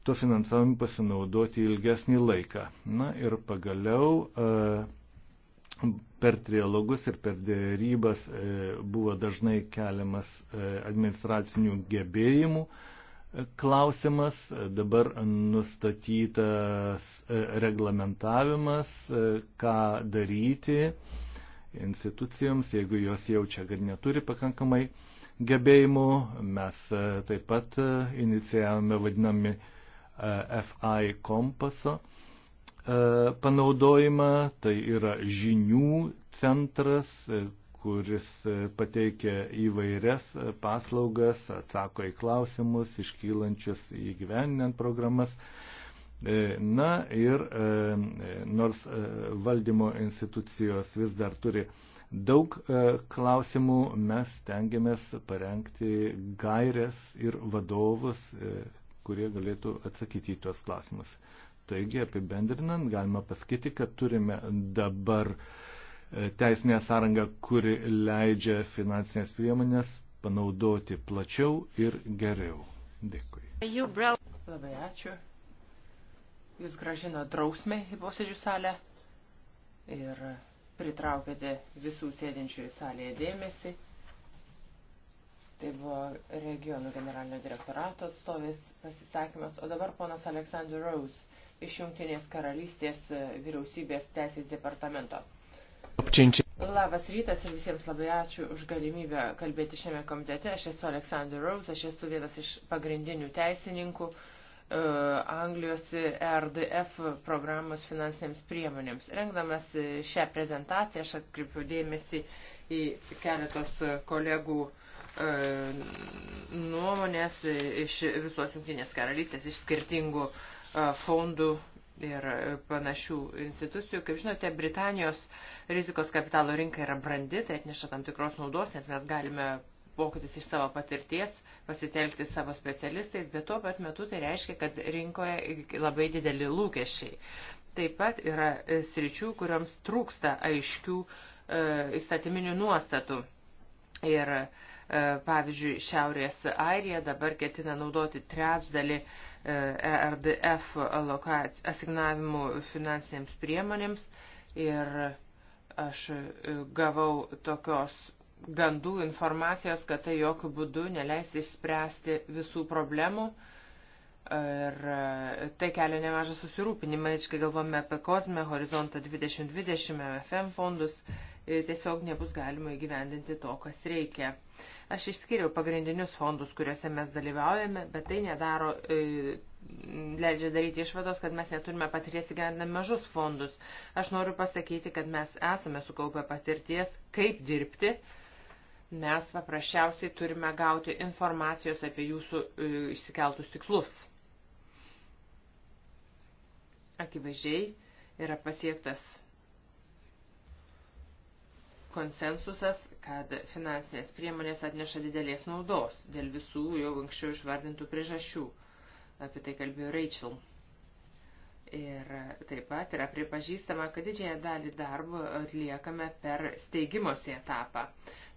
tuo finansavimu pasinaudoti ilgesnį laiką. Na ir pagaliau e, per trialogus ir per dėrybas e, buvo dažnai keliamas e, administracinių gebėjimų klausimas, dabar nustatytas reglamentavimas, ką daryti institucijoms, jeigu jos jaučia, kad neturi pakankamai gebėjimų. Mes taip pat inicijavome vadinami E, FI kompaso e, panaudojimą. Tai yra žinių centras, e, kuris pateikia įvairias paslaugas, atsako į klausimus, iškylančius įgyveninant programas. Na ir nors valdymo institucijos vis dar turi daug klausimų, mes tengiamės parengti gairias ir vadovus kurie galėtų atsakyti į tuos klausimus. Taigi, apibendrinant, galima pasakyti, kad turime dabar e, teisinę sąrangą, kuri leidžia finansinės priemonės panaudoti plačiau ir geriau. Dėkui. Labai ačiū. Jūs gražino drausmę į posėdžių salę ir pritraukėte visų sėdinčių į salėje dėmesį. Tai buvo regionų generalinio direktorato atstovės pasisakymas. O dabar ponas Aleksandr Rose iš Junktinės karalystės e, vyriausybės teisės departamento. Činči. Labas rytas ir visiems labai ačiū už galimybę kalbėti šiame komitete. Aš esu Aleksandr Rose, aš esu vienas iš pagrindinių teisininkų. E, Anglijos e RDF programos finansinėms priemonėms. Rengdamas šią prezentaciją aš atkreipiu dėmesį į keletos kolegų uh, E, nuomonės iš visos jungtinės karalystės, iš skirtingų e, fondų ir panašių institucijų. Kaip žinote, Britanijos rizikos kapitalo rinka yra brandi, tai atneša tam tikros naudos, nes mes galime mokytis iš savo patirties, pasitelkti savo specialistais, bet tuo pat metu tai reiškia, kad rinkoje labai dideli lūkesčiai. Taip pat yra e, sričių, kuriams trūksta aiškių e, įstatyminių nuostatų. Ir e, E, pavyzdžiui, Šiaurės Airija dabar ketina naudoti trečdalį ERDF e asignavimų finansinėms priemonėms ir aš e, gavau tokios gandų informacijos, kad tai jokių būdų neleis išspręsti visų problemų. Ir tai kelia nemažą susirūpinimą, iš kai galvome apie Kozmę, Horizontą 2020, MFM fondus, tiesiog nebus galima įgyvendinti to, kas reikia. Aš išskiriau pagrindinius fondus, kuriuose mes dalyvaujame, bet tai nedaro, e, leidžia daryti išvados, kad mes neturime patirties įgyvendinant mažus fondus. Aš noriu pasakyti, kad mes esame sukaupę patirties, kaip dirbti. Mes paprasčiausiai turime gauti informacijos apie jūsų e, išsikeltus tikslus. Akivaizdžiai yra pasiektas konsensusas kad finansinės priemonės atneša didelės naudos dėl visų jau anksčiau išvardintų priežasčių. Apie tai kalbėjo Rachel. Ir taip pat yra pripažįstama, kad didžiąją dalį darbo atliekame per steigimosi etapą.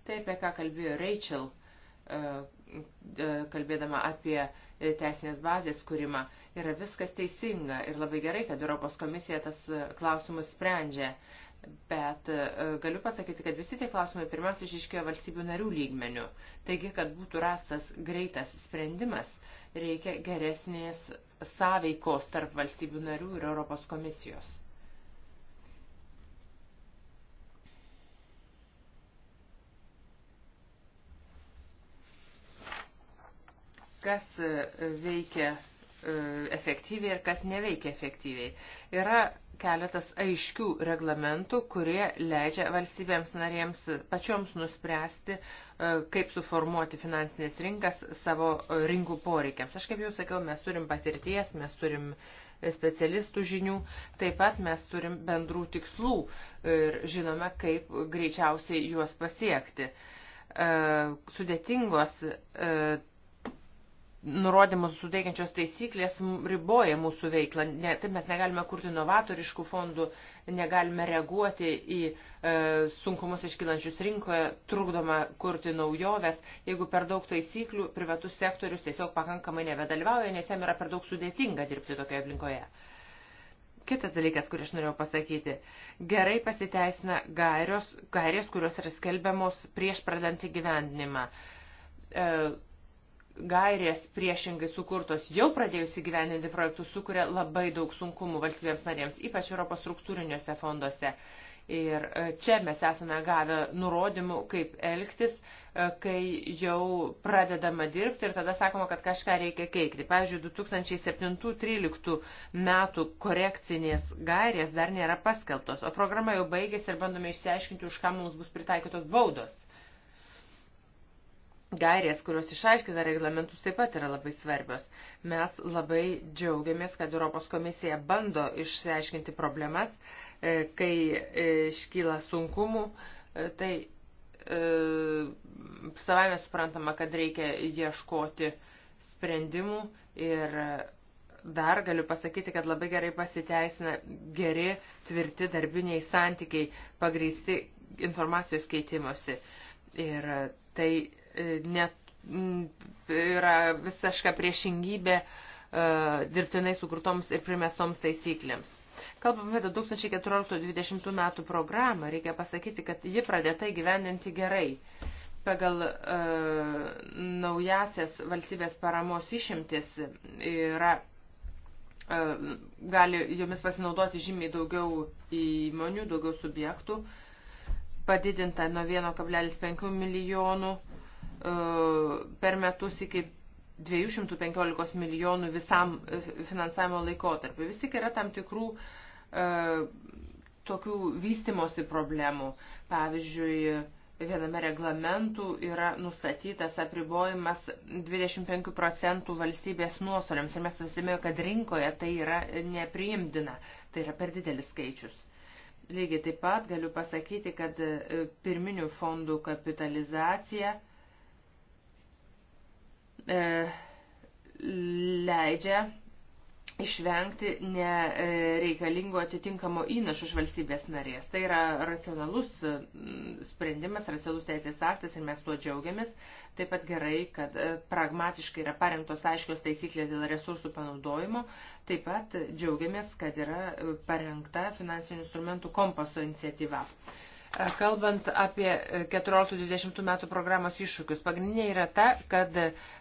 Tai apie ką kalbėjo Rachel, e, e, kalbėdama apie teisinės bazės kūrimą, yra viskas teisinga ir labai gerai, kad Europos komisija tas klausimus sprendžia. Bet e, galiu pasakyti, kad visi tie klausimai pirmiausia išiškėjo valstybių narių lygmenių. Taigi, kad būtų rastas greitas sprendimas, reikia geresnės sąveikos tarp valstybių narių ir Europos komisijos. Kas e, veikia E, efektyviai ir kas neveikia efektyviai. Yra keletas aiškių reglamentų, kurie leidžia valstybėms narėms pačioms nuspręsti, e, kaip suformuoti finansinės rinkas savo rinkų poreikiams. Aš kaip jau sakiau, mes turim patirties, mes turim specialistų žinių, taip pat mes turim bendrų tikslų ir žinome, kaip greičiausiai juos pasiekti. E, sudėtingos nurodymus suteikiančios taisyklės riboja mūsų veiklą. Ne, taip mes negalime kurti novatoriškų fondų, negalime reaguoti į e, sunkumus iškilančius rinkoje, trukdoma kurti naujoves. Jeigu per daug taisyklių, privatus sektorius tiesiog pakankamai nebedalyvauja, nes jam yra per daug sudėtinga dirbti tokioje aplinkoje. Kitas dalykas, kurį aš norėjau pasakyti. Gerai pasiteisina gairios, gairės, kurios yra skelbiamos prieš pradant įgyvendinimą. E, gairės priešingai sukurtos jau pradėjus įgyveninti projektus sukuria labai daug sunkumų valstybėms narėms, ypač Europos struktūriniuose fonduose. Ir e, čia mes esame gavę nurodymų, kaip elgtis, e, kai jau pradedama dirbti ir tada sakoma, kad kažką reikia keikti. Pavyzdžiui, 2007-2013 metų korekcinės gairės dar nėra paskelbtos, o programa jau baigėsi ir bandome išsiaiškinti, už ką mums bus pritaikytos baudos gairės, kurios išaiškina reglamentus, taip pat yra labai svarbios. Mes labai džiaugiamės, kad Europos komisija bando išsiaiškinti problemas, e, kai e, iškyla sunkumų. E, tai savame suprantama, kad reikia ieškoti sprendimų ir dar galiu pasakyti, kad labai gerai pasiteisina geri, tvirti darbiniai santykiai pagrįsti informacijos keitimosi. Ir tai E, net yra visiška priešingybė e, dirbtinai sukurtoms ir primesoms taisyklėms. Kalbame apie 2014-2020 metų programą, reikia pasakyti, kad ji pradėta įgyvendinti gerai. Pagal e, naujasias valstybės paramos išimtis yra, e, gali jomis pasinaudoti žymiai daugiau įmonių, daugiau subjektų, padidinta nuo 1,5 milijonų E, per metus iki 215 milijonų visam e, finansavimo laikotarpiu. Vis tik yra tam tikrų e, tokių vystimosi problemų. Pavyzdžiui, viename reglamentų yra nustatytas apribojimas 25 procentų valstybės nuostoliams ir mes apsimėjo, kad rinkoje tai yra nepriimdina, tai yra per didelis skaičius. Lygiai taip pat galiu pasakyti, kad pirminių fondų kapitalizacija – E, leidžia išvengti nereikalingo atitinkamo įnašo iš valstybės narės. Tai yra racionalus mm, sprendimas, racionalus teisės aktas ir mes tuo džiaugiamės. Taip pat gerai, kad e, pragmatiškai yra parengtos aiškios taisyklės dėl resursų panaudojimo. Taip pat džiaugiamės, kad yra e, parengta finansinių instrumentų kompaso iniciatyva. Kalbant apie 14-20 metų programos iššūkius, pagrindinė yra ta, kad,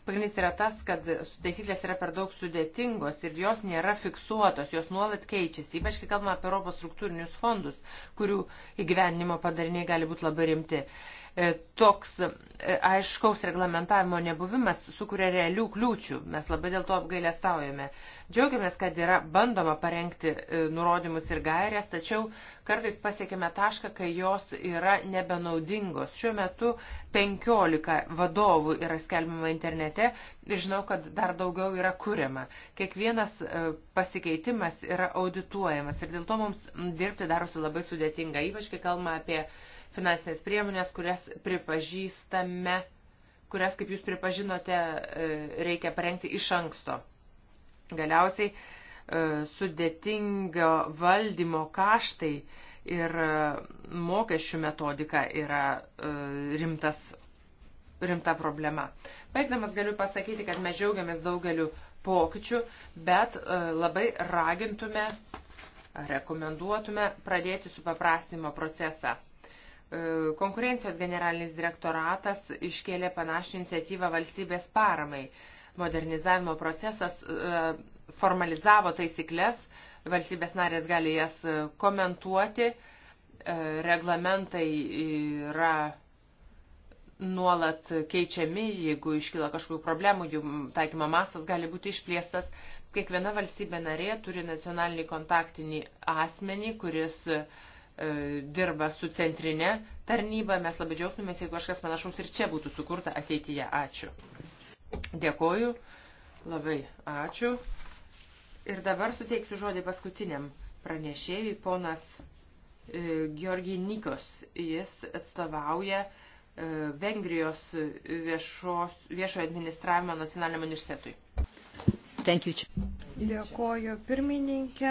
pagrindinis yra tas, kad taisyklės yra per daug sudėtingos ir jos nėra fiksuotos, jos nuolat keičiasi, ypač kai kalbame apie Europos struktūrinius fondus, kurių įgyvenimo padariniai gali būti labai rimti. E, toks e, aiškaus reglamentavimo nebuvimas sukuria realių kliūčių. Mes labai dėl to apgailę staujame. Džiaugiamės, kad yra bandoma parengti e, nurodymus ir gairės, tačiau kartais pasiekime tašką, kai jos yra nebenaudingos. Šiuo metu 15 vadovų yra skelbiama internete ir žinau, kad dar daugiau yra kuriama. Kiekvienas pasikeitimas yra audituojamas ir dėl to mums dirbti darosi labai sudėtinga, ypač kai kalbame apie finansinės priemonės, kurias pripažįstame, kurias, kaip jūs pripažinote, e, reikia parengti iš anksto. Galiausiai e, sudėtingo valdymo kaštai ir e, mokesčių metodika yra rimtas, rimta problema. Baigdamas galiu pasakyti, kad mes džiaugiamės daugeliu pokyčių, bet labai ragintume, rekomenduotume pradėti su paprastimo procesą. E, konkurencijos generalinis direktoratas iškėlė panašią iniciatyvą valstybės paramai. Modernizavimo procesas e, formalizavo taisyklės, valstybės narės gali jas e, komentuoti, reglamentai yra nuolat keičiami, jeigu iškyla kažkokių problemų, jų taikymo masas gali būti išplėstas. Kiekviena valstybė narė turi nacionalinį kontaktinį asmenį, kuris uh, E, dirba su centrinė tarnyba. Mes labai džiaugtumės, jeigu kažkas panašaus ir čia būtų sukurta ateityje. Ačiū. Dėkoju. Labai ačiū. Ir dabar suteiksiu žodį paskutiniam pranešėjui, ponas e, Georgi Nikos. Jis atstovauja e, Vengrijos viešos, viešojo administravimo nacionaliniam universitetui. Dėkoju pirmininkė,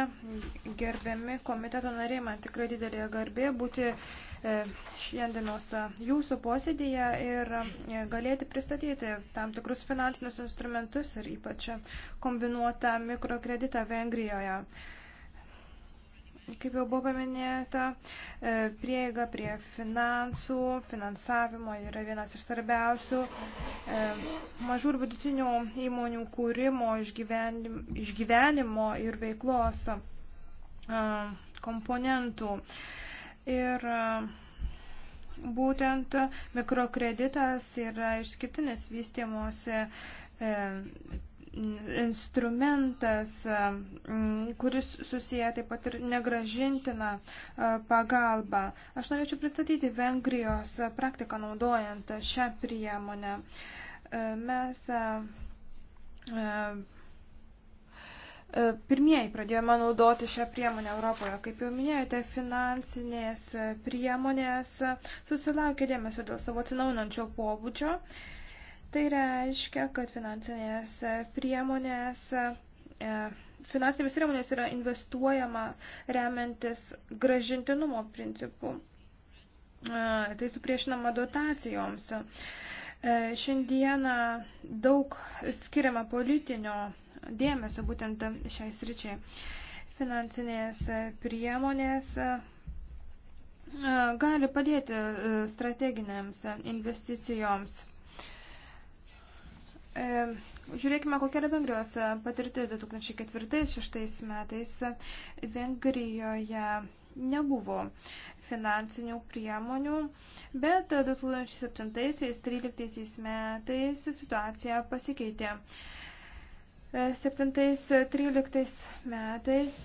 gerbiami komiteto nariai, man tikrai didelė garbė būti e, šiandienos e, jūsų posėdėje ir e, galėti pristatyti tam tikrus finansinius instrumentus ir ypač kombinuotą mikrokreditą Vengrijoje kaip jau buvo paminėta, e, prieiga prie finansų, finansavimo yra vienas iš svarbiausių e, mažų ir vidutinių įmonių kūrimo, išgyvenimo ir veiklos e, komponentų. Ir būtent mikrokreditas yra išskirtinis vystymosi instrumentas, mm, kuris susiję taip pat ir negražintina e, pagalba. Aš norėčiau pristatyti Vengrijos praktiką naudojant šią priemonę. E, mes e, pirmieji pradėjome naudoti šią priemonę Europoje. Kaip jau minėjote, finansinės priemonės susilaukė dėmesio dėl savo atsinaunančio pobūdžio. Tai reiškia, kad finansinės priemonės, e, finansinės priemonės yra investuojama remiantis gražintinumo principu. E, tai supriešinama dotacijoms. E, šiandieną daug skiriama politinio dėmesio būtent šiai sričiai. Finansinės priemonės gali padėti strateginėms investicijoms. E, žiūrėkime, kokia yra Vengrijos e, patirtis 2004-2006 metais. Vengrijoje nebuvo finansinių priemonių, bet 2007-2013 metais situacija pasikeitė. 7-13 metais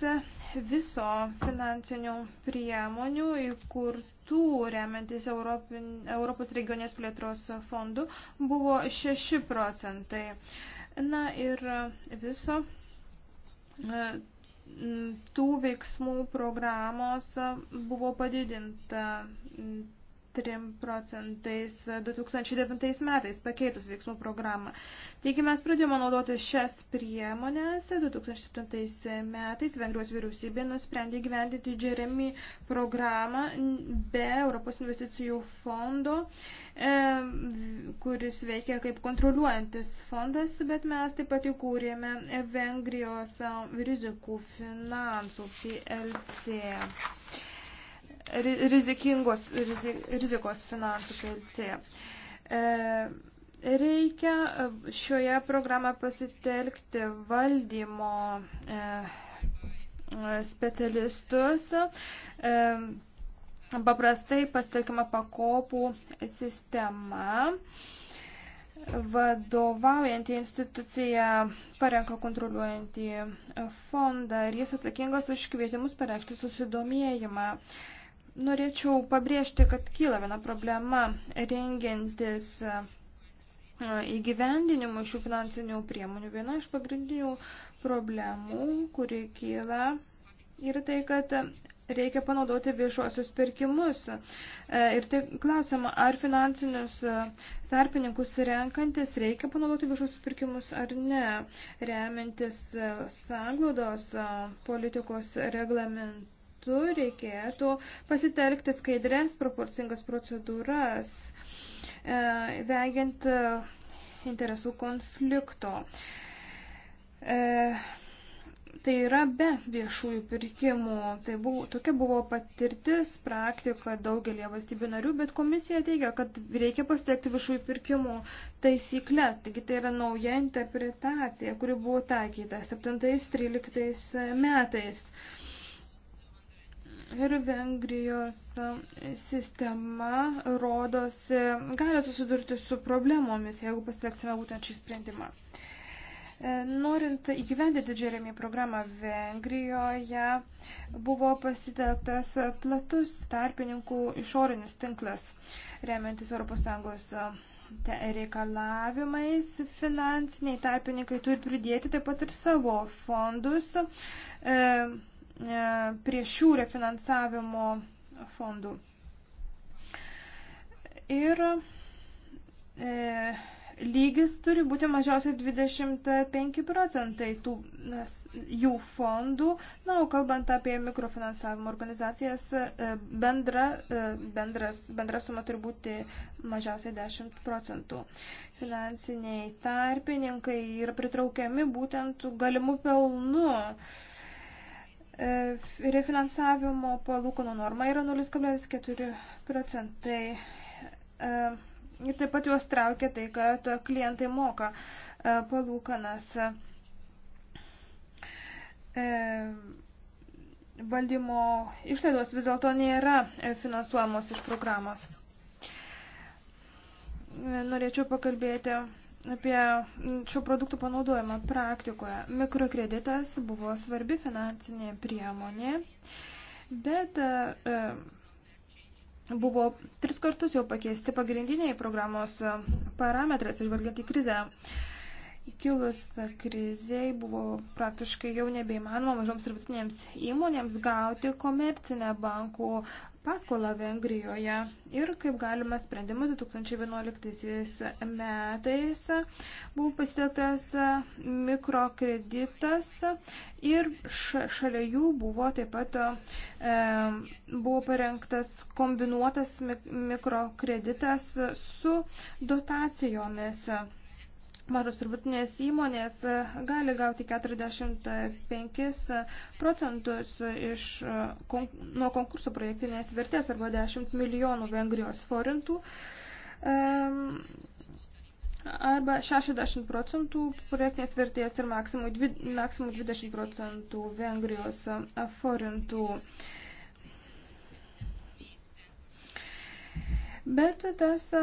viso finansinių priemonių įkurtų remiantis Europin, Europos regionės plėtros fondų buvo 6 procentai. Na ir viso e, tų veiksmų programos buvo padidinta 3 procentais 2009 metais pakeitus veiksmų programą. Taigi mes pradėjome naudoti šias priemonės. 2007 metais Vengrijos vyriausybė nusprendė gyvendinti Jeremy programą be Europos investicijų fondo, e, kuris veikia kaip kontroliuojantis fondas, bet mes taip pat įkūrėme Vengrijos rizikų finansų PLC rizikingos, rizikos finansų kelyje. E, reikia e, šioje programą pasitelkti valdymo e, specialistus. Paprastai pasitelkima pakopų sistema vadovaujantį instituciją parenka kontroliuojantį fondą ir jis atsakingas už kvietimus pareikšti susidomėjimą. E, Norėčiau pabrėžti, kad kyla viena problema rengiantis e, įgyvendinimu šių finansinių priemonių. Viena iš pagrindinių problemų, kuri kyla, yra tai, kad reikia panaudoti viešuosius pirkimus. E, ir tai klausima, ar finansinius e, tarpininkus renkantis reikia panaudoti viešuosius pirkimus ar ne, remintis sanglaudos politikos reglamentu metu reikėtų pasitelkti skaidrės proporcingas procedūras, e, vengiant e, interesų konflikto. E, tai yra be viešųjų pirkimų. Tai buvo, tokia buvo patirtis, praktika daugelie valstybių narių, bet komisija teigia, kad reikia pasiekti viešųjų pirkimų taisyklės. Taigi tai yra nauja interpretacija, kuri buvo taikyta 7-13 metais. E, ir Vengrijos sistema, rodosi, gali susidurti su problemomis, jeigu pasieksime būtent šį sprendimą. E, norint įgyvendinti Jeremy programą Vengrijoje, buvo pasitelktas platus tarpininkų išorinis tinklas, remiantis ES e, reikalavimais finansiniai tarpininkai turi pridėti taip pat ir savo fondus. E, E, prie šių refinansavimo fondų. Ir e, lygis turi būti mažiausiai 25 procentai tų, nes, jų fondų. Na, o kalbant apie mikrofinansavimo organizacijas, e, bendra, e, bendras, bendra suma turi būti mažiausiai 10 procentų. Finansiniai tarpininkai yra pritraukiami būtent galimų pelnų. E, E, refinansavimo palūkanų norma yra 0,4 procentai. E, ir taip pat juos traukia tai, kad klientai moka e, palūkanas valdymo išlaidos vis dėlto nėra finansuojamos iš programos. Norėčiau pakalbėti apie šių produktų panaudojimą praktikoje. Mikrokreditas buvo svarbi finansinė priemonė, bet e, buvo tris kartus jau pakeisti pagrindiniai programos e, parametrai atsižvelgiant į krizę. Kilus kriziai buvo praktiškai jau nebeįmanoma mažoms ir vidutinėms įmonėms gauti komercinę bankų paskolą Vengrijoje ir kaip galima sprendimas 2011 metais buvo pasiektas mikrokreditas ir šalia jų buvo taip pat e, buvo parengtas kombinuotas mikrokreditas su dotacijomis. Mažos ir vidutinės įmonės e, gali gauti 45 procentus iš, e, kon, nuo konkurso projektinės vertės arba 10 milijonų Vengrijos forintų arba 60 procentų projektinės vertės ir maksimum 20 procentų Vengrijos e, forintų. Bet tas e,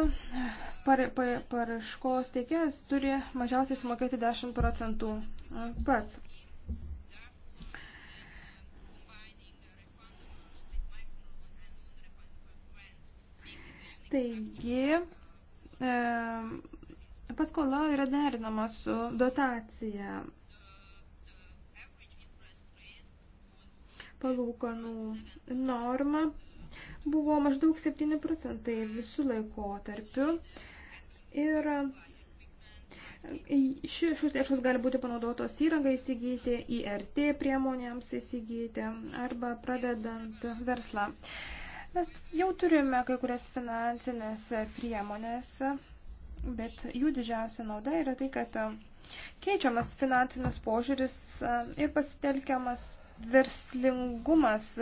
paraiškos teikėjas turi mažiausiai sumokėti 10 procentų e, pats. Taigi, e, paskola yra derinama su dotacija palūkanų norma buvo maždaug 7 procentai visų laikotarpių. Ir e, ši, šios lėšos gali būti panaudotos įrangai įsigyti, IRT priemonėms įsigyti arba pradedant verslą. Mes jau turime kai kurias finansinės priemonės, bet jų didžiausia nauda yra tai, kad e, keičiamas finansinis požiūris e, ir pasitelkiamas verslingumas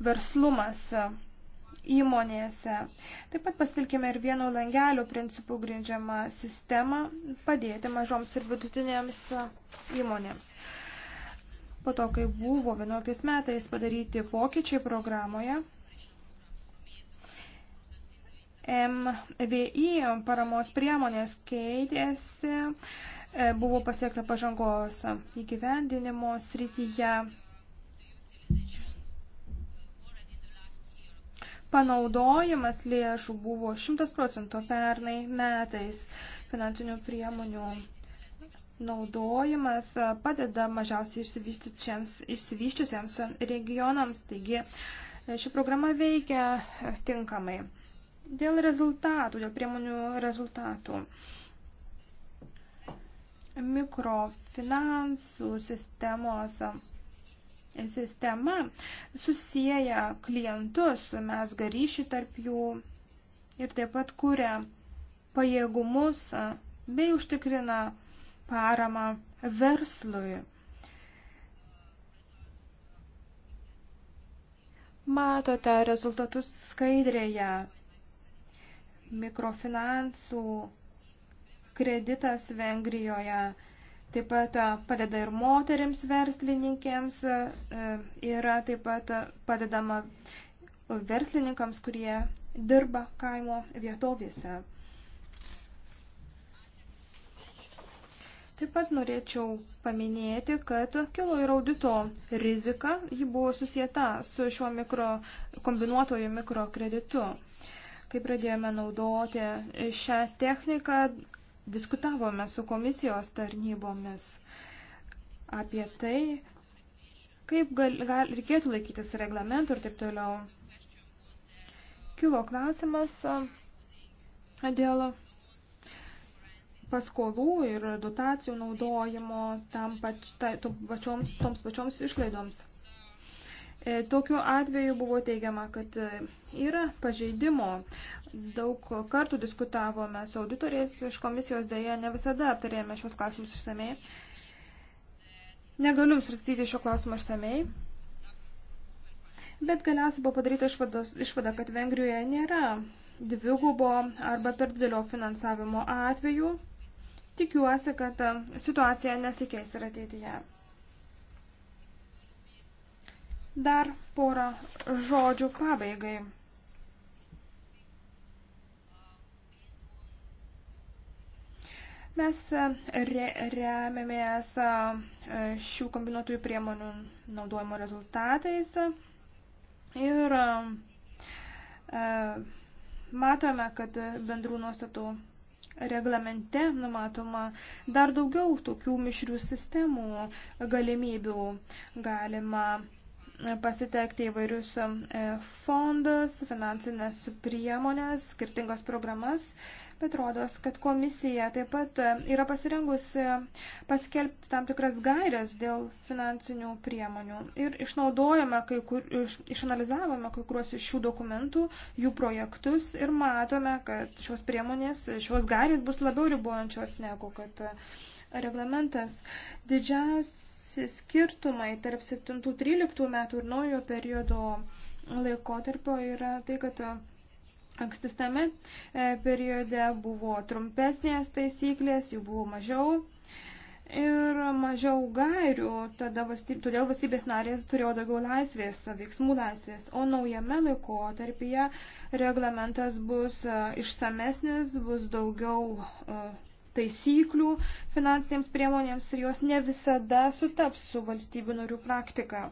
verslumas e, įmonėse. Taip pat pasitelkime ir vieno langelio principų grindžiamą sistemą padėti mažoms ir vidutinėms e, įmonėms. Po to, kai buvo 11 metais padaryti pokyčiai programoje, MVI paramos priemonės keitėsi, e, buvo pasiekta pažangos įgyvendinimo srityje panaudojimas lėšų buvo 100 procentų pernai metais finansinių priemonių. Naudojimas padeda mažiausiai išsivyščiusiems regionams, taigi ši programa veikia tinkamai. Dėl rezultatų, dėl priemonių rezultatų mikrofinansų sistemos sistema susiję klientus, mes garyšį tarp jų ir taip pat kuria pajėgumus bei užtikrina paramą verslui. Matote rezultatus skaidrėje. Mikrofinansų kreditas Vengrijoje Taip pat e, padeda ir moterims verslininkėms, e, e, yra taip pat padedama verslininkams, kurie dirba kaimo vietovėse. Taip pat norėčiau paminėti, kad kilo ir audito rizika, ji buvo susieta su šiuo mikro, kombinuotoju mikrokreditu. Kai pradėjome naudoti šią techniką, diskutavome su komisijos tarnybomis apie tai, kaip gal, gal, reikėtų laikytis reglamentų ir taip toliau. Kilo klausimas dėl paskolų ir dotacijų naudojimo tam pač, ta, to, pačioms, toms pačioms išlaidoms. E, tokiu atveju buvo teigiama, kad e, yra pažeidimo. Daug kartų diskutavome su auditoriais iš komisijos, dėja ne visada aptarėme šios klausimus išsamei. Negaliu svarstyti šio klausimo išsamei, bet galiausiai buvo padaryta išvados, išvada, kad Vengrijoje nėra dvigubo arba per didelio finansavimo atveju. Tikiuosi, kad e, situacija nesikeis ir ateityje. Dar porą žodžių pabaigai. Mes e, re, remiamės e, šių kombinuotųjų priemonių naudojimo rezultatais ir e, matome, kad bendrų nuostatų reglamente numatoma dar daugiau tokių mišrių sistemų galimybių galima pasitelkti įvairius e, fondus, finansinės priemonės, skirtingas programas, bet rodos, kad komisija taip pat e, yra pasirengusi paskelbti tam tikras gairias dėl finansinių priemonių. Ir išnaudojame, kai kur, iš, išanalizavome kai kuriuos iš šių dokumentų, jų projektus ir matome, kad šios priemonės, šios gairės bus labiau ribojančios negu kad e, reglamentas. Didžiausias skirtumai tarp 7-13 metų ir naujo periodo laikotarpio yra tai, kad ankstistame e, periode buvo trumpesnės taisyklės, jų buvo mažiau ir mažiau gairių, tada valstybė, todėl valstybės narės turėjo daugiau laisvės, veiksmų laisvės, o naujame laikotarpyje reglamentas bus e, išsamesnis, bus daugiau e, taisyklių finansinėms priemonėms ir jos ne visada sutaps su valstybių narių praktika.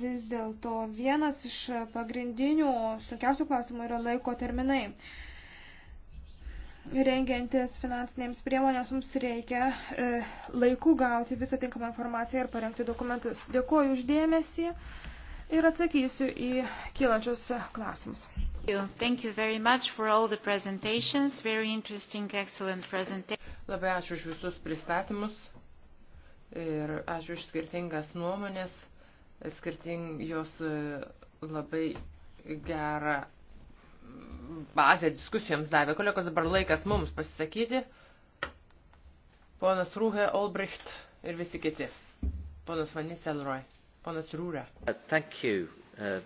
Vis dėlto vienas iš pagrindinių sunkiausių klausimų yra laiko terminai rengiantis finansinėms priemonėms mums reikia e, laiku gauti visą tinkamą informaciją ir parengti dokumentus. Dėkuoju uždėmesį ir atsakysiu į kylančius klausimus. Thank you very much for all the presentations. Very interesting, excellent presentation. Labai ačiū už visus pristatymus ir ačiū už skirtingas nuomonės, skirting jos e, labai gerą bazę diskusijoms davė. Kolegos, dabar laikas mums pasisakyti. Ponas Rūhe, Olbricht ir visi kiti. Ponas Vanis Elroy, ponas Rūre. Uh, thank you. Uh,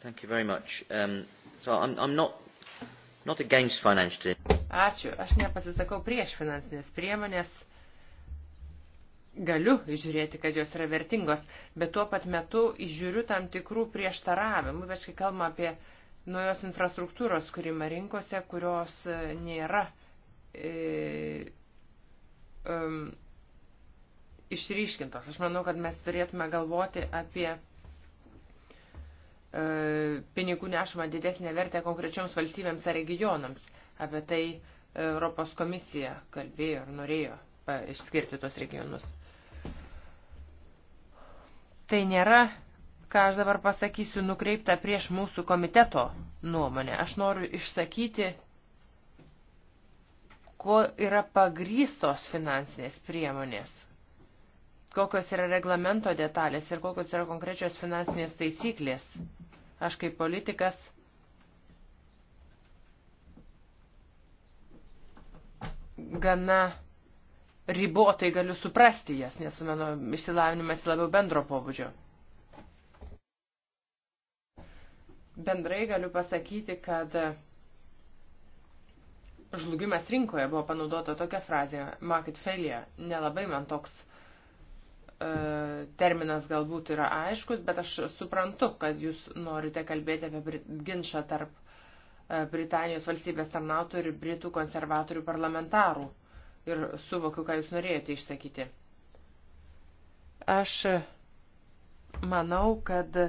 thank you very much. Um, So I'm, I'm not, not against financial. Ačiū. Aš nepasisakau prieš finansinės priemonės. Galiu žiūrėti, kad jos yra vertingos, bet tuo pat metu įžiūriu tam tikrų prieštaravimų, bet kai kalbam apie naujos infrastruktūros kūrimą rinkose, kurios e, nėra e, um, išryškintos. Aš manau, kad mes turėtume galvoti apie E, pinigų nešama didesnė vertė konkrečioms valstybėms ar regionams. Apie tai Europos komisija kalbėjo ir norėjo išskirti tos regionus. Tai nėra, ką aš dabar pasakysiu, nukreipta prieš mūsų komiteto nuomonę. Aš noriu išsakyti, kuo yra pagrystos finansinės priemonės, kokios yra reglamento detalės ir kokios yra konkrečios finansinės taisyklės. Aš kaip politikas gana ribotai galiu suprasti jas, nes mano išsilavinimas labiau bendro pobūdžio. Bendrai galiu pasakyti, kad žlugimas rinkoje buvo panaudota tokia frazė, market failure, nelabai man toks E, terminas galbūt yra aiškus, bet aš suprantu, kad jūs norite kalbėti apie ginčą tarp e, Britanijos valstybės tarnautojų ir Britų konservatorių parlamentarų. Ir suvokiu, ką jūs norėjote išsakyti. Aš manau, kad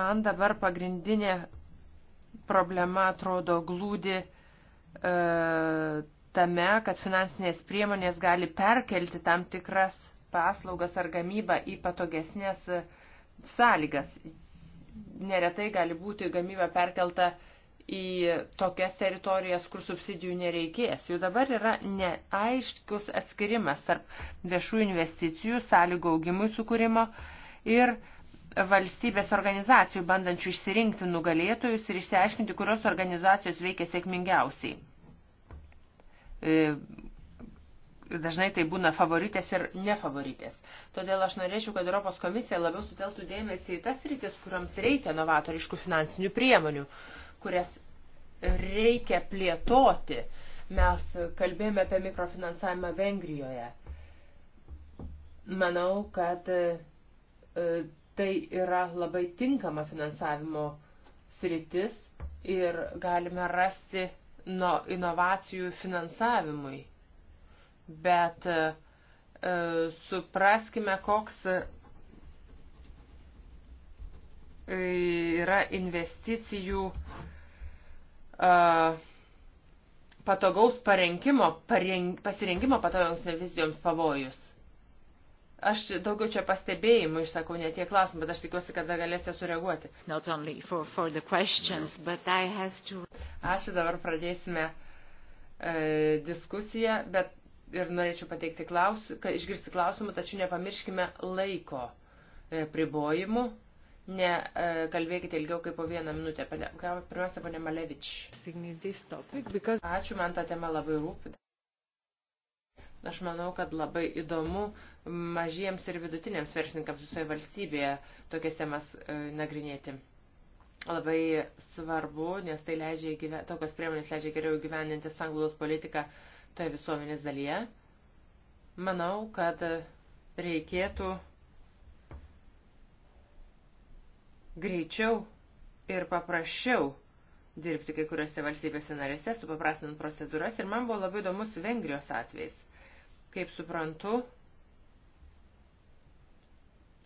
man dabar pagrindinė problema atrodo glūdi e, tame, kad finansinės priemonės gali perkelti tam tikras paslaugas ar gamybą į patogesnės sąlygas. Neretai gali būti gamyba perkelta į tokias teritorijas, kur subsidijų nereikės. Jau dabar yra neaiškus atskirimas tarp viešų investicijų, sąlygų augimui sukūrimo ir valstybės organizacijų, bandančių išsirinkti nugalėtojus ir išsiaiškinti, kurios organizacijos veikia sėkmingiausiai e, dažnai tai būna favoritės ir nefavoritės. Todėl aš norėčiau, kad Europos komisija labiau suteltų dėmesį į tas rytis, kuriams reikia novatoriškų finansinių priemonių, kurias reikia plėtoti. Mes kalbėjome apie mikrofinansavimą Vengrijoje. Manau, kad e, tai yra labai tinkama finansavimo sritis ir galime rasti no, inovacijų finansavimui bet e, e, supraskime, koks yra investicijų e, patogaus parengimo, pareng, pasirengimo patogiams investicijoms pavojus. Aš daugiau čia pastebėjimų išsakau, ne tie klausimai, bet aš tikiuosi, kad galėsite sureaguoti. For, for to... Ačiū, dabar pradėsime e, diskusiją, bet ir norėčiau pateikti klausimą, išgirsti klausimą, tačiau nepamirškime laiko e, pribojimų. Ne e, kalbėkite ilgiau kaip po vieną minutę. Pirmiausia, ponė Malevič. Ačiū, man ta tema labai rūpi. Aš manau, kad labai įdomu mažiems ir vidutiniams verslininkams visoje valstybėje tokias temas e, nagrinėti. Labai svarbu, nes tai leidžia, tokios priemonės leidžia geriau gyveninti sanglaudos politiką uh, toje visuomenės dalyje, manau, kad reikėtų greičiau ir paprasčiau dirbti kai kuriuose valstybėse narėse, supaprastinant procedūras. Ir man buvo labai įdomus Vengrijos atvejais. Kaip suprantu,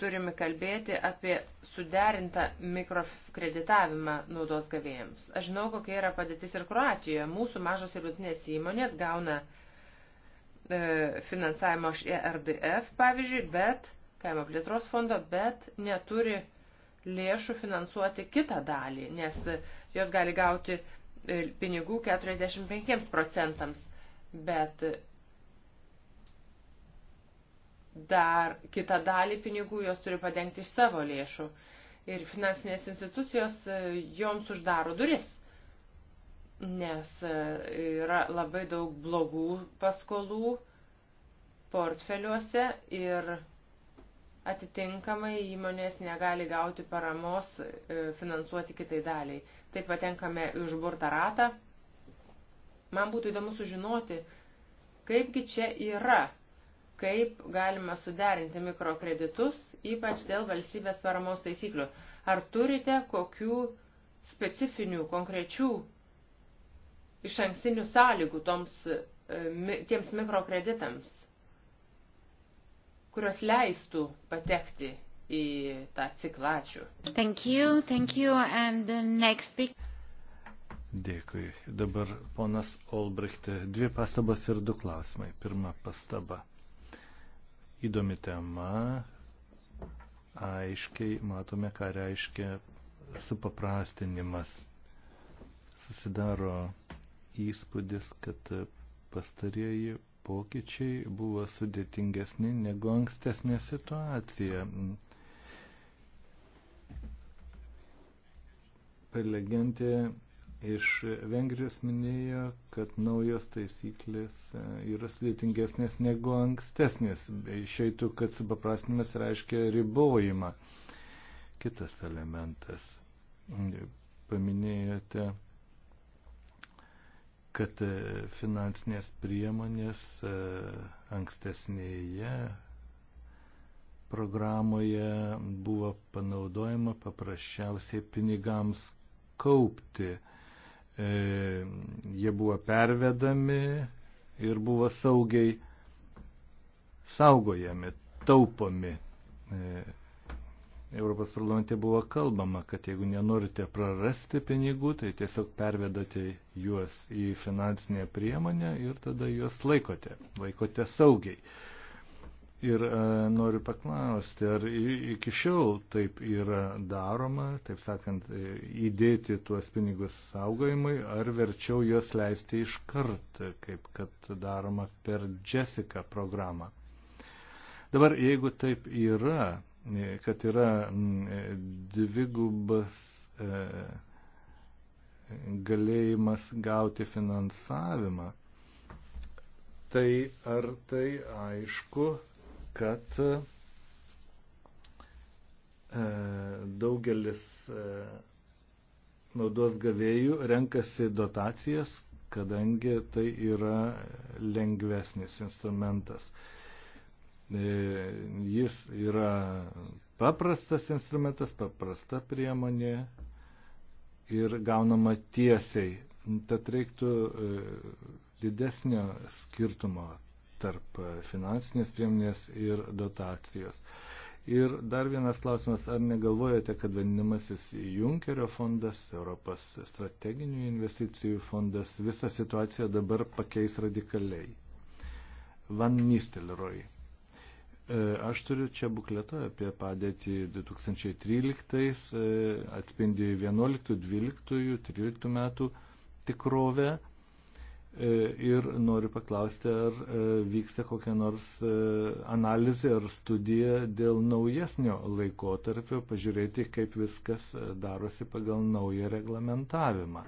turime kalbėti apie suderintą mikrokreditavimą naudos gavėjams. Aš žinau, kokia yra padėtis ir Kroatijoje. Mūsų mažos ir vidutinės įmonės gauna e, finansavimo iš ERDF, pavyzdžiui, bet, kaimo plėtros fondo, bet neturi lėšų finansuoti kitą dalį, nes jos gali gauti e, pinigų 45 procentams, bet dar kitą dalį pinigų, jos turi padengti iš savo lėšų. Ir finansinės institucijos e, joms uždaro duris, nes e, yra labai daug blogų paskolų portfeliuose ir atitinkamai įmonės negali gauti paramos e, finansuoti kitai daliai. Taip patenkame užburtą ratą. Man būtų įdomu sužinoti, kaipgi čia yra kaip galima suderinti mikrokreditus, ypač dėl valstybės paramos taisyklių. Ar turite kokių specifinių, konkrečių iš ankstinių sąlygų toms, e, tiems mikrokreditams, kurios leistų patekti į tą ciklačių. Thank you, thank you, and the next big... Dėkui. Dabar ponas Olbricht, dvi pastabas ir du klausimai. Pirma pastaba įdomi tema. Aiškiai matome, ką reiškia supaprastinimas. Susidaro įspūdis, kad pastarieji pokyčiai buvo sudėtingesni negu ankstesnė situacija. Prelegentė iš Vengrijos minėjo, kad naujos taisyklės e, yra sudėtingesnės negu ankstesnės. Išeitų, kad supaprastinimas reiškia ribojimą. Kitas elementas. Paminėjote, kad e, finansinės priemonės e, ankstesnėje programoje buvo panaudojama paprasčiausiai pinigams kaupti. E, jie buvo pervedami ir buvo saugiai saugojami, taupomi. E, Europos parlamente buvo kalbama, kad jeigu nenorite prarasti pinigų, tai tiesiog pervedate juos į finansinę priemonę ir tada juos laikote, laikote saugiai. Ir e, noriu paklausti, ar iki šiol taip yra daroma, taip sakant, e, įdėti tuos pinigus saugojimui, ar verčiau juos leisti iš kart, kaip kad daroma per Jessica programą. Dabar, jeigu taip yra, e, kad yra e, dvigubas e, galėjimas gauti finansavimą, tai ar tai aišku kad e, daugelis e, naudos gavėjų renkasi dotacijas, kadangi tai yra lengvesnis instrumentas. E, jis yra paprastas instrumentas, paprasta priemonė ir gaunama tiesiai. Tad reiktų didesnio skirtumo tarp finansinės priemonės ir dotacijos. Ir dar vienas klausimas, ar negalvojate, kad vadinamasis Junkerio fondas, Europos strateginių investicijų fondas visą situaciją dabar pakeis radikaliai? Van Nistelrooy. E, aš turiu čia bukletą apie padėtį 2013, e, atspindi 11, 12, 13 metų tikrovę. E, ir noriu paklausti, ar e, vyksta kokia nors e, analizė ar studija dėl naujesnio laikotarpio, pažiūrėti, kaip viskas darosi pagal naują reglamentavimą.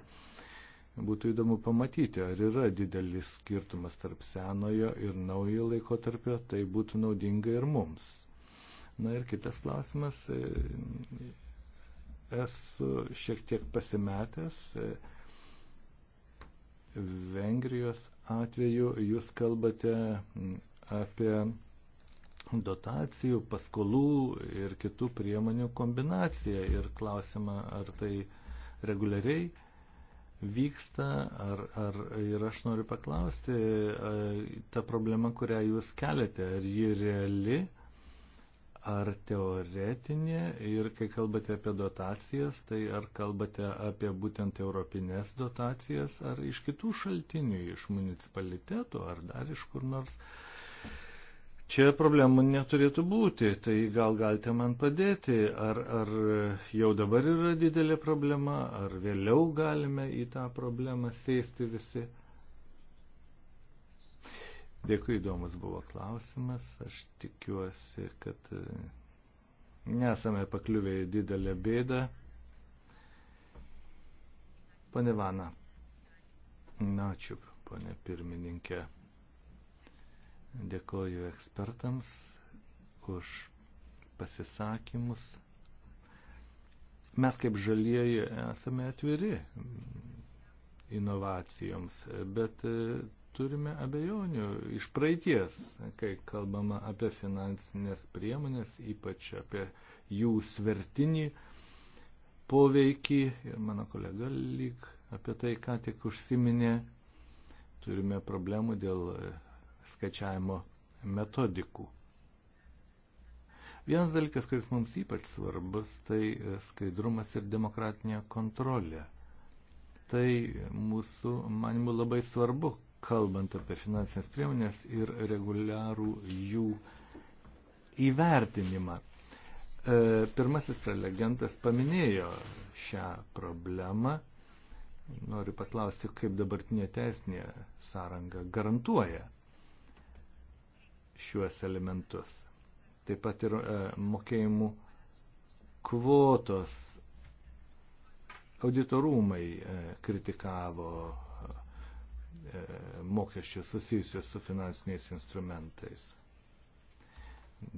Būtų įdomu pamatyti, ar yra didelis skirtumas tarp senojo ir naujo laikotarpio, tai būtų naudinga ir mums. Na ir kitas klausimas, esu šiek tiek pasimetęs. E, Vengrijos atveju jūs kalbate apie dotacijų, paskolų ir kitų priemonių kombinaciją ir klausimą, ar tai reguliariai vyksta, ar, ar ir aš noriu paklausti, ta problema, kurią jūs keliate, ar ji reali, ar teoretinė ir kai kalbate apie dotacijas, tai ar kalbate apie būtent europinės dotacijas, ar iš kitų šaltinių, iš municipalitetų, ar dar iš kur nors. Čia problemų neturėtų būti, tai gal galite man padėti, ar, ar jau dabar yra didelė problema, ar vėliau galime į tą problemą sėsti visi. Dėkui, įdomus buvo klausimas. Aš tikiuosi, kad e, nesame pakliuvę į didelę bėdą. Pane Vana. Na, ačiū, pane pirmininkė. Dėkoju ekspertams už pasisakymus. Mes kaip žalieji esame atviri inovacijoms, bet e, turime abejonių iš praeities, kai kalbama apie finansinės priemonės, ypač apie jų svertinį poveikį. Ir mano kolega lyg apie tai ką tik užsiminė. Turime problemų dėl skaičiavimo metodikų. Vienas dalykas, kuris mums ypač svarbus, tai skaidrumas ir demokratinė kontrolė. Tai mūsų manimų labai svarbu, kalbant apie finansinės priemonės ir reguliarų jų įvertinimą. E, pirmasis prelegentas paminėjo šią problemą. Noriu paklausti, kaip dabartinė teisinė sąranga garantuoja šiuos elementus. Taip pat ir e, mokėjimų kvotos auditorumai e, kritikavo E, mokesčius susijusius su finansiniais instrumentais.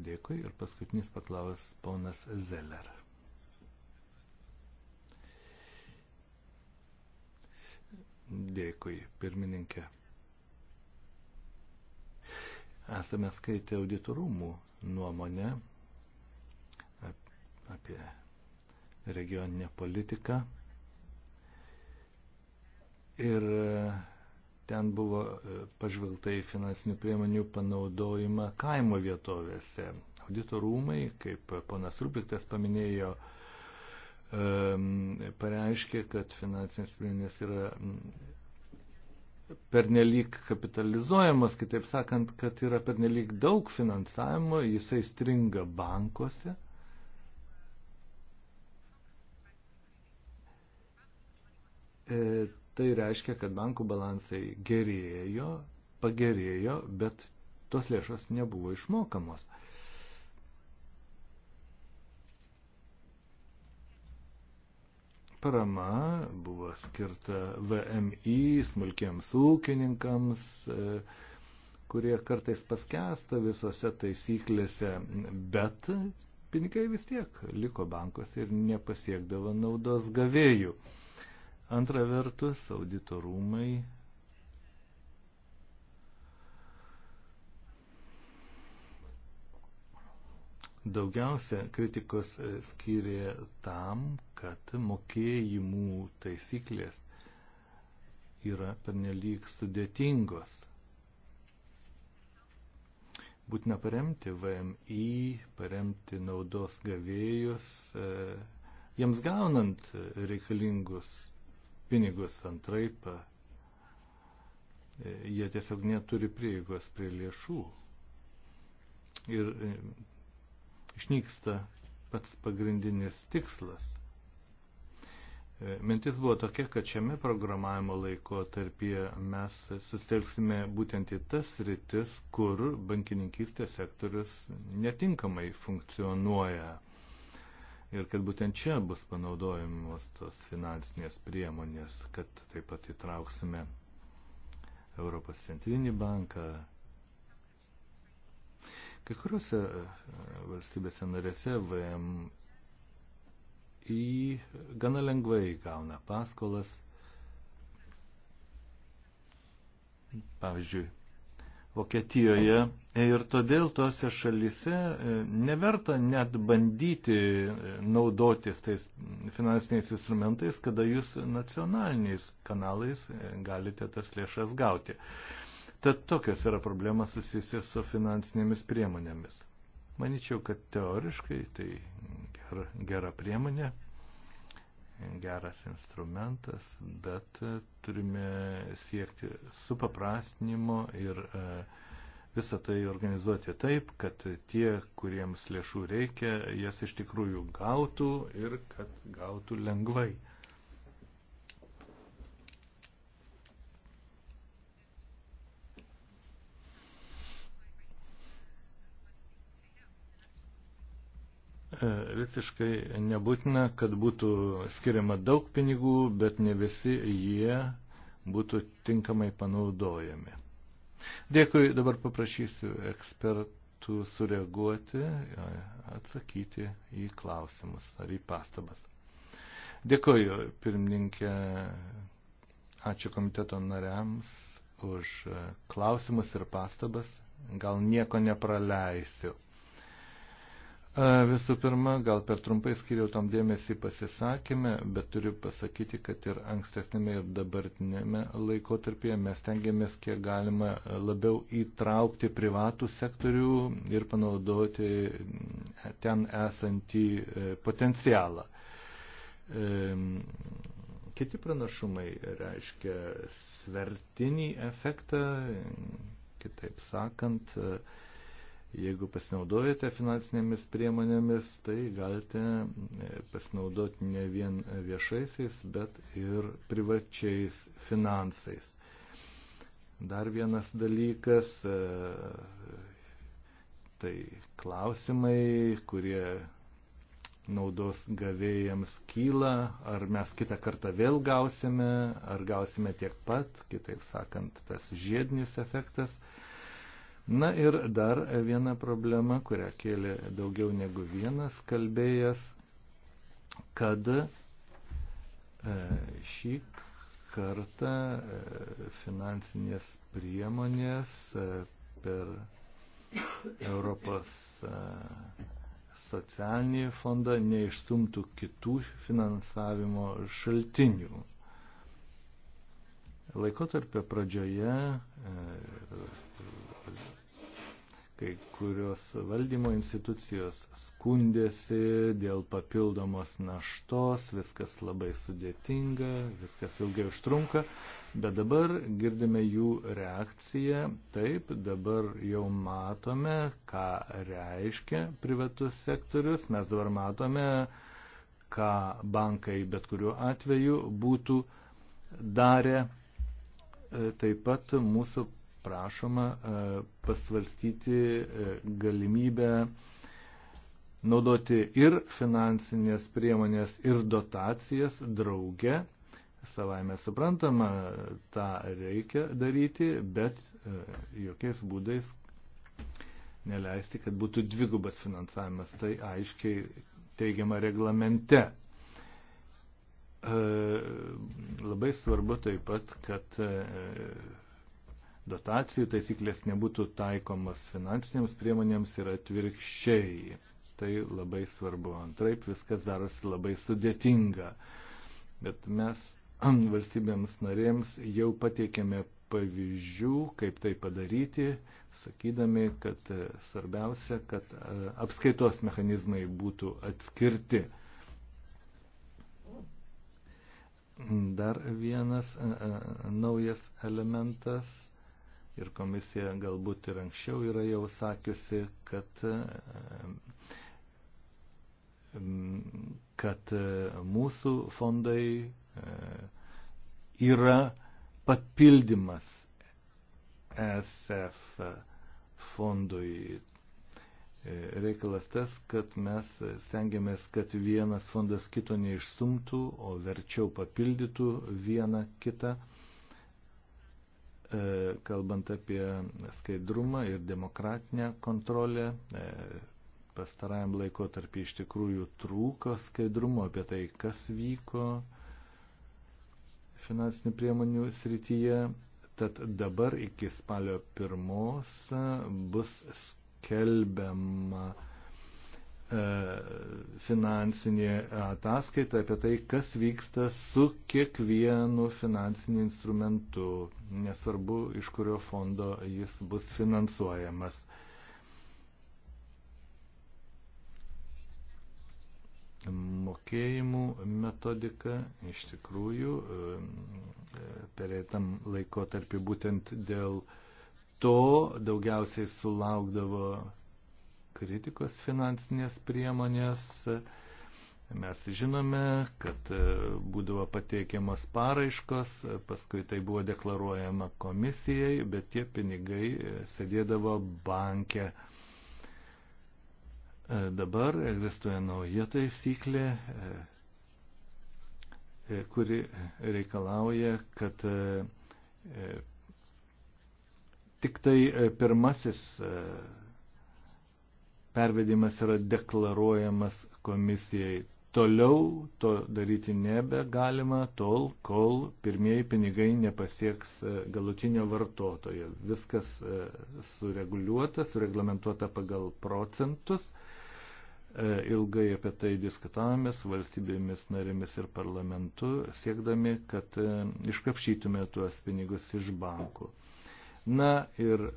Dėkui ir paskutinis paklaus ponas Zeller. Dėkui, pirmininkė. Esame skaitę auditorumų nuomonę apie regioninę politiką. Ir Ten buvo e, pažvelgta į finansinių priemonių panaudojimą kaimo vietovėse. Audito rūmai, kaip ponas Rubiktas paminėjo, pareiškė, kad finansinės priemonės yra pernelyg kapitalizuojamas, kitaip sakant, kad yra pernelyg daug finansavimo, jisai stringa bankuose. E, Tai reiškia, kad bankų balansai gerėjo, pagerėjo, bet tos lėšos nebuvo išmokamos. Parama buvo skirta VMI, smulkiems ūkininkams, e, kurie kartais paskęsta visose taisyklėse, bet pinigai vis tiek liko bankuose ir nepasiekdavo naudos gavėjų. Antra vertus, auditorumai daugiausia kritikos skyrė tam, kad mokėjimų taisyklės yra pernelyg sudėtingos. Būtina paremti VMI, paremti naudos gavėjus, e, jiems gaunant reikalingus pinigus antraip. E, jie tiesiog neturi prieigos prie lėšų ir e, išnyksta pats pagrindinis tikslas. E, mintis buvo tokia, kad šiame programavimo laiko tarpie mes sustelksime būtent į tas rytis, kur bankininkystės sektorius netinkamai funkcionuoja ir kad būtent čia bus panaudojamos tos finansinės priemonės, kad taip pat įtrauksime Europos centrinį banką. Kai kuriuose e, valstybėse narėse VMI gana lengvai gauna paskolas. Pavyzdžiui, Vokietijoje. Ir todėl tuose šalise e, neverta net bandyti e, naudotis tais finansiniais instrumentais, kada jūs nacionaliniais kanalais e, galite tas lėšas gauti. Tad tokios yra problemas susijusios su finansinėmis priemonėmis. Maničiau, kad teoriškai tai gera, gera priemonė, geras instrumentas, bet e, turime siekti supaprastinimo ir e, visą tai organizuoti taip, kad tie, kuriems lėšų reikia, jas iš tikrųjų gautų ir kad gautų lengvai. E, visiškai nebūtina, kad būtų skiriama daug pinigų, bet ne visi jie būtų tinkamai panaudojami. Dėkui, dabar paprašysiu ekspertų sureaguoti, e, atsakyti į klausimus ar į pastabas. Dėkuoju, pirmininkė, ačiū komiteto nariams už e, klausimus ir pastabas. Gal nieko nepraleisiu. Visų pirma, gal per trumpai skiriau tam dėmesį pasisakymę, bet turiu pasakyti, kad ir ankstesnėme ir dabartinėme laikotarpyje mes tengiamės kiek galima e, labiau įtraukti privatų sektorių ir panaudoti e, ten esantį e, potencialą. Kiti pranašumai reiškia svertinį efektą, kitaip sakant, Jeigu pasinaudojate finansinėmis priemonėmis, tai galite e, pasinaudoti ne vien viešaisiais, bet ir privačiais finansais. Dar vienas dalykas, e, tai klausimai, kurie naudos gavėjams kyla, ar mes kitą kartą vėl gausime, ar gausime tiek pat, kitaip sakant, tas žiedinis efektas. Na ir dar viena problema, kurią kėlė daugiau negu vienas kalbėjas, kad e, šį kartą e, finansinės priemonės e, per Europos socialinį fondą neišsumtų kitų finansavimo šaltinių. Laikotarpio pradžioje Kai kurios valdymo institucijos skundėsi dėl papildomos naštos, viskas labai sudėtinga, viskas ilgai užtrunka, bet dabar girdime jų reakciją, taip, dabar jau matome, ką reiškia privatus sektorius, mes dabar matome, ką bankai bet kuriuo atveju būtų darę. E, taip pat mūsų prašoma e, pasvarstyti e, galimybę naudoti ir finansinės priemonės, ir dotacijas drauge. Savaime suprantama, tą reikia daryti, bet e, jokiais būdais neleisti, kad būtų dvigubas finansavimas. Tai aiškiai teigiama reglamente. Labai svarbu taip pat, kad dotacijų taisyklės nebūtų taikomos finansinėms priemonėms ir atvirkščiai. Tai labai svarbu. Antraip viskas darosi labai sudėtinga. Bet mes valstybėms narėms jau pateikėme pavyzdžių, kaip tai padaryti, sakydami, kad e, svarbiausia, kad e, apskaitos mechanizmai būtų atskirti. Dar vienas e, naujas elementas ir komisija galbūt ir anksčiau yra jau sakiusi, kad, kad mūsų fondai yra papildymas SF fondui. Reikalas tas, kad mes stengiamės, kad vienas fondas kito neišstumtų, o verčiau papildytų vieną kitą. E, kalbant apie skaidrumą ir demokratinę kontrolę. E, pastarajam laiko tarp iš tikrųjų trūko skaidrumo apie tai, kas vyko finansinių priemonių srityje. Tad dabar iki spalio pirmos bus skelbiama E, finansinė ataskaita apie tai, kas vyksta su kiekvienu finansiniu instrumentu, nesvarbu, iš kurio fondo jis bus finansuojamas. Mokėjimų metodika iš tikrųjų e, pereitam laikotarpį būtent dėl to daugiausiai sulaukdavo kritikos finansinės priemonės. Mes žinome, kad e, būdavo pateikiamas paraiškos, paskui tai buvo deklaruojama komisijai, bet tie pinigai e, sėdėdavo banke. E, dabar egzistuoja nauja taisyklė, kuri reikalauja, kad tik tai pirmasis pervedimas yra deklaruojamas komisijai. Toliau to daryti nebegalima tol, kol pirmieji pinigai nepasieks e, galutinio vartotojo. Viskas e, sureguliuota, sureglamentuota pagal procentus. E, ilgai apie tai diskutavome su valstybėmis narėmis ir parlamentu, siekdami, kad iškapšytume tuos pinigus iš bankų. Na ir e,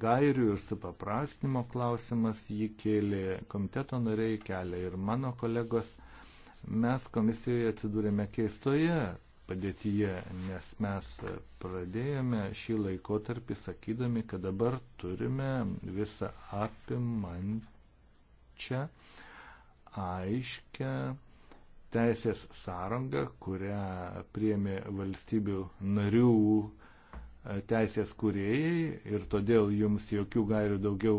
gairių ir supaprastinimo klausimas jį kėlė komiteto nariai, kelia ir mano kolegos. Mes komisijoje atsidūrėme keistoje padėtyje, nes mes pradėjome šį laikotarpį sakydami, kad dabar turime visą apimančią, aiškę teisės sąrangą, kurią priemi valstybių narių teisės kūrėjai ir todėl jums jokių gairių daugiau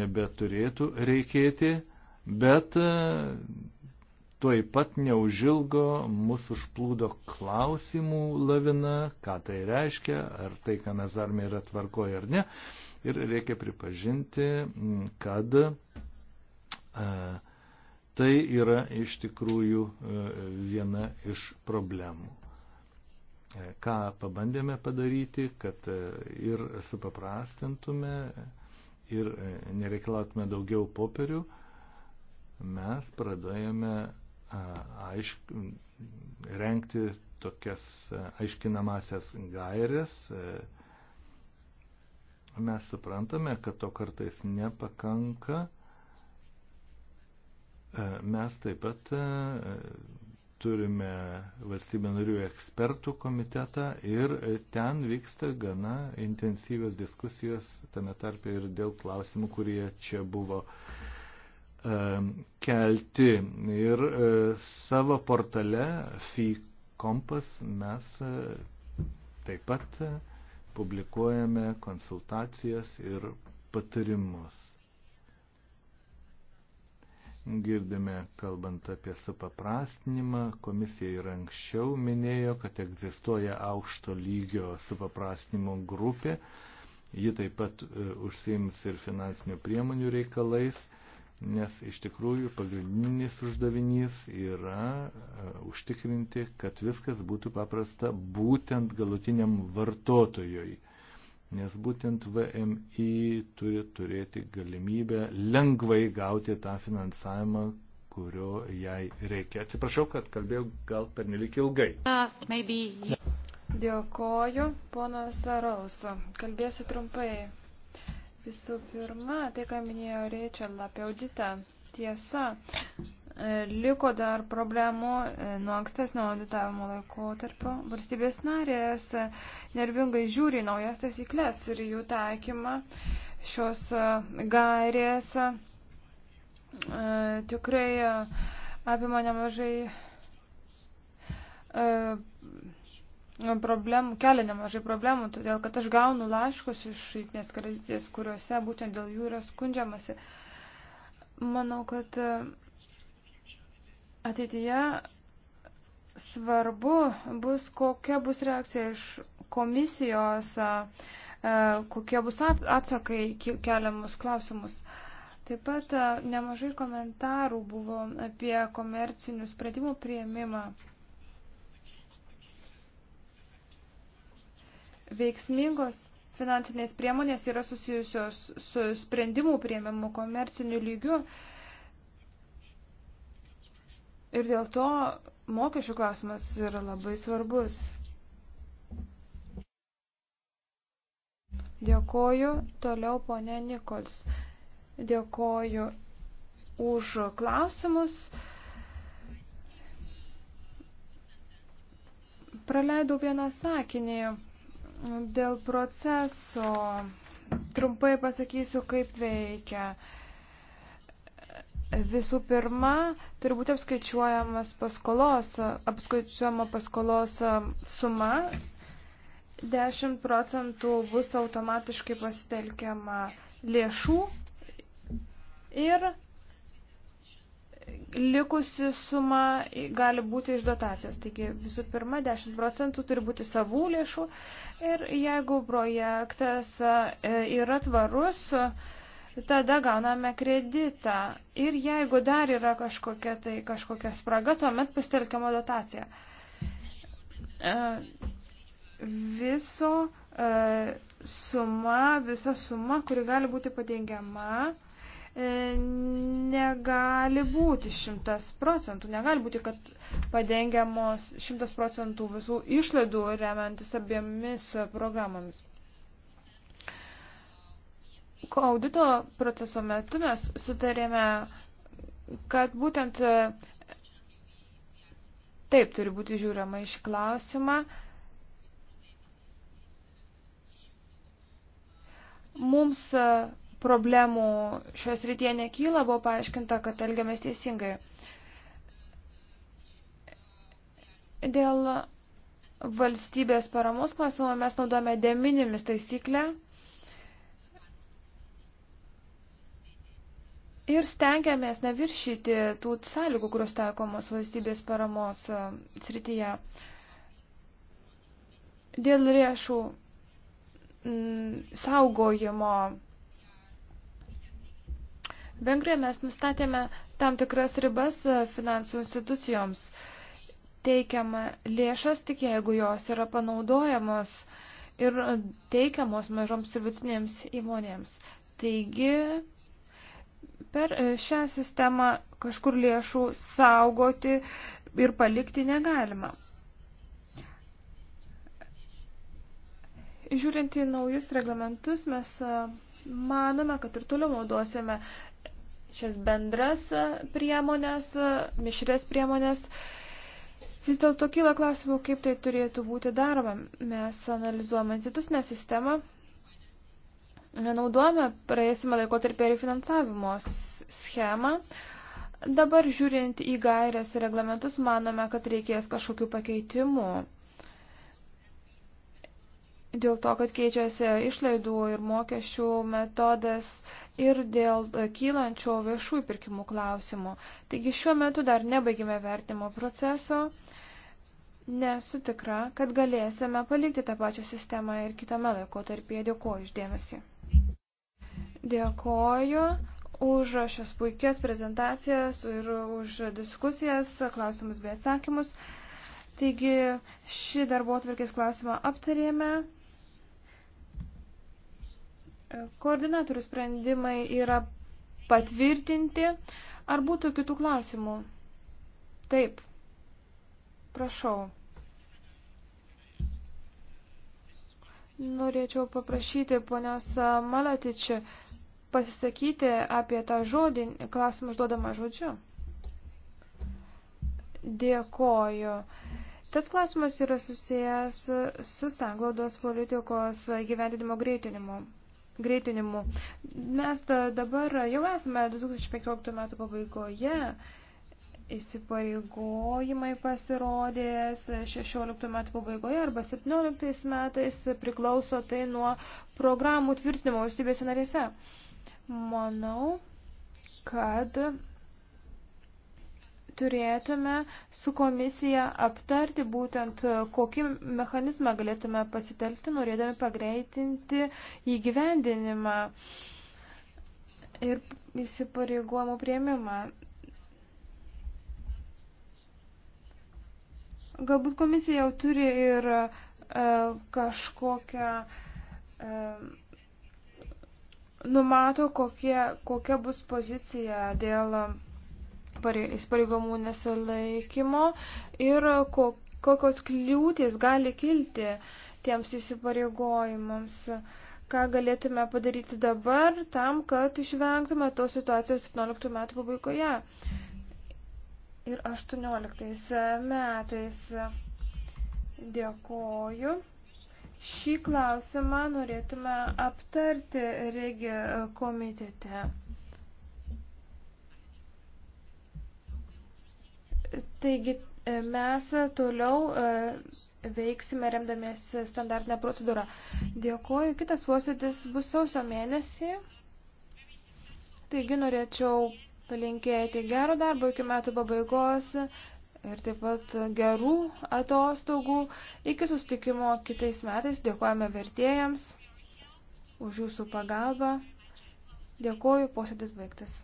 nebeturėtų reikėti, bet e, tuoj pat neužilgo mus užplūdo klausimų lavina, ką tai reiškia, ar tai, ką mes darome, yra tvarkoje ar ne. Ir reikia pripažinti, kad e, tai yra iš tikrųjų e, viena iš problemų. E, ką pabandėme padaryti, kad e, ir supaprastintume, ir e, nereikalautume daugiau popierių, mes pradėjome aišk... renkti tokias aiškinamasias gairias. Mes suprantame, kad to kartais nepakanka. Mes taip pat turime valstybė narių ekspertų komitetą ir ten vyksta gana intensyvios diskusijos, tame tarpe ir dėl klausimų, kurie čia buvo kelti. Ir e, savo portale FICOMPAS mes e, taip pat e, publikuojame konsultacijas ir patarimus girdime, kalbant apie supaprastinimą, komisija ir anksčiau minėjo, kad egzistuoja aukšto lygio supaprastinimo grupė, ji taip pat e, užsiims ir finansinių priemonių reikalais, nes iš tikrųjų pagrindinis uždavinys yra e, užtikrinti, kad viskas būtų paprasta būtent galutiniam vartotojui nes būtent VMI turi turėti galimybę lengvai gauti tą finansavimą, kurio jai reikia. Atsiprašau, kad kalbėjau gal pernelik ilgai. Uh, Dėkoju, ponas Sarauso. Kalbėsiu trumpai. Visų pirma, tai, ką minėjo Reičel apie auditą. Tiesa, E, liko dar problemų e, nuo ankstesnio auditavimo laikotarpio. Valstybės narės e, nervingai žiūri naujas taisyklės ir jų taikymą. Šios gairės tikrai apima nemažai problemų, kelia nemažai problemų, todėl kad aš gaunu laiškus iš Jungtinės karalystės, kuriuose būtent dėl jų yra skundžiamasi. Manau, kad Ateityje svarbu bus, kokia bus reakcija iš komisijos, kokie bus atsakai keliamus klausimus. Taip pat nemažai komentarų buvo apie komercinių sprendimų prieimimą. veiksmingos finansinės priemonės yra susijusios su sprendimų prieimimu komerciniu lygiu Ir dėl to mokesčių klausimas yra labai svarbus. Dėkoju toliau ponė Nikols. Dėkoju už klausimus. Praleidau vieną sakinį dėl proceso. Trumpai pasakysiu, kaip veikia. Uh, Visų pirma, turi būti apskaičiuojamas paskolos, apskaičiuojama paskolos um, suma. 10 procentų bus automatiškai pasitelkiama lėšų ir likusi suma gali būti iš dotacijos. Taigi visų pirma, 10 procentų turi būti savų lėšų ir jeigu projektas e, yra tvarus, tada gauname kreditą. Ir jeigu dar yra kažkokia, tai kažkokia spraga, tuomet pasitelkiama dotacija. E, viso e, suma, visa suma, kuri gali būti padengiama, e, negali būti šimtas procentų, negali būti, kad padengiamos šimtas procentų visų išlaidų remiantis abiemis programomis. Audito proceso metu mes sutarėme, kad būtent e, taip turi būti žiūrama iš klausimą. Mums e, problemų šios rytie nekyla, buvo paaiškinta, kad elgiamės teisingai. Dėl valstybės paramos klausimo mes naudojame deminimis taisyklę. Ir stengiamės neviršyti tų sąlygų, kurios taikomos valstybės paramos e, srityje. Dėl lėšų saugojimo Vengrijoje mes nustatėme tam tikras ribas e, finansų institucijoms. Teikiama lėšas tik jeigu jos yra panaudojamos ir teikiamos mažoms ir vidutinėms įmonėms. Taigi, Per e, šią sistemą kažkur lėšų saugoti ir palikti negalima. Žiūrint į naujus reglamentus, mes e, manome, kad ir toliau naudosime šias bendras e, priemonės, mišrės priemonės. Vis dėlto kyla klausimų, kaip tai turėtų būti daroma. Mes analizuojame institucinę sistemą, Naudojame praėjusime laikotarpį ir finansavimo schemą. Dabar žiūrint į gairias ir reglamentus, manome, kad reikės kažkokių pakeitimų. Dėl to, kad keičiasi išlaidų ir mokesčių metodas ir dėl kylančio viešųjų pirkimų klausimų. Taigi šiuo metu dar nebaigime vertimo proceso. Nesu tikra, kad galėsime palikti tą pačią sistemą ir kitame laiko tarpėje. Dėkuoju išdėmesi. Dėkoju už šias puikias prezentacijas ir už diskusijas, klausimus bei atsakymus. Taigi šį darbo atvirkės klausimą aptarėme. Koordinatorių sprendimai yra patvirtinti. Ar būtų kitų klausimų? Taip. Prašau. Norėčiau paprašyti ponios Maletič pasisakyti apie tą žodį, klausimą užduodamą žodžiu. Dėkoju. Tas klausimas yra susijęs su sanglaudos politikos gyvendinimo greitinimu. greitinimu. Mes dabar jau esame 2015 metų pabaigoje. Yeah įsipareigojimai pasirodės 16 metų pabaigoje arba 17 metais priklauso tai nuo programų tvirtinimo valstybėse narėse. Manau, kad turėtume su komisija aptarti būtent, kokį mechanizmą galėtume pasitelkti, norėdami pagreitinti įgyvendinimą ir įsipareigojimų prieimimą. Galbūt komisija jau turi ir e, kažkokią e, numato, kokie, kokia bus pozicija dėl įsipareigomų nesilaikymo ir kokios kliūtis gali kilti tiems įsipareigojimams ką galėtume padaryti dabar tam, kad išvengtume tos situacijos 17 metų pabaigoje ir 18 metais. Dėkoju. Šį klausimą norėtume aptarti regi komitete. Taigi mes toliau e, veiksime remdamiesi standartinę procedūrą. Dėkuoju, kitas posėdis bus sausio mėnesį. Taigi norėčiau palinkėti gero darbo iki metų pabaigos ir taip pat gerų atostogų. Iki sustikimo kitais metais dėkojame vertėjams už jūsų pagalbą. Dėkoju, posėdis baigtas.